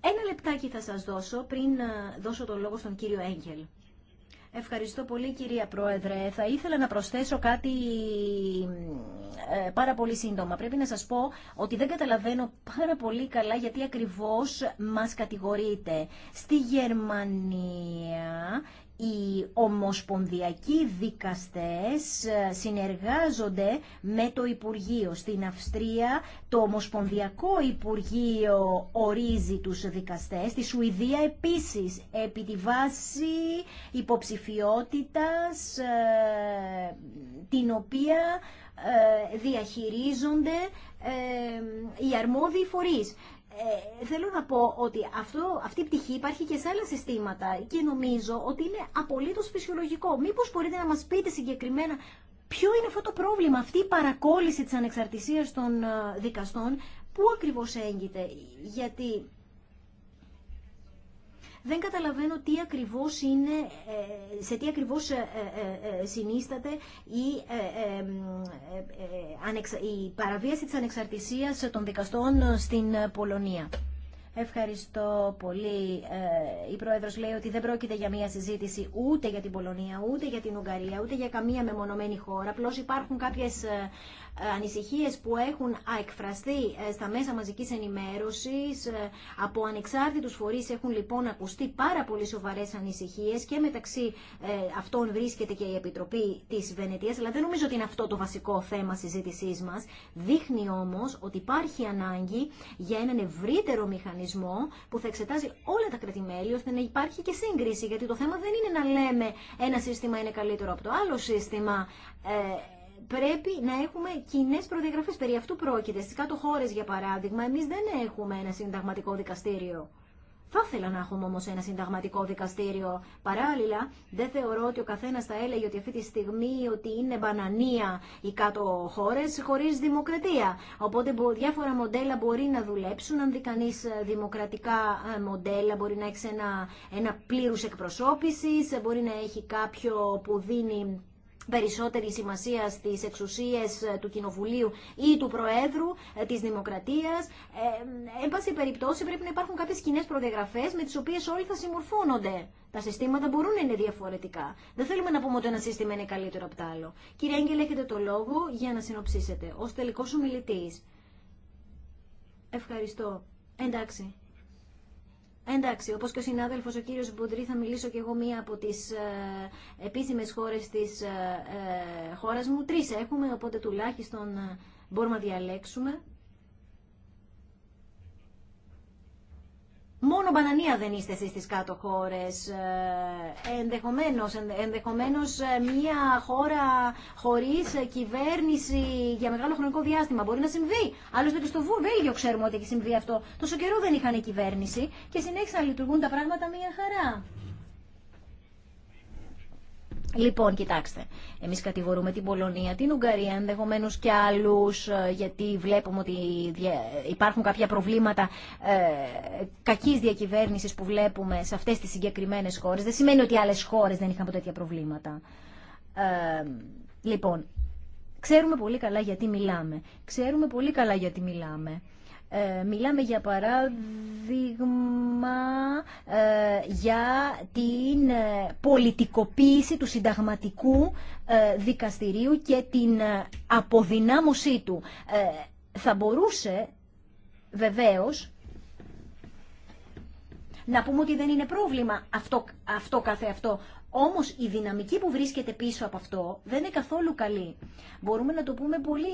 Ένα λεπτάκι θα σας δώσω πριν ε, δώσω το λόγο στον κύριο Έγγελ. Ευχαριστώ πολύ κυρία Πρόεδρε. Θα ήθελα να προσθέσω κάτι ε, πάρα πολύ σύντομα. Πρέπει να σας πω ότι δεν καταλαβαίνω πάρα πολύ καλά γιατί ακριβώς μας κατηγορείτε. Στη Γερμανία οι ομοσπονδιακοί δικαστές ε, συνεργάζονται με το Υπουργείο. Στην Αυστρία το Ομοσπονδιακό Υπουργείο ορίζει τους δικαστές, στη Σουηδία επίσης επί τη βάση υποψηφιότητας ε, την οποία ε, διαχειρίζονται οι αρμόδιοι φορείς. Ε, θέλω να πω ότι αυτό, αυτή η πτυχή υπάρχει και σε άλλα συστήματα και νομίζω ότι είναι απολύτως φυσιολογικό. Μήπως μπορείτε να μας πείτε συγκεκριμένα ποιο είναι αυτό το πρόβλημα, αυτή η παρακόλληση της ανεξαρτησίας των ε, δικαστών, πού ακριβώς έγκυται. Γιατί δεν καταλαβαίνω τι ακριβώς είναι, ε, σε τι ακριβώς ε, ε, συνίσταται η, η παραβίαση της ανεξαρτησίας των δικαστών στην Πολωνία. Ευχαριστώ πολύ. Η Πρόεδρος λέει ότι δεν πρόκειται για μια συζήτηση ούτε για την Πολωνία, ούτε για την Ουγγαρία, ούτε για καμία μεμονωμένη χώρα. Απλώς υπάρχουν κάποιες ανησυχίες που έχουν εκφραστεί ε, στα μέσα μαζικής ενημέρωσης ε, από ανεξάρτητους φορείς έχουν λοιπόν ακουστεί πάρα πολύ σοβαρές ανησυχίες και μεταξύ ε, αυτών βρίσκεται και η Επιτροπή της Βενετίας αλλά δεν νομίζω ότι είναι αυτό το βασικό θέμα συζήτησής μας δείχνει όμως ότι υπάρχει ανάγκη για έναν ευρύτερο μηχανισμό που θα εξετάζει όλα τα κρατημέλη ώστε να υπάρχει και σύγκριση γιατί το θέμα δεν είναι να λέμε ένα σύστημα είναι καλύτερο από το άλλο σύστημα πρέπει να έχουμε κοινέ προδιαγραφέ. Περί αυτού πρόκειται. Στι κάτω χώρε, για παράδειγμα, εμεί δεν έχουμε ένα συνταγματικό δικαστήριο. Θα ήθελα να έχουμε όμω ένα συνταγματικό δικαστήριο. Παράλληλα, δεν θεωρώ ότι ο καθένα θα έλεγε ότι αυτή τη στιγμή ότι είναι μπανανία οι κάτω χώρε χωρί δημοκρατία. Οπότε διάφορα μοντέλα μπορεί να δουλέψουν. Αν δει κανεί ε, δημοκρατικά ε, μοντέλα, μπορεί να έχει ένα, ένα πλήρου εκπροσώπηση, ε, μπορεί να έχει κάποιο που δίνει περισσότερη σημασία στις εξουσίες ε, του Κοινοβουλίου ή του Προέδρου ε, της Δημοκρατίας. Ε, ε, εν πάση περιπτώσει πρέπει να υπάρχουν κάποιες κοινέ προδιαγραφές με τις οποίες όλοι θα συμμορφώνονται. Τα συστήματα μπορούν να είναι διαφορετικά. Δεν θέλουμε να πούμε ότι ένα σύστημα είναι καλύτερο από το άλλο. Κύριε Έγγελ, έχετε το λόγο για να συνοψίσετε. ως τελικό ομιλητή. Ευχαριστώ. Εντάξει. Εντάξει, όπως και ο συνάδελφος ο κύριος Μποντρή θα μιλήσω και εγώ μία από τις ε, επίσημες χώρες της ε, ε, χώρας μου. Τρεις έχουμε, οπότε τουλάχιστον μπορούμε να διαλέξουμε. Μόνο μπανανία δεν είστε εσείς στις κάτω χώρες. Ε, ενδεχομένως, ενδεχομένως ε, μια χώρα χωρίς ε, κυβέρνηση για μεγάλο χρονικό διάστημα μπορεί να συμβεί. Άλλωστε και στο Βέλγιο ξέρουμε ότι έχει συμβεί αυτό. Τόσο καιρό δεν είχαν κυβέρνηση και συνέχισαν να λειτουργούν τα πράγματα μια χαρά. Λοιπόν, κοιτάξτε, εμείς κατηγορούμε την Πολωνία, την Ουγγαρία, ενδεχομένως και άλλους, ε, γιατί βλέπουμε ότι υπάρχουν κάποια προβλήματα ε, κακής διακυβέρνησης που βλέπουμε σε αυτές τις συγκεκριμένες χώρες. Δεν σημαίνει ότι άλλες χώρες δεν είχαν ποτέ τέτοια προβλήματα. Ε, λοιπόν, ξέρουμε πολύ καλά γιατί μιλάμε. Ξέρουμε πολύ καλά γιατί μιλάμε. Ε, μιλάμε για παράδειγμα ε, για την ε, πολιτικοποίηση του συνταγματικού δικαστηρίου και την αποδυνάμωσή του. Θα μπορούσε βεβαίως να πούμε ότι δεν είναι πρόβλημα αυτό, αυτό καθε αυτό. Όμως η δυναμική που βρίσκεται πίσω από αυτό δεν είναι καθόλου καλή. Μπορούμε να το πούμε πολύ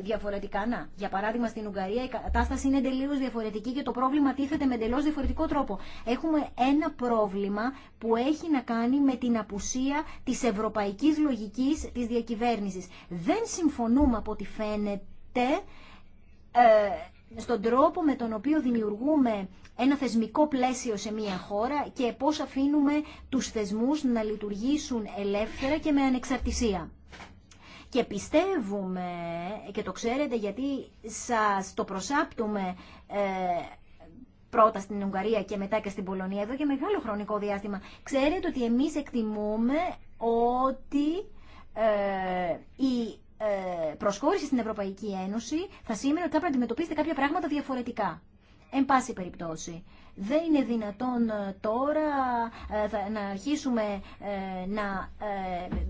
διαφορετικά. Να, για παράδειγμα στην Ουγγαρία η κατάσταση είναι τελείως διαφορετική και το πρόβλημα τίθεται με εντελώ διαφορετικό τρόπο. Έχουμε ένα πρόβλημα που έχει να κάνει με την απουσία τη ευρωπαϊκής λογικής τη διακυβέρνηση. Δεν συμφωνούμε από ό,τι φαίνεται... Ε, στον τρόπο με τον οποίο δημιουργούμε ένα θεσμικό πλαίσιο σε μία χώρα και πώς αφήνουμε τους θεσμούς να λειτουργήσουν ελεύθερα και με ανεξαρτησία. Και πιστεύουμε, και το ξέρετε γιατί σας το προσάπτουμε ε, πρώτα στην Ουγγαρία και μετά και στην Πολωνία εδώ και μεγάλο χρονικό διάστημα, ξέρετε ότι εμείς εκτιμούμε ότι ε, η ε, προσχώρηση στην Ευρωπαϊκή Ένωση θα σήμαινε ότι θα πρέπει να αντιμετωπίσετε κάποια πράγματα διαφορετικά. Εν πάση περιπτώσει, δεν είναι δυνατόν ε, τώρα ε, να αρχίσουμε να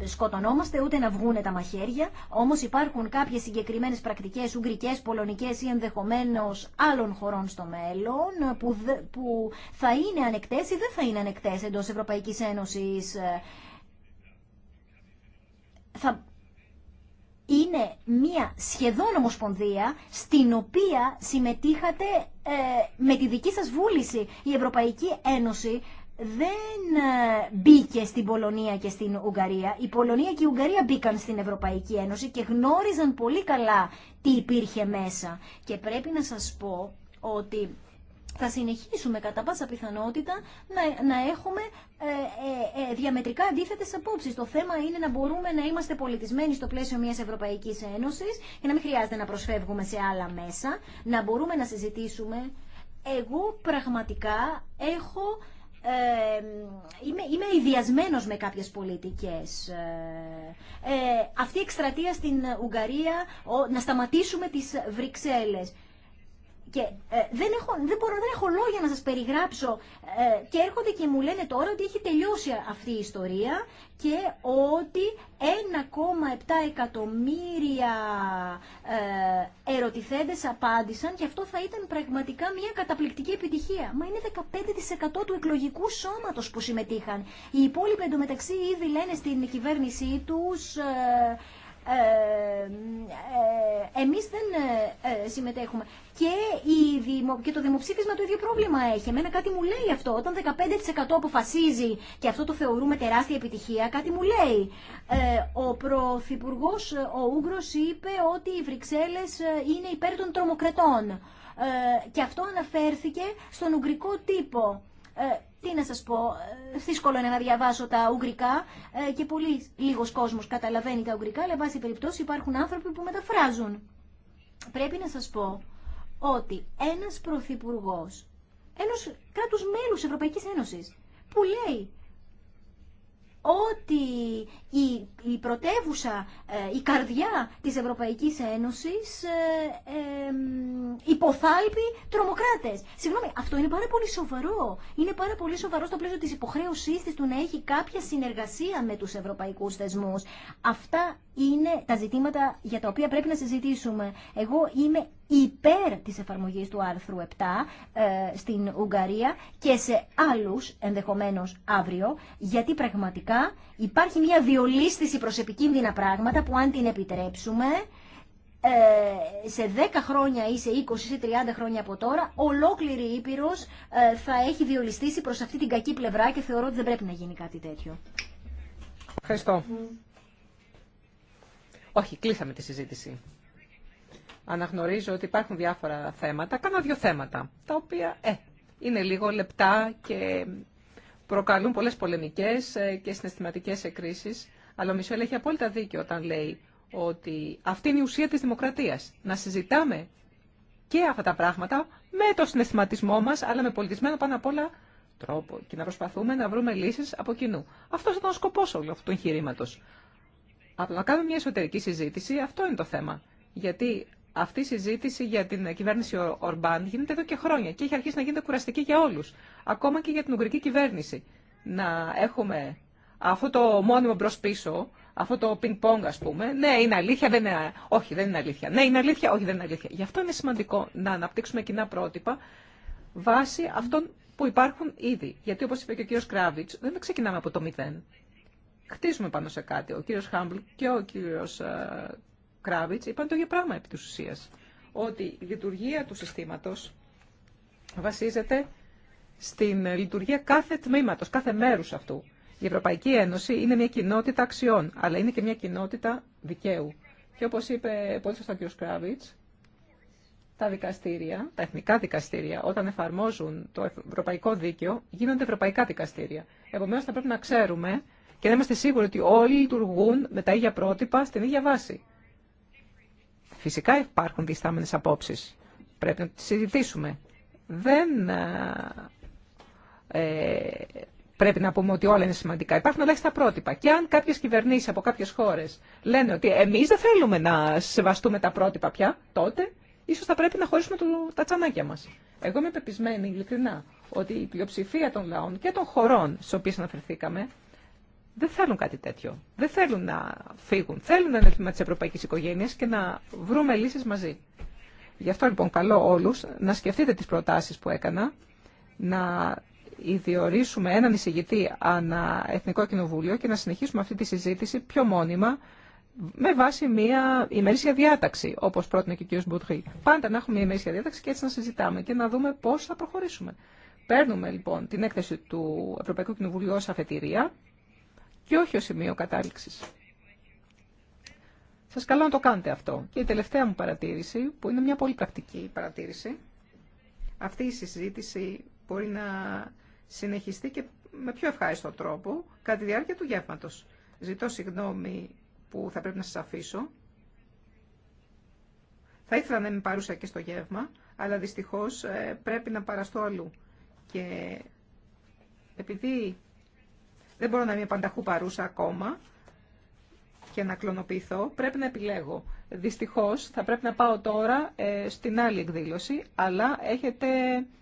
σκοτωνόμαστε ούτε να βγούνε τα μαχαίρια, όμως υπάρχουν κάποιες συγκεκριμένες πρακτικές ουγγρικές, πολωνικές ή ενδεχομένως άλλων χωρών στο μέλλον που θα είναι ανεκτές ή δεν θα είναι ανεκτές εντός Ευρωπαϊκής Ένωσης είναι μία σχεδόν ομοσπονδία στην οποία συμμετείχατε ε, με τη δική σας βούληση. Η Ευρωπαϊκή Ένωση δεν ε, μπήκε στην Πολωνία και στην Ουγγαρία. Η Πολωνία και η Ουγγαρία μπήκαν στην Ευρωπαϊκή Ένωση και γνώριζαν πολύ καλά τι υπήρχε μέσα. Και πρέπει να σας πω ότι θα συνεχίσουμε κατά πάσα πιθανότητα να, να έχουμε ε, ε, ε, διαμετρικά αντίθετε απόψει. Το θέμα είναι να μπορούμε να είμαστε πολιτισμένοι στο πλαίσιο μια Ευρωπαϊκή Ένωση και να μην χρειάζεται να προσφεύγουμε σε άλλα μέσα, να μπορούμε να συζητήσουμε. Εγώ πραγματικά έχω ε, είμαι, είμαι ιδιασμένος με κάποιες πολιτικές. Ε, αυτή η εκστρατεία στην Ουγγαρία, να σταματήσουμε τις Βρυξέλλες. Και ε, δεν, έχω, δεν, μπορώ, δεν έχω λόγια να σας περιγράψω. Ε, και έρχονται και μου λένε τώρα ότι έχει τελειώσει αυτή η ιστορία και ότι 1,7 εκατομμύρια ε, ερωτηθέντες απάντησαν και αυτό θα ήταν πραγματικά μια καταπληκτική επιτυχία. Μα είναι 15% του εκλογικού σώματος που συμμετείχαν. Οι υπόλοιποι εντωμεταξύ ήδη λένε στην κυβέρνησή τους... Ε, ε, ε, εμείς δεν ε, συμμετέχουμε. Και, η δημο... και το δημοψήφισμα το ίδιο πρόβλημα έχει. Εμένα κάτι μου λέει αυτό. Όταν 15% αποφασίζει και αυτό το θεωρούμε τεράστια επιτυχία, κάτι μου λέει. ο Πρωθυπουργό ο Ούγγρος είπε ότι οι Βρυξέλλες είναι υπέρ των τρομοκρατών. και αυτό αναφέρθηκε στον Ουγγρικό τύπο. Τι να σας πω, ε, δύσκολο είναι να διαβάσω τα ουγγρικά ε, και πολύ λίγος κόσμος καταλαβαίνει τα ουγγρικά, αλλά βάση περιπτώσει υπάρχουν άνθρωποι που μεταφράζουν. Πρέπει να σας πω ότι ένας πρωθυπουργό, ένας κράτους μέλους Ευρωπαϊκής Ένωσης, που λέει ότι η, η πρωτεύουσα, ε, η καρδιά της Ευρωπαϊκής Ένωσης ε, ε, υποθάλπει τρομοκράτες. Συγγνώμη, αυτό είναι πάρα πολύ σοβαρό. Είναι πάρα πολύ σοβαρό στο πλαίσιο της υποχρέωσής της του να έχει κάποια συνεργασία με τους ευρωπαϊκούς θεσμούς. Αυτά είναι τα ζητήματα για τα οποία πρέπει να συζητήσουμε. Εγώ είμαι υπέρ της εφαρμογής του άρθρου 7 ε, στην Ουγγαρία και σε άλλους ενδεχομένως αύριο γιατί πραγματικά υπάρχει μια διολίσθηση προς επικίνδυνα πράγματα που αν την επιτρέψουμε ε, σε 10 χρόνια ή σε 20 ή 30 χρόνια από τώρα ολόκληρη η Ήπειρος ε, θα έχει διολιστήσει προς αυτή την κακή πλευρά και θεωρώ ότι δεν πρέπει να γίνει κάτι τέτοιο. Ευχαριστώ. Mm. Όχι, κλείσαμε τη συζήτηση αναγνωρίζω ότι υπάρχουν διάφορα θέματα. κάνω δύο θέματα, τα οποία ε, είναι λίγο λεπτά και προκαλούν πολλές πολεμικές ε, και συναισθηματικές εκκρίσεις. Αλλά ο Μισελ έχει απόλυτα δίκιο όταν λέει ότι αυτή είναι η ουσία της δημοκρατίας. Να συζητάμε και αυτά τα πράγματα με το συναισθηματισμό μας, αλλά με πολιτισμένο πάνω απ' όλα τρόπο και να προσπαθούμε να βρούμε λύσεις από κοινού. Αυτός ήταν ο σκοπός όλου αυτού του εγχειρήματο. Από να κάνουμε μια εσωτερική συζήτηση, αυτό είναι το θέμα. Γιατί αυτή η συζήτηση για την κυβέρνηση Ορμπάν γίνεται εδώ και χρόνια και έχει αρχίσει να γίνεται κουραστική για όλους, ακόμα και για την Ουγγρική κυβέρνηση. Να έχουμε αυτό το μόνιμο μπρος-πίσω, αυτό το πινκ-πονγκ ας πούμε, ναι είναι αλήθεια, δεν είναι, όχι δεν είναι αλήθεια, ναι είναι αλήθεια, όχι δεν είναι αλήθεια. Γι' αυτό είναι σημαντικό να αναπτύξουμε κοινά πρότυπα βάσει αυτών που υπάρχουν ήδη. Γιατί όπως είπε και ο κύριος Κράβιτς, δεν ξεκινάμε από το μηδέν. Χτίζουμε πάνω σε κάτι. Ο κύριος Χάμπλ και ο κύριος ε, Κράβιτς είπαν το ίδιο πράγμα επί της ουσίας. Ότι η λειτουργία του συστήματος βασίζεται στην λειτουργία κάθε τμήματος, κάθε μέρους αυτού. Η Ευρωπαϊκή Ένωση είναι μια κοινότητα αξιών, αλλά είναι και μια κοινότητα δικαίου. Και όπως είπε πολύ σωστά ο κ. Κράβιτς, τα δικαστήρια, τα εθνικά δικαστήρια, όταν εφαρμόζουν το ευρωπαϊκό δίκαιο, γίνονται ευρωπαϊκά δικαστήρια. Επομένως θα πρέπει να ξέρουμε και να είμαστε σίγουροι ότι όλοι λειτουργούν με τα ίδια πρότυπα στην ίδια βάση. Φυσικά υπάρχουν διστάμενες απόψεις. Πρέπει να τις συζητήσουμε. Δεν ε, ε, πρέπει να πούμε ότι όλα είναι σημαντικά. Υπάρχουν ελάχιστα πρότυπα. Και αν κάποιες κυβερνήσεις από κάποιες χώρες λένε ότι εμείς δεν θέλουμε να σεβαστούμε τα πρότυπα πια, τότε ίσως θα πρέπει να χωρίσουμε το, τα τσανάκια μας. Εγώ είμαι πεπισμένη ειλικρινά ότι η πλειοψηφία των λαών και των χωρών στις οποίες αναφερθήκαμε δεν θέλουν κάτι τέτοιο. Δεν θέλουν να φύγουν. Θέλουν να είναι τμήμα τη ευρωπαϊκή οικογένεια και να βρούμε λύσει μαζί. Γι' αυτό λοιπόν καλώ όλου να σκεφτείτε τι προτάσει που έκανα, να ιδιορίσουμε έναν εισηγητή ανά Εθνικό Κοινοβούλιο και να συνεχίσουμε αυτή τη συζήτηση πιο μόνιμα με βάση μια ημερήσια διάταξη, όπω πρότεινε και ο κ. Μπουτρή. Πάντα να έχουμε μια ημερήσια διάταξη και έτσι να συζητάμε και να δούμε πώ θα προχωρήσουμε. Παίρνουμε λοιπόν την έκθεση του Ευρωπαϊκού Κοινοβουλίου ω αφετηρία και όχι ως σημείο κατάληξης. Σας καλώ να το κάνετε αυτό. Και η τελευταία μου παρατήρηση, που είναι μια πολύ πρακτική παρατήρηση, αυτή η συζήτηση μπορεί να συνεχιστεί και με πιο ευχάριστο τρόπο κατά τη διάρκεια του γεύματος. Ζητώ συγγνώμη που θα πρέπει να σας αφήσω. Θα ήθελα να είμαι παρούσα και στο γεύμα, αλλά δυστυχώς ε, πρέπει να παραστώ αλλού. Και επειδή δεν μπορώ να είμαι πανταχού παρούσα ακόμα και να κλωνοποιηθώ. Πρέπει να επιλέγω. Δυστυχώς θα πρέπει να πάω τώρα ε, στην άλλη εκδήλωση, αλλά έχετε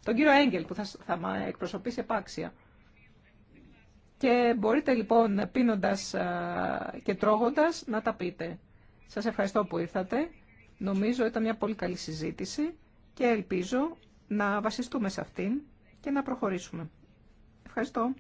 τον κύριο Έγγελ που θα, θα με εκπροσωπήσει επάξια. Και μπορείτε λοιπόν πίνοντας και τρώγοντας να τα πείτε. Σας ευχαριστώ που ήρθατε. Νομίζω ήταν μια πολύ καλή συζήτηση και ελπίζω να βασιστούμε σε αυτήν και να προχωρήσουμε. Ευχαριστώ.